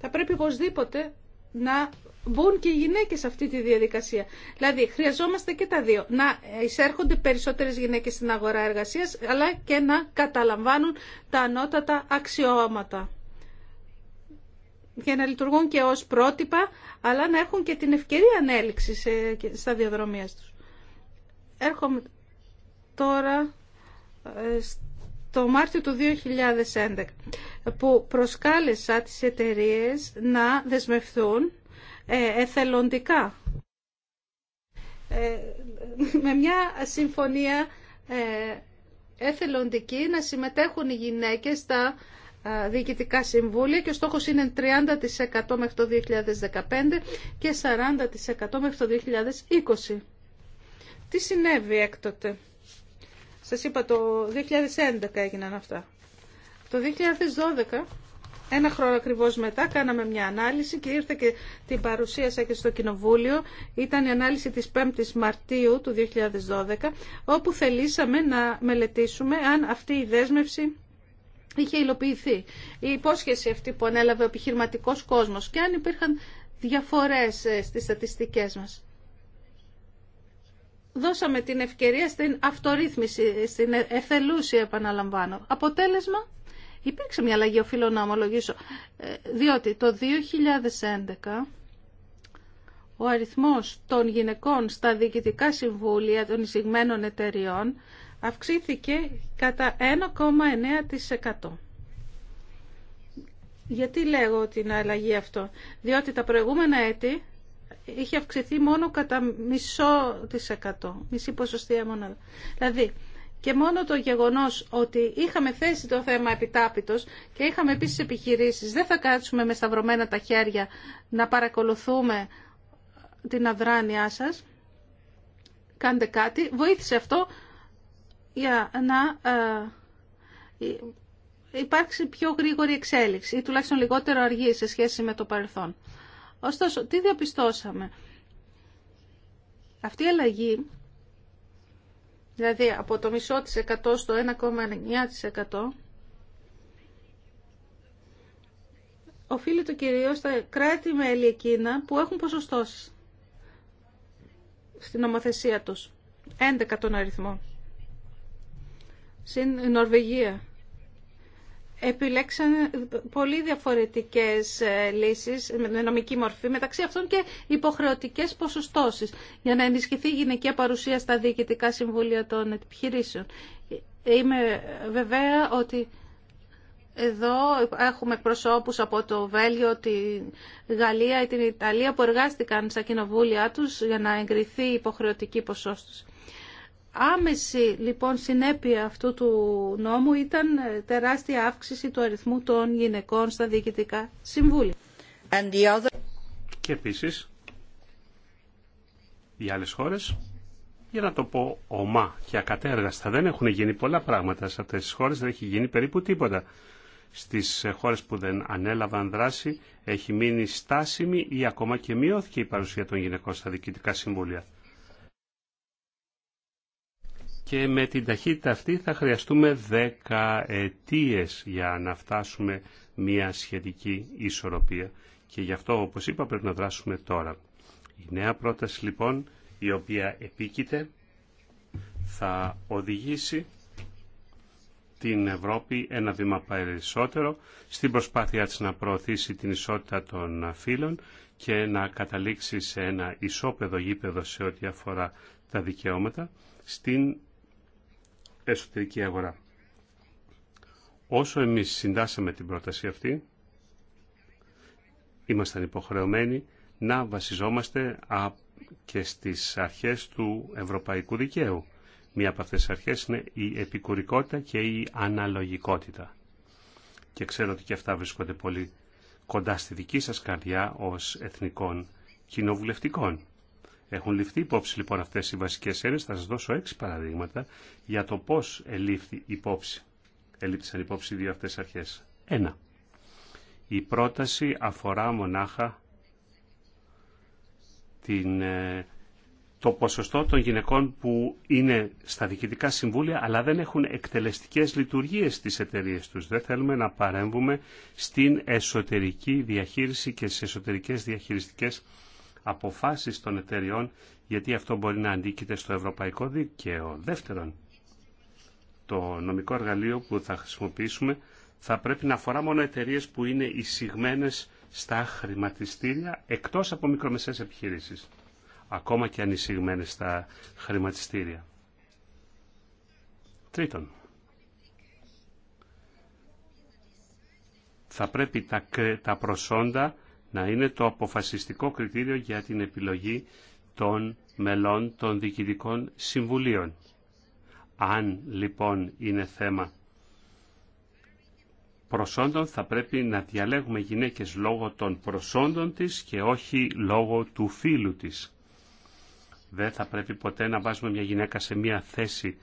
θα πρέπει οπωσδήποτε να μπουν και οι γυναίκε σε αυτή τη διαδικασία. Δηλαδή, χρειαζόμαστε και τα δύο. Να εισέρχονται περισσότερες γυναίκε στην αγορά εργασία, αλλά και να καταλαμβάνουν τα ανώτατα αξιώματα. Για να λειτουργούν και ως πρότυπα, αλλά να έχουν και την ευκαιρία ανέλυξη ε, στα διαδρομία τους. Έρχομαι τώρα ε, το Μάρτιο του 2011 που προσκάλεσα τις εταιρείες να δεσμευθούν ε, εθελοντικά ε, με μια συμφωνία ε, εθελοντική να συμμετέχουν οι γυναίκες στα διοικητικά συμβούλια και ο στόχος είναι 30% μέχρι το 2015 και 40% μέχρι το 2020. Τι συνέβη έκτοτε. Σας είπα το 2011 έγιναν αυτά. Το 2012, ένα χρόνο ακριβώς μετά, κάναμε μια ανάλυση και ήρθε και την παρουσίασα και στο Κοινοβούλιο. Ήταν η ανάλυση της 5ης Μαρτίου του 2012, όπου θελήσαμε να μελετήσουμε αν αυτή η δέσμευση είχε υλοποιηθεί. Η υπόσχεση αυτή που ανέλαβε ο επιχειρηματικός κόσμος και αν υπήρχαν διαφορές ε, στις στατιστικές μας δώσαμε την ευκαιρία στην αυτορύθμιση, στην ε, εθελούσια επαναλαμβάνω. Αποτέλεσμα, υπήρξε μια αλλαγή, οφείλω να ομολογήσω, ε, διότι το 2011 ο αριθμός των γυναικών στα διοικητικά συμβούλια των εισηγμένων εταιριών αυξήθηκε κατά 1,9%. Γιατί λέγω την αλλαγή αυτό, διότι τα προηγούμενα έτη είχε αυξηθεί μόνο κατά μισό της εκατό, μισή ποσοστία μόνο. Δηλαδή, και μόνο το γεγονός ότι είχαμε θέσει το θέμα επιτάπητος και είχαμε επίσης επιχειρήσεις, δεν θα κάτσουμε με σταυρωμένα τα χέρια να παρακολουθούμε την αδράνειά σας. Κάντε κάτι. Βοήθησε αυτό για να ε, υπάρξει πιο γρήγορη εξέλιξη ή τουλάχιστον λιγότερο αργή σε σχέση με το παρελθόν. Ωστόσο, τι διαπιστώσαμε. Αυτή η αλλαγή, δηλαδή από το μισό της 100 στο 1,9% οφείλεται κυρίως στα κράτη-μέλη εκείνα που έχουν ποσοστώσεις στην νομοθεσία τους. 11 τον αριθμό. Στην Νορβηγία επιλέξαν πολύ διαφορετικές ε, λύσεις με νομική μορφή, μεταξύ αυτών και υποχρεωτικές ποσοστώσεις για να ενισχυθεί η γυναικεία παρουσία στα διοικητικά συμβούλια των επιχειρήσεων. Είμαι βεβαία ότι εδώ έχουμε προσώπους από το Βέλγιο, τη Γαλλία ή την Ιταλία που εργάστηκαν στα κοινοβούλια τους για να εγκριθεί υποχρεωτική ποσόστοση. Άμεση λοιπόν συνέπεια αυτού του νόμου ήταν ε, τεράστια αύξηση του αριθμού των γυναικών στα διοικητικά συμβούλια. Και επίσης, οι άλλες χώρες, για να το πω ομά και ακατέργαστα, δεν έχουν γίνει πολλά πράγματα σε αυτές τις χώρες, δεν έχει γίνει περίπου τίποτα. Στις ε, χώρες που δεν ανέλαβαν δράση έχει μείνει στάσιμη ή ακόμα και μειώθηκε η παρουσία των γυναικών στα διοικητικά συμβούλια και με την ταχύτητα αυτή θα χρειαστούμε δεκαετίες για να φτάσουμε μια σχετική ισορροπία και γι' αυτό όπως είπα πρέπει να δράσουμε τώρα. Η νέα πρόταση λοιπόν η οποία επίκειται θα οδηγήσει την Ευρώπη ένα βήμα περισσότερο στην προσπάθειά της να προωθήσει την ισότητα των φύλων και να καταλήξει σε ένα ισόπεδο γήπεδο σε ό,τι αφορά τα δικαιώματα στην εσωτερική αγορά. Όσο εμείς συντάσαμε την πρόταση αυτή, ήμασταν υποχρεωμένοι να βασιζόμαστε και στις αρχές του ευρωπαϊκού δικαίου. Μία από αυτές τις αρχές είναι η επικουρικότητα και η αναλογικότητα. Και ξέρω ότι και αυτά βρίσκονται πολύ κοντά στη δική σας καρδιά ως εθνικών κοινοβουλευτικών. Έχουν ληφθεί υπόψη λοιπόν αυτές οι βασικές έννοιες. Θα σας δώσω έξι παραδείγματα για το πώς ελήφθη υπόψη. Ελήφθησαν υπόψη δύο αυτές αρχές. Ένα. Η πρόταση αφορά μονάχα την, ε, το ποσοστό των γυναικών που είναι στα διοικητικά συμβούλια αλλά δεν έχουν εκτελεστικές λειτουργίες στις εταιρείες τους. Δεν θέλουμε να παρέμβουμε στην εσωτερική διαχείριση και στις εσωτερικές διαχειριστικές αποφάσεις των εταιριών, γιατί αυτό μπορεί να αντίκειται στο ευρωπαϊκό δίκαιο. Δεύτερον, το νομικό εργαλείο που θα χρησιμοποιήσουμε θα πρέπει να αφορά μόνο εταιρείε που είναι εισηγμένε στα χρηματιστήρια εκτός από μικρομεσαίες επιχειρήσεις, ακόμα και αν εισηγμένε στα χρηματιστήρια. Τρίτον, θα πρέπει τα, τα προσόντα να είναι το αποφασιστικό κριτήριο για την επιλογή των μελών των διοικητικών συμβουλίων. Αν λοιπόν είναι θέμα προσόντων θα πρέπει να διαλέγουμε γυναίκες λόγω των προσόντων της και όχι λόγω του φίλου της. Δεν θα πρέπει ποτέ να βάζουμε μια γυναίκα σε μια θέση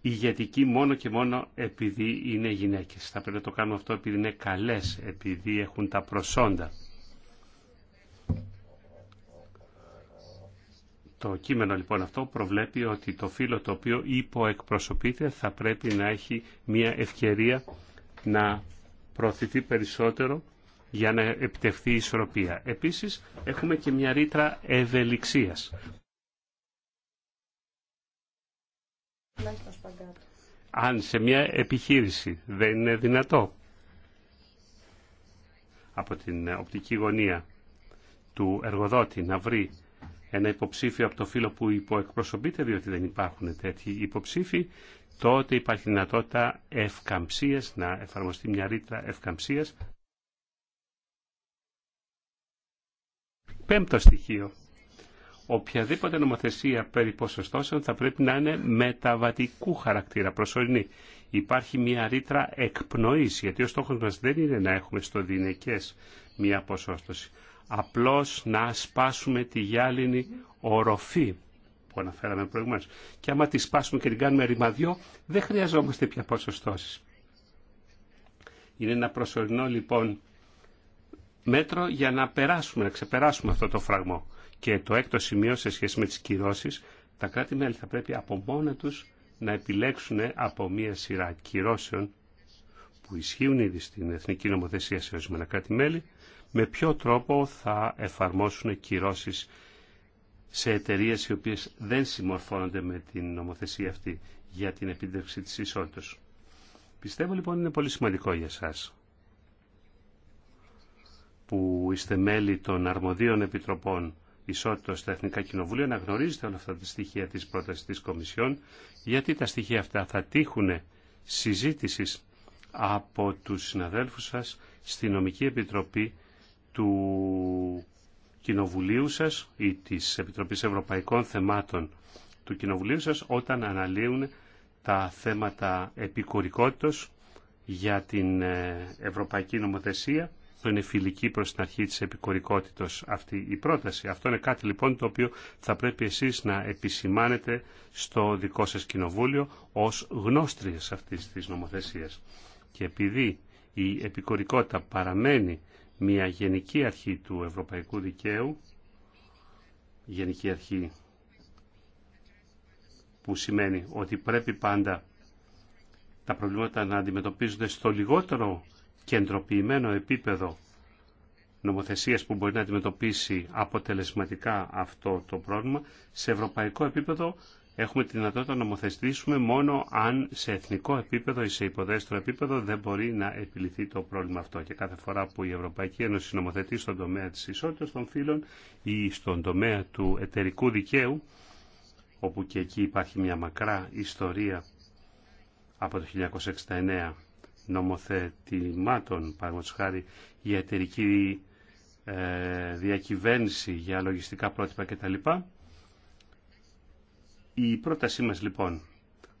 ηγετική μόνο και μόνο επειδή είναι γυναίκες. Θα πρέπει να το κάνουμε αυτό επειδή είναι καλές, επειδή έχουν τα προσόντα. Το κείμενο λοιπόν αυτό προβλέπει ότι το φύλλο το οποίο υποεκπροσωπείται θα πρέπει να έχει μια ευκαιρία να προωθηθεί περισσότερο για να επιτευχθεί η ισορροπία. Επίσης έχουμε και μια ρήτρα ευελιξίας Αν σε μια επιχείρηση δεν είναι δυνατό από την οπτική γωνία του εργοδότη να βρει ένα υποψήφιο από το φύλλο που υποεκπροσωπείται, διότι δεν υπάρχουν τέτοιοι υποψήφοι, τότε υπάρχει δυνατότητα ευκαμψίας, να εφαρμοστεί μια ρήτρα ευκαμψίας. Πέμπτο στοιχείο οποιαδήποτε νομοθεσία περί ποσοστώσεων θα πρέπει να είναι μεταβατικού χαρακτήρα, προσωρινή. Υπάρχει μια ρήτρα εκπνοής, γιατί ο στόχος μας δεν είναι να έχουμε στο δινεκές μια ποσόστοση. Απλώς να σπάσουμε τη γυάλινη οροφή που αναφέραμε προηγουμένως. Και άμα τη σπάσουμε και την κάνουμε ρημαδιό, δεν χρειαζόμαστε πια ποσοστώσεις. Είναι ένα προσωρινό λοιπόν μέτρο για να περάσουμε, να ξεπεράσουμε αυτό το φραγμό. Και το έκτο σημείο σε σχέση με τις κυρώσεις, τα κράτη-μέλη θα πρέπει από μόνα τους να επιλέξουν από μία σειρά κυρώσεων που ισχύουν ήδη στην Εθνική Νομοθεσία σε ορισμένα κράτη-μέλη, με ποιο τρόπο θα εφαρμόσουν κυρώσεις σε εταιρείε οι οποίες δεν συμμορφώνονται με την νομοθεσία αυτή για την επίτευξη της ισότητας. Πιστεύω λοιπόν είναι πολύ σημαντικό για σας που είστε μέλη των αρμοδίων επιτροπών ισότητα στα Εθνικά Κοινοβούλια να γνωρίζετε όλα αυτά τα στοιχεία της πρόταση της Κομισιόν, γιατί τα στοιχεία αυτά θα τύχουν συζήτηση από τους συναδέλφους σας στη Νομική Επιτροπή του Κοινοβουλίου σας ή της Επιτροπής Ευρωπαϊκών Θεμάτων του Κοινοβουλίου σας όταν αναλύουν τα θέματα επικουρικότητος για την ε, Ευρωπαϊκή Νομοθεσία αυτό είναι φιλική προς την αρχή της επικορικότητα αυτή η πρόταση. Αυτό είναι κάτι λοιπόν το οποίο θα πρέπει εσείς να επισημάνετε στο δικό σα κοινοβούλιο ως γνώστριες αυτής της νομοθεσίας. Και επειδή η επικορικότητα παραμένει μια γενική αρχή του ευρωπαϊκού δικαίου, γενική αρχή που σημαίνει ότι πρέπει πάντα τα προβλήματα να αντιμετωπίζονται στο λιγότερο κεντροποιημένο επίπεδο νομοθεσίας που μπορεί να αντιμετωπίσει αποτελεσματικά αυτό το πρόβλημα, σε ευρωπαϊκό επίπεδο έχουμε τη δυνατότητα να νομοθεστήσουμε μόνο αν σε εθνικό επίπεδο ή σε υποδέστρο επίπεδο δεν μπορεί να επιληθεί το πρόβλημα αυτό. Και κάθε φορά που η Ευρωπαϊκή Ένωση νομοθετεί στον τομέα της ισότητας των φύλων ή στον τομέα του εταιρικού δικαίου, όπου και εκεί υπάρχει μια μακρά ιστορία από το 1969 νομοθετημάτων, παραδείγματος χάρη η εταιρική ε, διακυβέρνηση για λογιστικά πρότυπα κτλ. Η πρότασή μας λοιπόν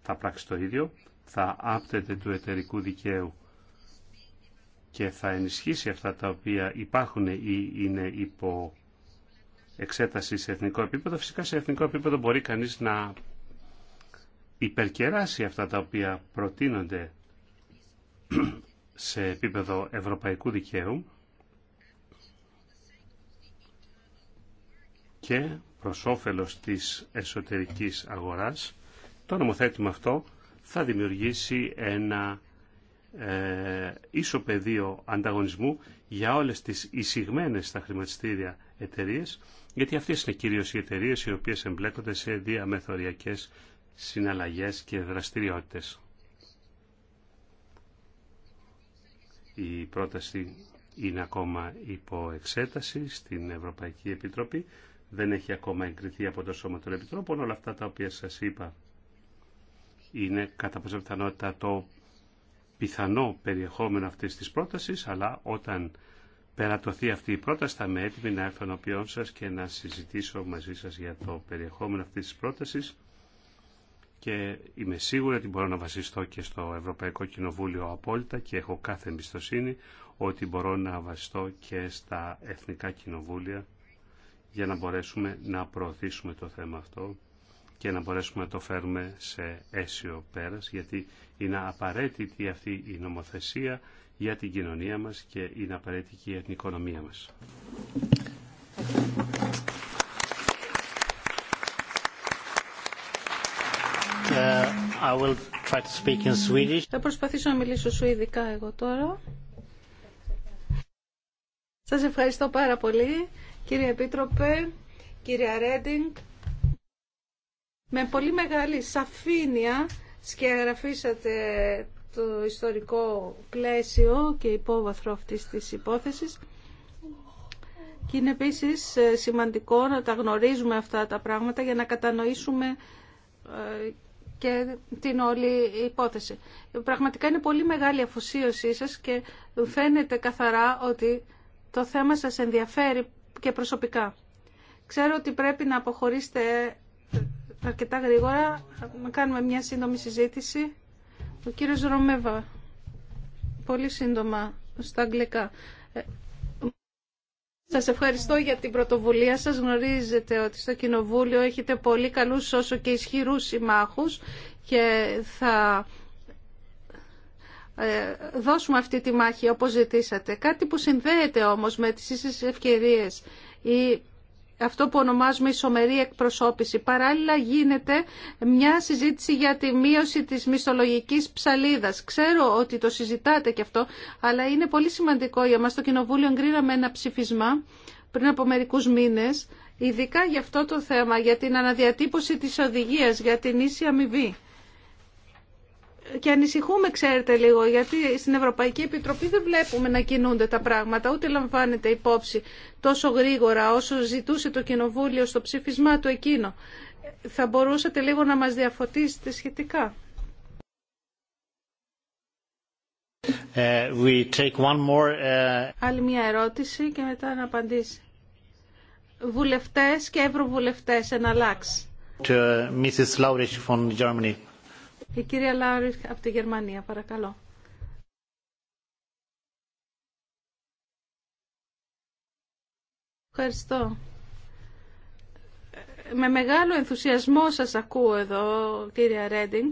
θα πράξει το ίδιο, θα άπτεται του εταιρικού δικαίου και θα ενισχύσει αυτά τα οποία υπάρχουν ή είναι υπό εξέταση σε εθνικό επίπεδο. Φυσικά σε εθνικό επίπεδο μπορεί κανείς να υπερκεράσει αυτά τα οποία προτείνονται σε επίπεδο ευρωπαϊκού δικαίου και προς όφελος της εσωτερικής αγοράς, το νομοθέτημα αυτό θα δημιουργήσει ένα ε, ίσο πεδίο ανταγωνισμού για όλες τις εισηγμένες στα χρηματιστήρια εταιρείε, γιατί αυτές είναι κυρίως οι εταιρείε οι οποίες εμπλέκονται σε διαμεθοριακές συναλλαγές και δραστηριότητες. Η πρόταση είναι ακόμα υπό εξέταση στην Ευρωπαϊκή Επιτροπή. Δεν έχει ακόμα εγκριθεί από το Σώμα των Επιτρόπων. Όλα αυτά τα οποία σας είπα είναι κατά πόσο πιθανότητα το πιθανό περιεχόμενο αυτής της πρότασης, αλλά όταν περατωθεί αυτή η πρόταση θα είμαι έτοιμη να έρθω ενώπιόν σας και να συζητήσω μαζί σας για το περιεχόμενο αυτής της πρότασης και είμαι σίγουρη ότι μπορώ να βασιστώ και στο Ευρωπαϊκό Κοινοβούλιο απόλυτα και έχω κάθε εμπιστοσύνη ότι μπορώ να βασιστώ και στα Εθνικά Κοινοβούλια για να μπορέσουμε να προωθήσουμε το θέμα αυτό και να μπορέσουμε να το φέρουμε σε αίσιο πέρας γιατί είναι απαραίτητη αυτή η νομοθεσία για την κοινωνία μας και είναι απαραίτητη και για την οικονομία μας. Θα προσπαθήσω να μιλήσω ειδικά εγώ τώρα. Σας ευχαριστώ πάρα πολύ, κύριε Επίτροπε, κύριε Ρέντινγκ. Με πολύ μεγάλη σαφήνεια σκιαγραφίσατε το ιστορικό πλαίσιο και υπόβαθρο αυτής της υπόθεσης. Και είναι επίσης ε, σημαντικό να τα γνωρίζουμε αυτά τα πράγματα για να κατανοήσουμε ε, και την όλη υπόθεση. Πραγματικά είναι πολύ μεγάλη αφοσίωσή σας και φαίνεται καθαρά ότι το θέμα σας ενδιαφέρει και προσωπικά. Ξέρω ότι πρέπει να αποχωρήσετε αρκετά γρήγορα. Να κάνουμε μια σύντομη συζήτηση. Ο κύριος Ρωμέβα, πολύ σύντομα στα αγγλικά. Ε, σας ευχαριστώ για την πρωτοβουλία σας. Γνωρίζετε ότι στο Κοινοβούλιο έχετε πολύ καλούς όσο και ισχυρούς συμμάχους και θα ε, δώσουμε αυτή τη μάχη όπως ζητήσατε. Κάτι που συνδέεται όμως με τις ίσες ευκαιρίες. Η αυτό που ονομάζουμε ισομερή εκπροσώπηση. Παράλληλα γίνεται μια συζήτηση για τη μείωση της μισθολογικής ψαλίδας. Ξέρω ότι το συζητάτε και αυτό, αλλά είναι πολύ σημαντικό για μας. Το Κοινοβούλιο εγκρίναμε ένα ψηφισμά πριν από μερικούς μήνες, ειδικά για αυτό το θέμα, για την αναδιατύπωση της οδηγίας, για την ίση αμοιβή και ανησυχούμε, ξέρετε, λίγο, γιατί στην Ευρωπαϊκή Επιτροπή δεν βλέπουμε να κινούνται τα πράγματα, ούτε λαμβάνεται υπόψη τόσο γρήγορα όσο ζητούσε το Κοινοβούλιο στο ψήφισμά του εκείνο. Θα μπορούσατε λίγο να μας διαφωτίσετε σχετικά. Ε, we take one more... Ε, Άλλη μια ερώτηση και μετά να απαντήσει. Βουλευτές και ευρωβουλευτές, ένα To Mrs. from Germany. Η κυρία Λάουριχ από τη Γερμανία, παρακαλώ. Ευχαριστώ. Με μεγάλο ενθουσιασμό σας ακούω εδώ, κύρια Ρέντινγκ,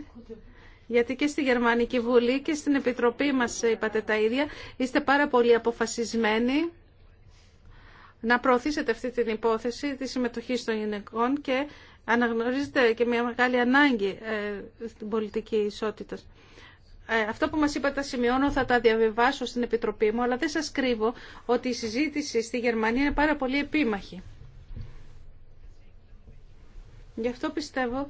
γιατί και στη Γερμανική Βουλή και στην Επιτροπή μας είπατε τα ίδια. Είστε πάρα πολύ αποφασισμένοι να προωθήσετε αυτή την υπόθεση της συμμετοχής των γυναικών και αναγνωρίζεται και μια μεγάλη ανάγκη ε, στην πολιτική ισότητα. Ε, αυτό που μας είπατε σημειώνω, θα τα διαβιβάσω στην Επιτροπή μου, αλλά δεν σας κρύβω ότι η συζήτηση στη Γερμανία είναι πάρα πολύ επίμαχη. Γι' αυτό πιστεύω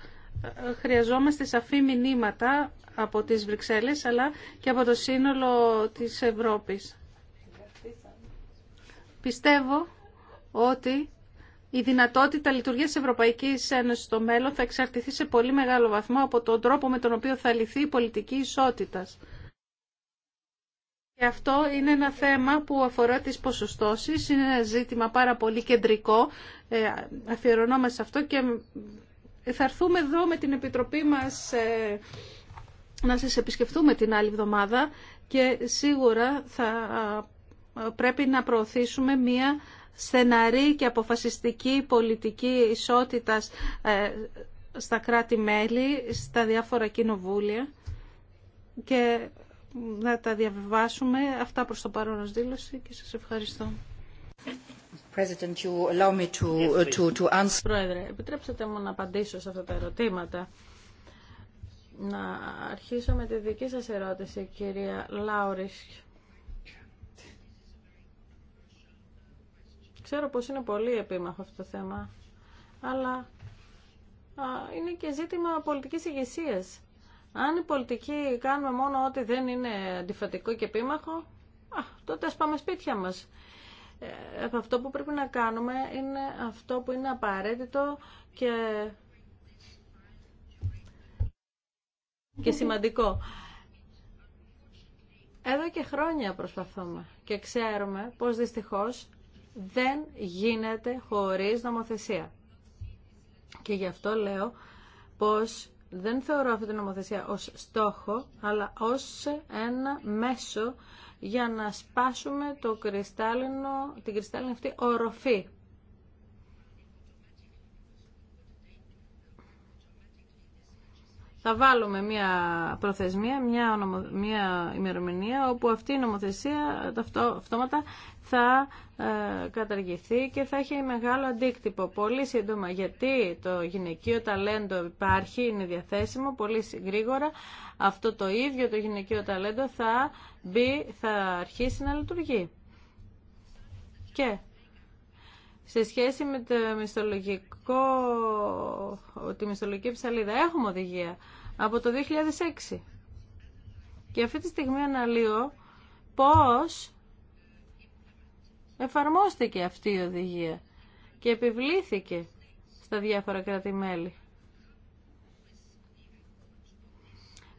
ε, χρειαζόμαστε σαφή μηνύματα από τις Βρυξέλλες, αλλά και από το σύνολο της Ευρώπης. Πιστεύω ότι η δυνατότητα λειτουργίας της Ευρωπαϊκής στο μέλλον θα εξαρτηθεί σε πολύ μεγάλο βαθμό από τον τρόπο με τον οποίο θα λυθεί η πολιτική ισότητα. Και αυτό είναι ένα θέμα που αφορά τις ποσοστώσεις, είναι ένα ζήτημα πάρα πολύ κεντρικό, ε, αφιερωνόμαστε σε αυτό και θα έρθουμε εδώ με την Επιτροπή μας ε, να σας επισκεφτούμε την άλλη εβδομάδα και σίγουρα θα ε, πρέπει να προωθήσουμε μία στεναρή και αποφασιστική πολιτική ισότητας ε, στα κράτη-μέλη, στα διάφορα κοινοβούλια και να τα διαβιβάσουμε. Αυτά προς το παρόν ως δήλωση και σας ευχαριστώ. President, uh, Πρόεδρε, επιτρέψτε μου να απαντήσω σε αυτά τα ερωτήματα. Να αρχίσω με τη δική σας ερώτηση, κυρία Λάουρισκ. Ξέρω πως είναι πολύ επίμαχο αυτό το θέμα, αλλά είναι και ζήτημα πολιτικής ηγεσία. Αν οι πολιτικοί κάνουμε μόνο ό,τι δεν είναι αντιφατικό και επίμαχο, α, τότε ας πάμε σπίτια μας. Ε, αυτό που πρέπει να κάνουμε είναι αυτό που είναι απαραίτητο και, και σημαντικό. Εδώ και χρόνια προσπαθούμε και ξέρουμε πως δυστυχώς δεν γίνεται χωρίς νομοθεσία. Και γι' αυτό λέω πως δεν θεωρώ αυτή τη νομοθεσία ως στόχο, αλλά ως ένα μέσο για να σπάσουμε το κρυστάλλινο, την κρυστάλλινη αυτή οροφή θα βάλουμε μια προθεσμία, μια, μια ημερομηνία όπου αυτή η νομοθεσία αυτό, αυτόματα θα ε, καταργηθεί και θα έχει μεγάλο αντίκτυπο πολύ σύντομα γιατί το γυναικείο ταλέντο υπάρχει, είναι διαθέσιμο πολύ γρήγορα. Αυτό το ίδιο το γυναικείο ταλέντο θα θα αρχίσει να λειτουργεί. Και σε σχέση με το μισθολογικό, τη μισθολογική ψαλίδα έχουμε οδηγία από το 2006. Και αυτή τη στιγμή αναλύω πώς εφαρμόστηκε αυτή η οδηγία και επιβλήθηκε στα διάφορα κράτη-μέλη.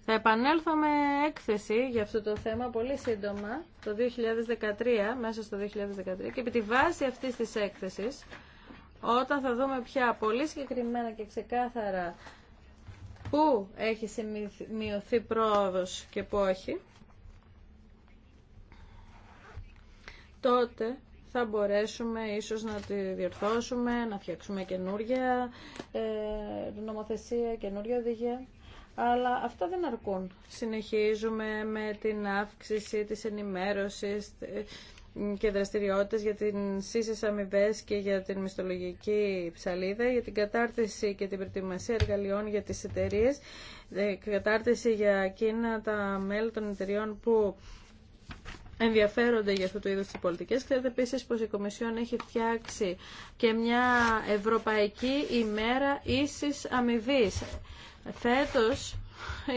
Θα επανέλθω με έκθεση για αυτό το θέμα πολύ σύντομα, το 2013, μέσα στο 2013, και επί τη βάση αυτής της έκθεσης, όταν θα δούμε πια πολύ συγκεκριμένα και ξεκάθαρα πού έχει μειωθεί πρόοδος και πού όχι, τότε θα μπορέσουμε ίσως να τη διορθώσουμε, να φτιάξουμε καινούργια ε, νομοθεσία, καινούργια οδηγία. Αλλά αυτά δεν αρκούν. Συνεχίζουμε με την αύξηση της ενημέρωσης, ε, και δραστηριότητες για την ίσες αμοιβέ και για την μισθολογική ψαλίδα, για την κατάρτιση και την προετοιμασία εργαλειών για τις εταιρείε, ε, κατάρτιση για εκείνα τα μέλη των εταιριών που ενδιαφέρονται για αυτού του είδος τις πολιτικές. Ξέρετε επίσης πως η Κομισιόν έχει φτιάξει και μια Ευρωπαϊκή ημέρα ίσης αμοιβή. Φέτος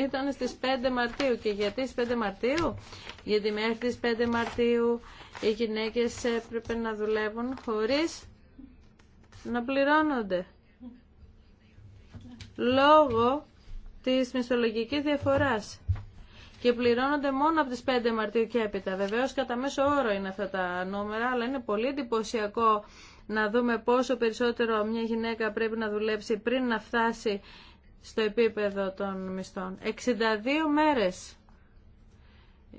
ήταν στις 5 Μαρτίου. Και γιατί στις 5 Μαρτίου? Γιατί μέχρι τις 5 Μαρτίου οι γυναίκες έπρεπε να δουλεύουν χωρίς να πληρώνονται. Λόγω της μισθολογική διαφοράς. Και πληρώνονται μόνο από τις 5 Μαρτίου και έπειτα. Βεβαίως κατά μέσο όρο είναι αυτά τα νούμερα, αλλά είναι πολύ εντυπωσιακό να δούμε πόσο περισσότερο μια γυναίκα πρέπει να δουλέψει πριν να φτάσει στο επίπεδο των μισθών. 62 μέρες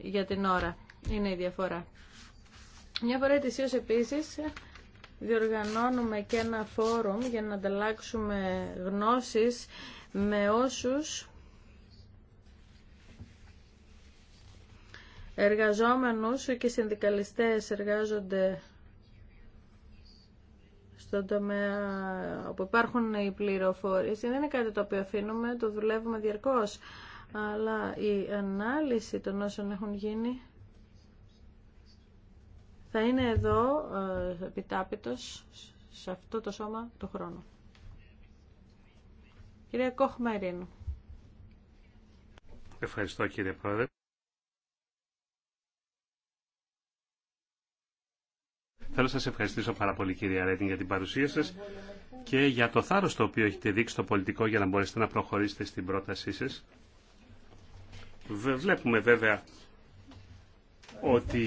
για την ώρα είναι η διαφορά. Μια φορά ετησίως επίσης διοργανώνουμε και ένα φόρουμ για να ανταλλάξουμε γνώσεις με όσους εργαζόμενους και συνδικαλιστές εργάζονται στον τομέα όπου υπάρχουν οι πληροφορίες δεν είναι κάτι το οποίο αφήνουμε, το δουλεύουμε διαρκώς. Αλλά η ανάλυση των όσων έχουν γίνει θα είναι εδώ ε, επιτάπητος σε αυτό το σώμα το χρόνο. Κυρία Κοχμαρίνου. Ευχαριστώ κύριε Πρόεδρε. Θέλω να σα ευχαριστήσω πάρα πολύ κυρία Ρέτιν για την παρουσία σας και για το θάρρος το οποίο έχετε δείξει στο πολιτικό για να μπορέσετε να προχωρήσετε στην πρότασή σας. Βλέπουμε βέβαια ότι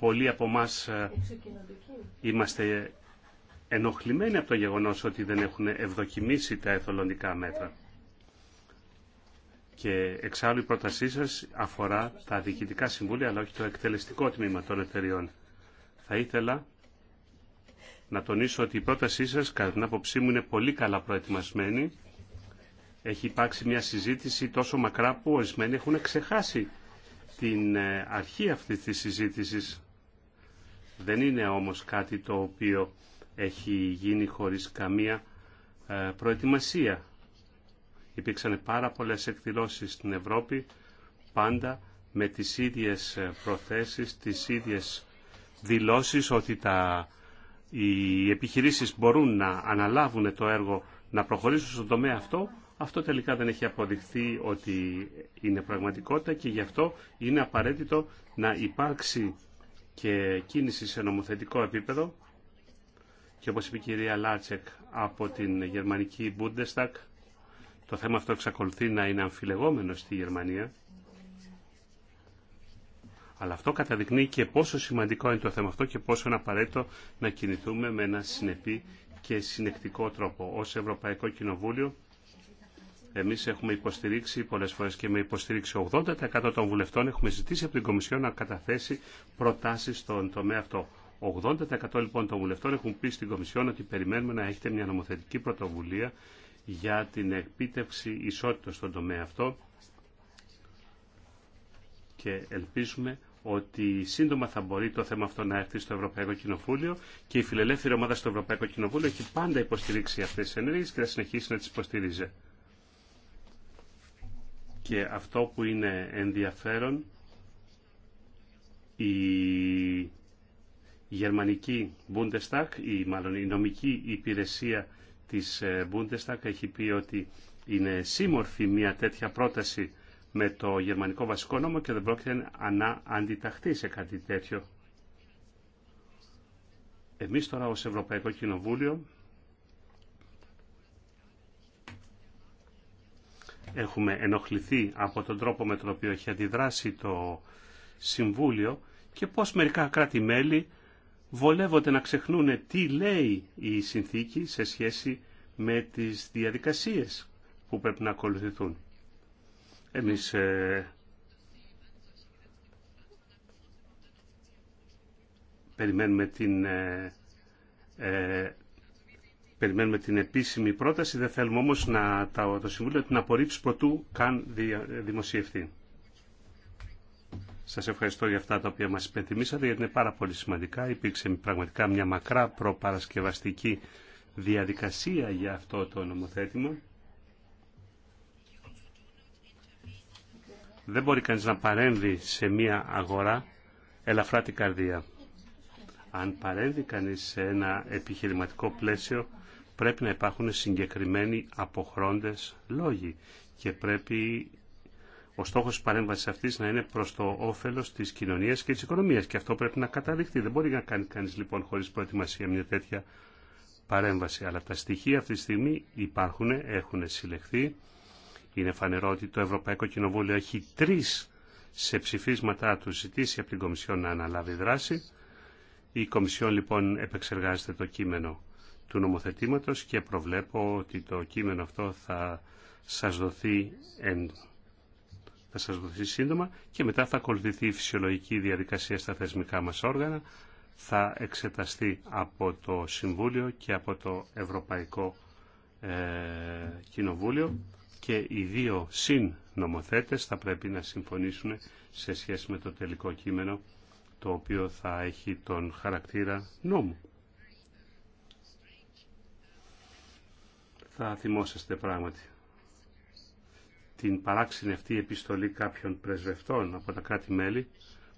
πολλοί από εμά ε, είμαστε ενοχλημένοι από το γεγονός ότι δεν έχουν ευδοκιμήσει τα εθολοντικά μέτρα. Και εξάλλου η πρότασή σας αφορά τα διοικητικά συμβούλια αλλά όχι το εκτελεστικό τμήμα των εταιριών. Θα ήθελα να τονίσω ότι η πρότασή σας, κατά την άποψή μου, είναι πολύ καλά προετοιμασμένη. Έχει υπάρξει μια συζήτηση τόσο μακρά που ορισμένοι έχουν ξεχάσει την ε, αρχή αυτής της συζήτησης. Δεν είναι όμως κάτι το οποίο έχει γίνει χωρίς καμία ε, προετοιμασία. Υπήρξαν πάρα πολλές εκδηλώσεις στην Ευρώπη, πάντα με τις ίδιες ε, προθέσεις, τις ίδιες δηλώσεις ότι τα οι επιχειρήσεις μπορούν να αναλάβουν το έργο να προχωρήσουν στον τομέα αυτό, αυτό τελικά δεν έχει αποδειχθεί ότι είναι πραγματικότητα και γι' αυτό είναι απαραίτητο να υπάρξει και κίνηση σε νομοθετικό επίπεδο και όπως είπε η κυρία Λάτσεκ από την γερμανική Bundestag το θέμα αυτό εξακολουθεί να είναι αμφιλεγόμενο στη Γερμανία αλλά αυτό καταδεικνύει και πόσο σημαντικό είναι το θέμα αυτό και πόσο είναι απαραίτητο να κινηθούμε με ένα συνεπή και συνεκτικό τρόπο. Ως Ευρωπαϊκό Κοινοβούλιο εμείς έχουμε υποστηρίξει πολλές φορές και με υποστηρίξει 80% των βουλευτών έχουμε ζητήσει από την Κομισιόν να καταθέσει προτάσεις στον τομέα αυτό. 80% λοιπόν των βουλευτών έχουν πει στην Κομισιόν ότι περιμένουμε να έχετε μια νομοθετική πρωτοβουλία για την επίτευξη ισότητας στον τομέα αυτό και ελπίζουμε ότι σύντομα θα μπορεί το θέμα αυτό να έρθει στο Ευρωπαϊκό Κοινοβούλιο και η φιλελεύθερη ομάδα στο Ευρωπαϊκό Κοινοβούλιο έχει πάντα υποστηρίξει αυτέ τι ενέργειε και θα συνεχίσει να τι υποστηρίζει. Και αυτό που είναι ενδιαφέρον, η γερμανική Bundestag, ή μάλλον η νομική υπηρεσία της ε, Bundestag έχει πει ότι είναι σύμμορφη μια τέτοια πρόταση με το γερμανικό βασικό νόμο και δεν πρόκειται να αντιταχθεί σε κάτι τέτοιο. Εμείς τώρα ως Ευρωπαϊκό Κοινοβούλιο έχουμε ενοχληθεί από τον τρόπο με τον οποίο έχει αντιδράσει το Συμβούλιο και πώς μερικά κράτη-μέλη βολεύονται να ξεχνούν τι λέει η συνθήκη σε σχέση με τις διαδικασίες που πρέπει να ακολουθηθούν. Εμείς ε, περιμένουμε την ε, ε, περιμένουμε την επίσημη πρόταση, δεν θέλουμε όμως να, το Συμβούλιο την απορρίψει προτού καν δημοσιευτεί. Σας ευχαριστώ για αυτά τα οποία μας υπενθυμίσατε, γιατί είναι πάρα πολύ σημαντικά. Υπήρξε πραγματικά μια μακρά προπαρασκευαστική διαδικασία για αυτό το νομοθέτημα. Δεν μπορεί κανείς να παρέμβει σε μία αγορά ελαφρά την καρδία. Αν παρέμβει κανείς σε ένα επιχειρηματικό πλαίσιο, πρέπει να υπάρχουν συγκεκριμένοι αποχρόντες λόγοι και πρέπει ο στόχος της παρέμβαση αυτή να είναι προς το όφελος της κοινωνίας και της οικονομίας Και αυτό πρέπει να καταδειχθεί. Δεν μπορεί να κάνει κανεί λοιπόν χωρίς προετοιμασία μια τέτοια παρέμβαση. Αλλά τα στοιχεία αυτή τη στιγμή υπάρχουν, έχουν συλλεχθεί. Είναι φανερό ότι το Ευρωπαϊκό Κοινοβούλιο έχει τρεις σε ψηφίσματά του ζητήσει από την Κομισιόν να αναλάβει δράση. Η Κομισιόν λοιπόν επεξεργάζεται το κείμενο του νομοθετήματος και προβλέπω ότι το κείμενο αυτό θα σας δοθεί, εν... σας δοθεί σύντομα και μετά θα ακολουθηθεί η φυσιολογική διαδικασία στα θεσμικά μας όργανα, θα εξεταστεί από το Συμβούλιο και από το Ευρωπαϊκό ε, Κοινοβούλιο και οι δύο συν νομοθέτες θα πρέπει να συμφωνήσουν σε σχέση με το τελικό κείμενο το οποίο θα έχει τον χαρακτήρα νόμου. Θα θυμόσαστε πράγματι την παράξενη αυτή επιστολή κάποιων πρεσβευτών από τα κράτη-μέλη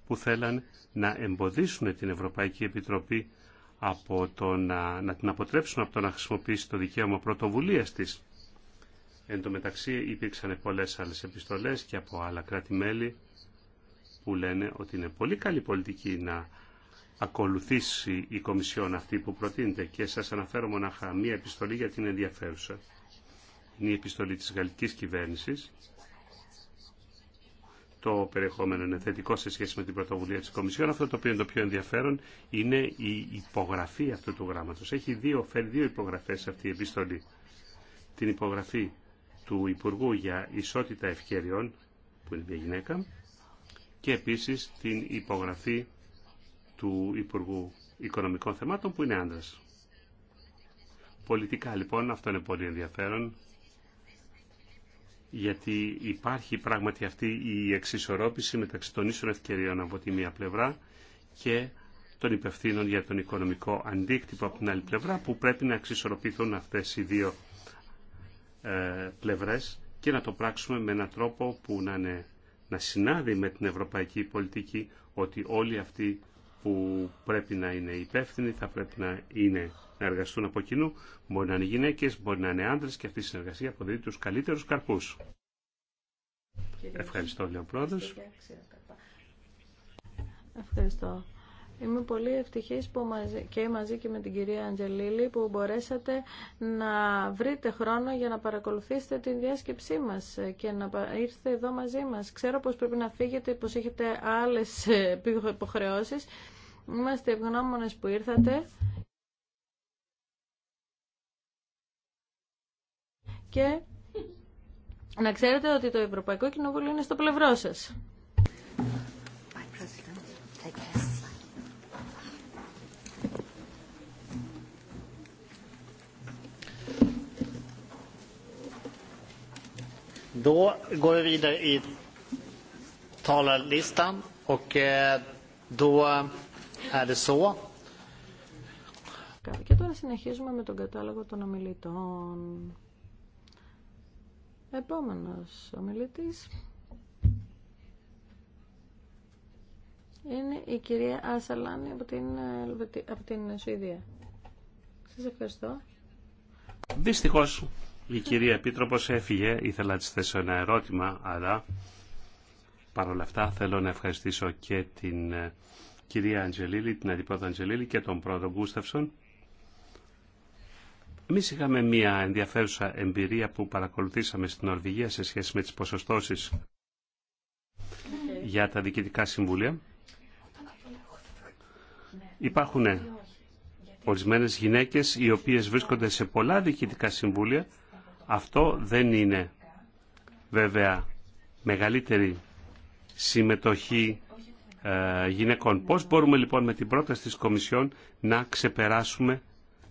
που θέλαν να εμποδίσουν την Ευρωπαϊκή Επιτροπή από το να, να την αποτρέψουν από το να χρησιμοποιήσει το δικαίωμα πρωτοβουλίας της Εν τω μεταξύ υπήρξαν πολλές άλλες επιστολές και από άλλα κράτη-μέλη που λένε ότι είναι πολύ καλή πολιτική να ακολουθήσει η Κομισιόν αυτή που προτείνεται και σας αναφέρω μονάχα μία επιστολή για την ενδιαφέρουσα. Είναι η επιστολή της γαλλικής κυβέρνησης. Το περιεχόμενο είναι θετικό σε σχέση με την πρωτοβουλία της Κομισιόν. Αυτό το οποίο είναι το πιο ενδιαφέρον είναι η υπογραφή αυτού του γράμματος. Έχει δύο, φέρει δύο υπογραφές αυτή η επιστολή. Την υπογραφή του Υπουργού για Ισότητα Ευκαιριών, που είναι μια γυναίκα, και επίσης την υπογραφή του Υπουργού Οικονομικών Θεμάτων, που είναι άντρας. Πολιτικά λοιπόν αυτό είναι πολύ ενδιαφέρον γιατί υπάρχει πράγματι αυτή η εξισορρόπηση μεταξύ των ίσων ευκαιριών από τη μία πλευρά και των υπευθύνων για τον οικονομικό αντίκτυπο από την άλλη πλευρά που πρέπει να εξισορροπηθούν αυτές οι δύο ε, πλευρές και να το πράξουμε με έναν τρόπο που να, είναι, να συνάδει με την ευρωπαϊκή πολιτική ότι όλοι αυτοί που πρέπει να είναι υπεύθυνοι θα πρέπει να, είναι, εργαστούν από κοινού. Μπορεί να είναι γυναίκες, μπορεί να είναι άντρες και αυτή η συνεργασία αποδίδει τους καλύτερους καρπούς. Ευχαριστώ, λέει Πρόεδρος. Ευχαριστώ. Είμαι πολύ ευτυχής που μαζί, και μαζί και με την κυρία Αντζελίλη που μπορέσατε να βρείτε χρόνο για να παρακολουθήσετε την διάσκεψή μας και να ήρθε εδώ μαζί μας. Ξέρω πως πρέπει να φύγετε, πως έχετε άλλες ε, υποχρεώσεις. Είμαστε ευγνώμονες που ήρθατε. Και να ξέρετε ότι το Ευρωπαϊκό Κοινοβούλιο είναι στο πλευρό σας. Då Και τώρα συνεχίζουμε με τον κατάλογο των ομιλητών. Επόμενος ομιλητής είναι η κυρία Ασαλάνη από την, ε, από την Σουηδία. Σας ευχαριστώ. Δυστυχώς η κυρία Επίτροπος έφυγε, ήθελα να της θέσω ένα ερώτημα, αλλά παρόλα αυτά θέλω να ευχαριστήσω και την ε, κυρία Αντζελίλη, την αντιπρόεδρο Αντζελίλη και τον πρόεδρο Γκούστευσον. Εμεί είχαμε μια ενδιαφέρουσα εμπειρία που παρακολουθήσαμε στην Ορβηγία σε σχέση με τις ποσοστώσεις για τα διοικητικά συμβούλια. Υπάρχουν ορισμένες γυναίκες οι οποίες βρίσκονται σε πολλά διοικητικά συμβούλια αυτό δεν είναι βέβαια μεγαλύτερη συμμετοχή ε, γυναικών. Πώς μπορούμε λοιπόν με την πρόταση της Κομισιόν να ξεπεράσουμε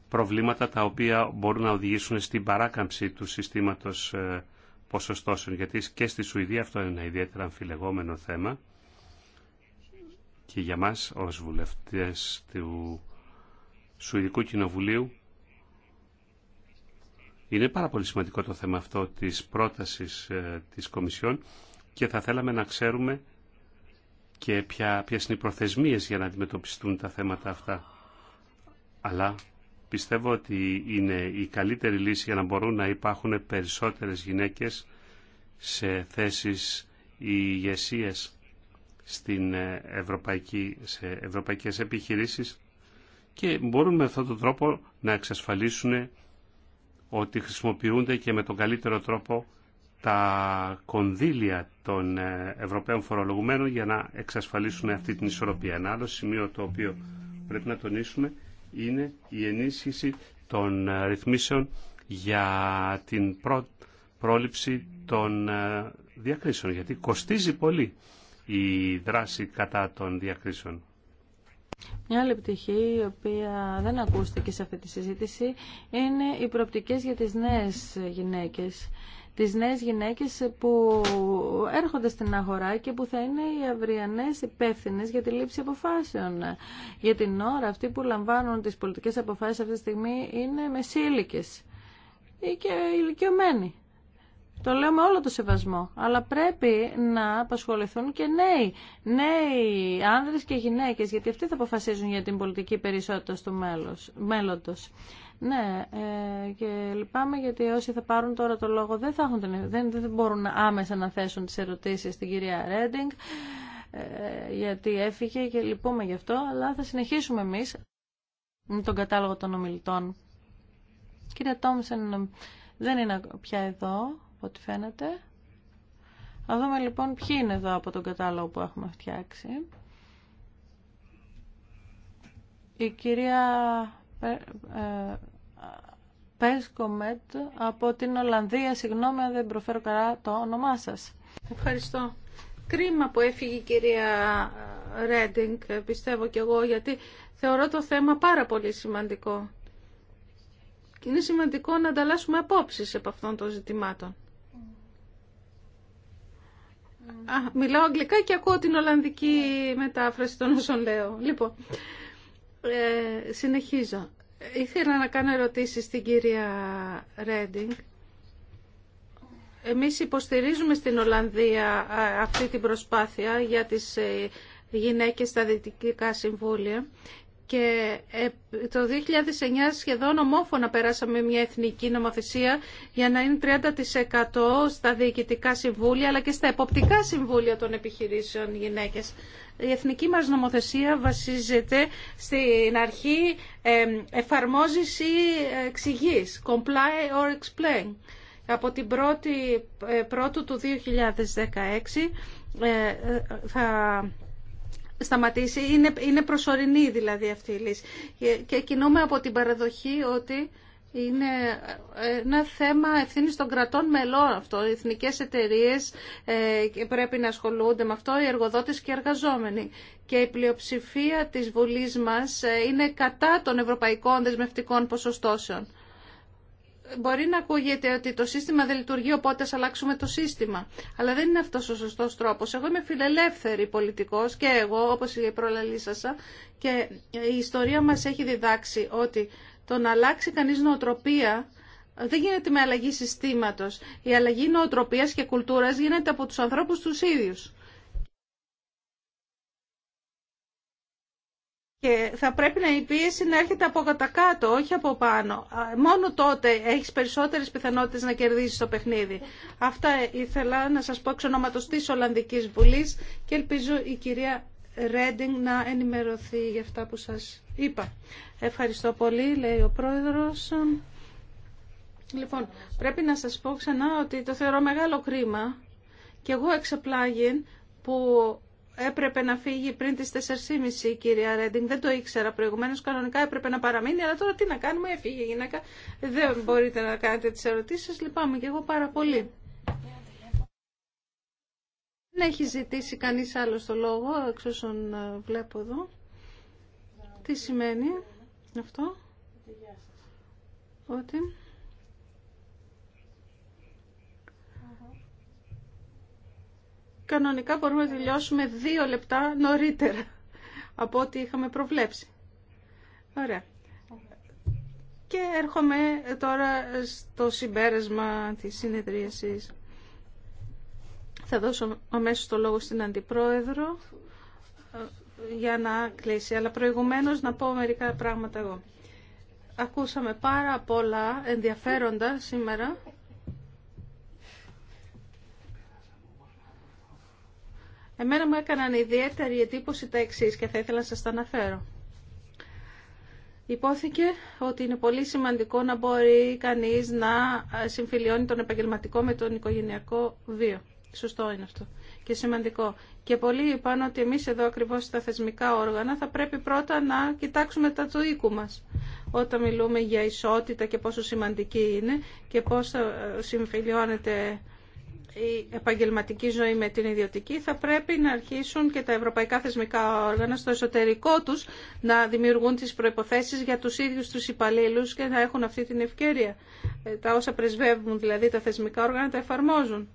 προβλήματα τα οποία μπορούν να οδηγήσουν στην παράκαμψη του συστήματος ε, ποσοστώσεων, γιατί και στη Σουηδία αυτό είναι ένα ιδιαίτερα αμφιλεγόμενο θέμα και για μας ως βουλευτές του Σουηδικού Κοινοβουλίου είναι πάρα πολύ σημαντικό το θέμα αυτό της πρότασης ε, της Κομισιόν και θα θέλαμε να ξέρουμε και ποια, ποιες είναι οι προθεσμίες για να αντιμετωπιστούν τα θέματα αυτά. Αλλά πιστεύω ότι είναι η καλύτερη λύση για να μπορούν να υπάρχουν περισσότερες γυναίκες σε θέσεις ηγεσία στην ε, ευρωπαϊκή, σε ευρωπαϊκές επιχειρήσεις και μπορούν με αυτόν τον τρόπο να εξασφαλίσουν ότι χρησιμοποιούνται και με τον καλύτερο τρόπο τα κονδύλια των ε, Ευρωπαίων φορολογουμένων για να εξασφαλίσουν αυτή την ισορροπία. Ένα άλλο σημείο το οποίο πρέπει να τονίσουμε είναι η ενίσχυση των ε, ρυθμίσεων για την πρόληψη των ε, διακρίσεων, γιατί κοστίζει πολύ η δράση κατά των διακρίσεων. Μια άλλη πτυχή, η οποία δεν ακούστηκε σε αυτή τη συζήτηση, είναι οι προοπτικές για τις νέες γυναίκες. Τις νέες γυναίκες που έρχονται στην αγορά και που θα είναι οι αυριανές υπεύθυνε για τη λήψη αποφάσεων. Για την ώρα αυτοί που λαμβάνουν τις πολιτικές αποφάσεις αυτή τη στιγμή είναι μεσήλικες ή και ηλικιωμένοι. Το λέω με όλο το σεβασμό. Αλλά πρέπει να απασχοληθούν και νέοι. Νέοι άνδρες και γυναίκες, γιατί αυτοί θα αποφασίζουν για την πολιτική περισσότητα του μέλλοντος. Ναι, ε, και λυπάμαι γιατί όσοι θα πάρουν τώρα το λόγο δεν, θα έχουν, δεν, δεν μπορούν άμεσα να θέσουν τις ερωτήσεις στην κυρία Ρέντινγκ, ε, γιατί έφυγε και λυπούμε γι' αυτό, αλλά θα συνεχίσουμε εμείς με τον κατάλογο των ομιλητών. Κύριε Τόμσεν δεν είναι πια εδώ ό,τι φαίνεται. Θα δούμε λοιπόν ποιοι είναι εδώ από τον κατάλογο που έχουμε φτιάξει. Η κυρία ε, Πέσκομετ από την Ολλανδία. Συγγνώμη αν δεν προφέρω καλά το όνομά σας. Ευχαριστώ. Κρίμα που έφυγε η κυρία ε, Ρέντινγκ, πιστεύω κι εγώ, γιατί θεωρώ το θέμα πάρα πολύ σημαντικό. Και είναι σημαντικό να ανταλλάσσουμε απόψεις από αυτών των ζητημάτων μιλάω αγγλικά και ακούω την Ολλανδική μετάφραση των όσων λέω. Λοιπόν, ε, συνεχίζω. Ήθελα να κάνω ερωτήσει στην κυρία Ρέντινγκ. Εμείς υποστηρίζουμε στην Ολλανδία αυτή την προσπάθεια για τις ε, γυναίκες στα Δυτικά Συμβούλια και ε, το 2009 σχεδόν ομόφωνα περάσαμε μια εθνική νομοθεσία για να είναι 30% στα διοικητικά συμβούλια αλλά και στα εποπτικά συμβούλια των επιχειρήσεων γυναίκες. Η εθνική μας νομοθεσία βασίζεται στην αρχή εφαρμόζηση εξηγής, comply or explain. Από την 1η ε, του 2016 ε, θα σταματήσει. Είναι, είναι προσωρινή δηλαδή αυτή η λύση. Και κινούμε από την παραδοχή ότι είναι ένα θέμα ευθύνη των κρατών μελών αυτό. Οι εθνικέ εταιρείε ε, πρέπει να ασχολούνται με αυτό, οι εργοδότε και οι εργαζόμενοι. Και η πλειοψηφία τη Βουλή μα ε, είναι κατά των ευρωπαϊκών δεσμευτικών ποσοστώσεων. Μπορεί να ακούγεται ότι το σύστημα δεν λειτουργεί, οπότε ας αλλάξουμε το σύστημα. Αλλά δεν είναι αυτός ο σωστός τρόπος. Εγώ είμαι φιλελεύθερη πολιτικός και εγώ, όπως η προλαλήσασα, και η ιστορία μας έχει διδάξει ότι το να αλλάξει κανείς νοοτροπία δεν γίνεται με αλλαγή συστήματος. Η αλλαγή νοοτροπίας και κουλτούρας γίνεται από τους ανθρώπους τους ίδιους. Και θα πρέπει να η πίεση να έρχεται από κατά κάτω, όχι από πάνω. Μόνο τότε έχεις περισσότερες πιθανότητες να κερδίσεις το παιχνίδι. Αυτά ήθελα να σας πω εξ ονόματος της Ολλανδικής Βουλής και ελπίζω η κυρία Ρέντινγκ να ενημερωθεί για αυτά που σας είπα. Ευχαριστώ πολύ, λέει ο πρόεδρος. Λοιπόν, πρέπει να σας πω ξανά ότι το θεωρώ μεγάλο κρίμα και εγώ εξεπλάγει που έπρεπε να φύγει πριν τις 4.30 η κυρία Ρέντινγκ. Δεν το ήξερα προηγουμένως. Κανονικά έπρεπε να παραμείνει. Αλλά τώρα τι να κάνουμε. Έφυγε η γυναίκα. Δεν μπορείτε να κάνετε τις ερωτήσεις. Λυπάμαι και εγώ πάρα πολύ. Δεν έχει ζητήσει κανείς άλλο το λόγο, εξ όσων ε, βλέπω εδώ. Τι σημαίνει αυτό. Ότι... κανονικά μπορούμε να τελειώσουμε δύο λεπτά νωρίτερα από ό,τι είχαμε προβλέψει. Ωραία. Και έρχομαι τώρα στο συμπέρασμα της συνεδρίασης. Θα δώσω αμέσως το λόγο στην Αντιπρόεδρο ε, για να κλείσει. Αλλά προηγουμένως να πω μερικά πράγματα εγώ. Ακούσαμε πάρα πολλά ενδιαφέροντα σήμερα Εμένα μου έκαναν ιδιαίτερη εντύπωση τα εξή και θα ήθελα να σας τα αναφέρω. Υπόθηκε ότι είναι πολύ σημαντικό να μπορεί κανείς να συμφιλιώνει τον επαγγελματικό με τον οικογενειακό βίο. Σωστό είναι αυτό και σημαντικό. Και πολλοί είπαν ότι εμείς εδώ ακριβώς στα θεσμικά όργανα θα πρέπει πρώτα να κοιτάξουμε τα του οίκου μας. Όταν μιλούμε για ισότητα και πόσο σημαντική είναι και πώς ε, συμφιλιώνεται η επαγγελματική ζωή με την ιδιωτική, θα πρέπει να αρχίσουν και τα ευρωπαϊκά θεσμικά όργανα στο εσωτερικό τους να δημιουργούν τις προϋποθέσεις για τους ίδιους τους υπαλλήλους και να έχουν αυτή την ευκαιρία. Ε, τα όσα πρεσβεύουν δηλαδή τα θεσμικά όργανα τα εφαρμόζουν.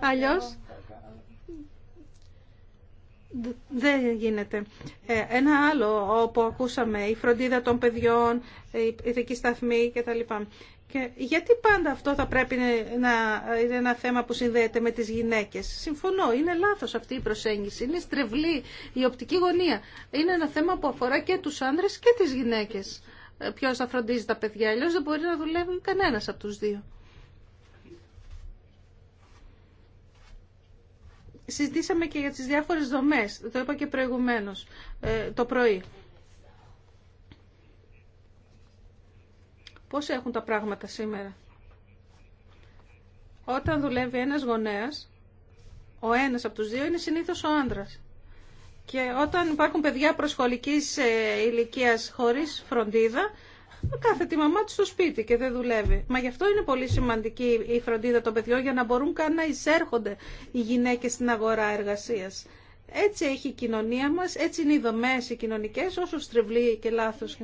Αλλιώς δεν γίνεται. Ε, ένα άλλο όπου ακούσαμε, η φροντίδα των παιδιών, η ειδική σταθμή κτλ. Και γιατί πάντα αυτό θα πρέπει να είναι ένα θέμα που συνδέεται με τις γυναίκες. Συμφωνώ, είναι λάθος αυτή η προσέγγιση, είναι στρεβλή η οπτική γωνία. Είναι ένα θέμα που αφορά και τους άνδρες και τις γυναίκες. Ε, ποιος θα φροντίζει τα παιδιά, αλλιώς δεν μπορεί να δουλεύει κανένας από τους δύο. συζητήσαμε και για τις διάφορες δομές, το είπα και προηγουμένως, ε, το πρωί. Πώς έχουν τα πράγματα σήμερα. Όταν δουλεύει ένας γονέας, ο ένας από τους δύο είναι συνήθως ο άντρας. Και όταν υπάρχουν παιδιά προσχολικής ε, ηλικίας χωρίς φροντίδα, κάθεται η μαμά του στο σπίτι και δεν δουλεύει. Μα γι' αυτό είναι πολύ σημαντική η φροντίδα των παιδιών για να μπορούν καν να εισέρχονται οι γυναίκες στην αγορά εργασίας. Έτσι έχει η κοινωνία μας, έτσι είναι οι δομές οι κοινωνικές, όσο στρεβλή και λάθος.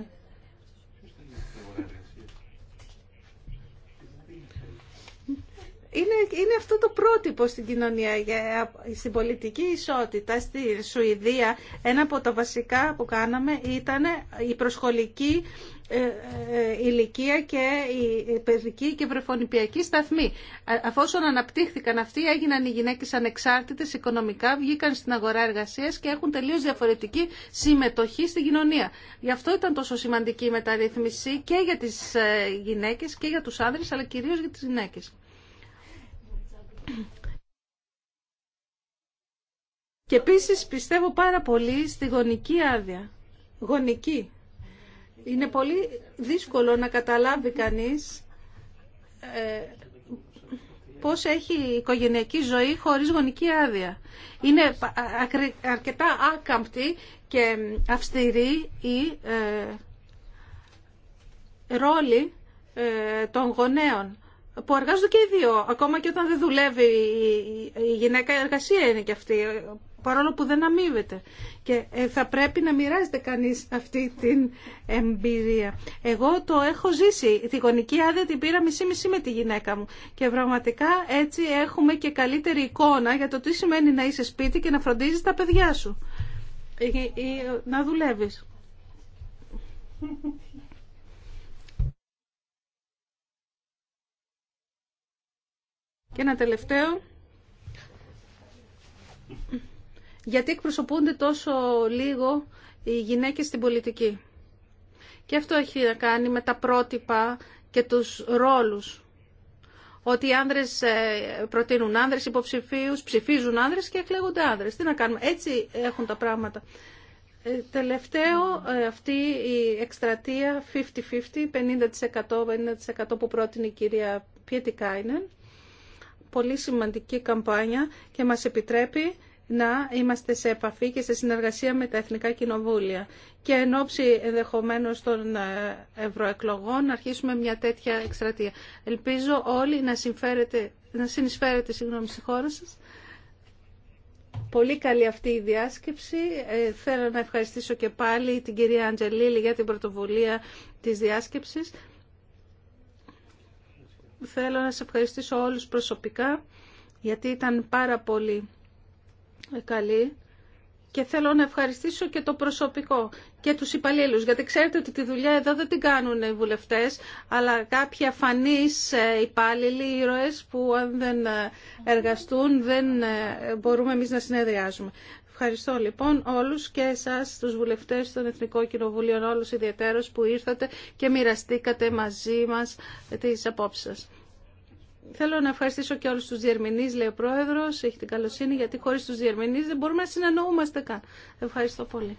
Είναι, είναι αυτό το πρότυπο στην κοινωνία, στην πολιτική ισότητα. Στη Σουηδία ένα από τα βασικά που κάναμε ήταν η προσχολική ε, ε, ηλικία και η παιδική και βρεφονιπιακή σταθμή. Ε, αφόσον αναπτύχθηκαν αυτοί, έγιναν οι γυναίκε ανεξάρτητες οικονομικά, βγήκαν στην αγορά εργασία και έχουν τελείως διαφορετική συμμετοχή στην κοινωνία. Γι' αυτό ήταν τόσο σημαντική η μεταρρύθμιση και για τις γυναίκες και για τους άνδρες, αλλά κυρίως για τι γυναίκε. Και επίσης πιστεύω πάρα πολύ στη γονική άδεια. Γονική είναι πολύ δύσκολο να καταλάβει κανείς ε, πώς έχει η οικογενειακή ζωή χωρίς γονική άδεια. Είναι αρκετά άκαμπτη και αυστηρή η ε, ρόλη ε, των γονέων που εργάζονται και οι δύο. Ακόμα και όταν δεν δουλεύει η γυναίκα, η εργασία είναι και αυτή παρόλο που δεν αμείβεται. Και ε, θα πρέπει να μοιράζεται κανείς αυτή την εμπειρία. Εγώ το έχω ζήσει. Τη γονική άδεια την πήρα μισή-μισή με τη γυναίκα μου. Και πραγματικά έτσι έχουμε και καλύτερη εικόνα για το τι σημαίνει να είσαι σπίτι και να φροντίζεις τα παιδιά σου. Ε, ε, να δουλεύεις. Και ένα τελευταίο γιατί εκπροσωπούνται τόσο λίγο οι γυναίκες στην πολιτική. Και αυτό έχει να κάνει με τα πρότυπα και τους ρόλους. Ότι οι άνδρες ε, προτείνουν άνδρες υποψηφίους, ψηφίζουν άνδρες και εκλέγονται άνδρες. Τι να κάνουμε, έτσι έχουν τα πράγματα. Ε, τελευταίο, ε, αυτή η εκστρατεία 50-50, που πρότεινε η κυρία Πιετικάινεν, πολύ σημαντική καμπάνια και μας επιτρέπει να είμαστε σε επαφή και σε συνεργασία με τα Εθνικά Κοινοβούλια και εν ώψη ενδεχομένω των ε, ευρωεκλογών να αρχίσουμε μια τέτοια εκστρατεία. Ελπίζω όλοι να, συμφέρετε, να συνεισφέρετε συγγνώμη, στη χώρα σας. Πολύ καλή αυτή η διάσκεψη. Ε, θέλω να ευχαριστήσω και πάλι την κυρία Αντζελίλη για την πρωτοβουλία της διάσκεψης. Θέλω να σας ευχαριστήσω όλους προσωπικά γιατί ήταν πάρα πολύ ε, καλή και θέλω να ευχαριστήσω και το προσωπικό και τους υπαλλήλους, γιατί ξέρετε ότι τη δουλειά εδώ δεν την κάνουν οι βουλευτές, αλλά κάποιοι αφανείς ε, υπάλληλοι, ήρωες που αν δεν ε, εργαστούν δεν μπορούμε εμείς να συνεδριάζουμε. Ευχαριστώ λοιπόν όλους και εσάς τους βουλευτές των Εθνικών Κοινοβουλίων, όλους ιδιαίτερους που ήρθατε και μοιραστήκατε μαζί μας τις απόψεις σας. Θέλω να ευχαριστήσω και όλου του διερμηνεί, λέει ο Πρόεδρο. Έχει την καλοσύνη, γιατί χωρίς τους διερμηνεί δεν μπορούμε να συνεννοούμαστε καν. Ευχαριστώ πολύ.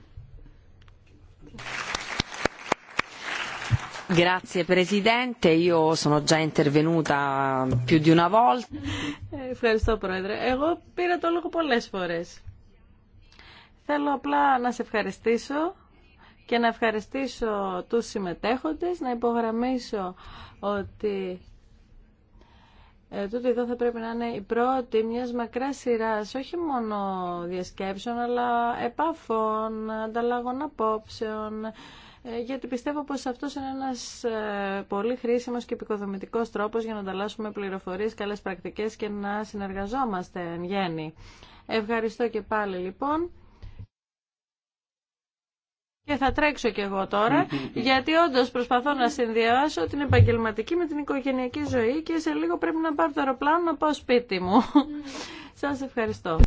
Grazie Presidente, io sono già intervenuta più di una volta. Ευχαριστώ Πρόεδρε. Εγώ πήρα το λόγο πολλές φορές. Θέλω απλά να σε ευχαριστήσω και να ευχαριστήσω τους συμμετέχοντες, να υπογραμμίσω ότι ε, τούτο εδώ θα πρέπει να είναι η πρώτη μιας μακράς σειράς, όχι μόνο διασκέψεων, αλλά επαφών, ανταλλαγών απόψεων, ε, γιατί πιστεύω πως αυτός είναι ένας ε, πολύ χρήσιμος και επικοδομητικός τρόπος για να ανταλλάσσουμε πληροφορίες, καλές πρακτικές και να συνεργαζόμαστε εν γέννη. Ευχαριστώ και πάλι λοιπόν. Και θα τρέξω κι εγώ τώρα, γιατί όντω προσπαθώ να συνδυάσω την επαγγελματική με την οικογενειακή ζωή και σε λίγο πρέπει να πάρω το αεροπλάνο να πάω σπίτι μου. Σας ευχαριστώ.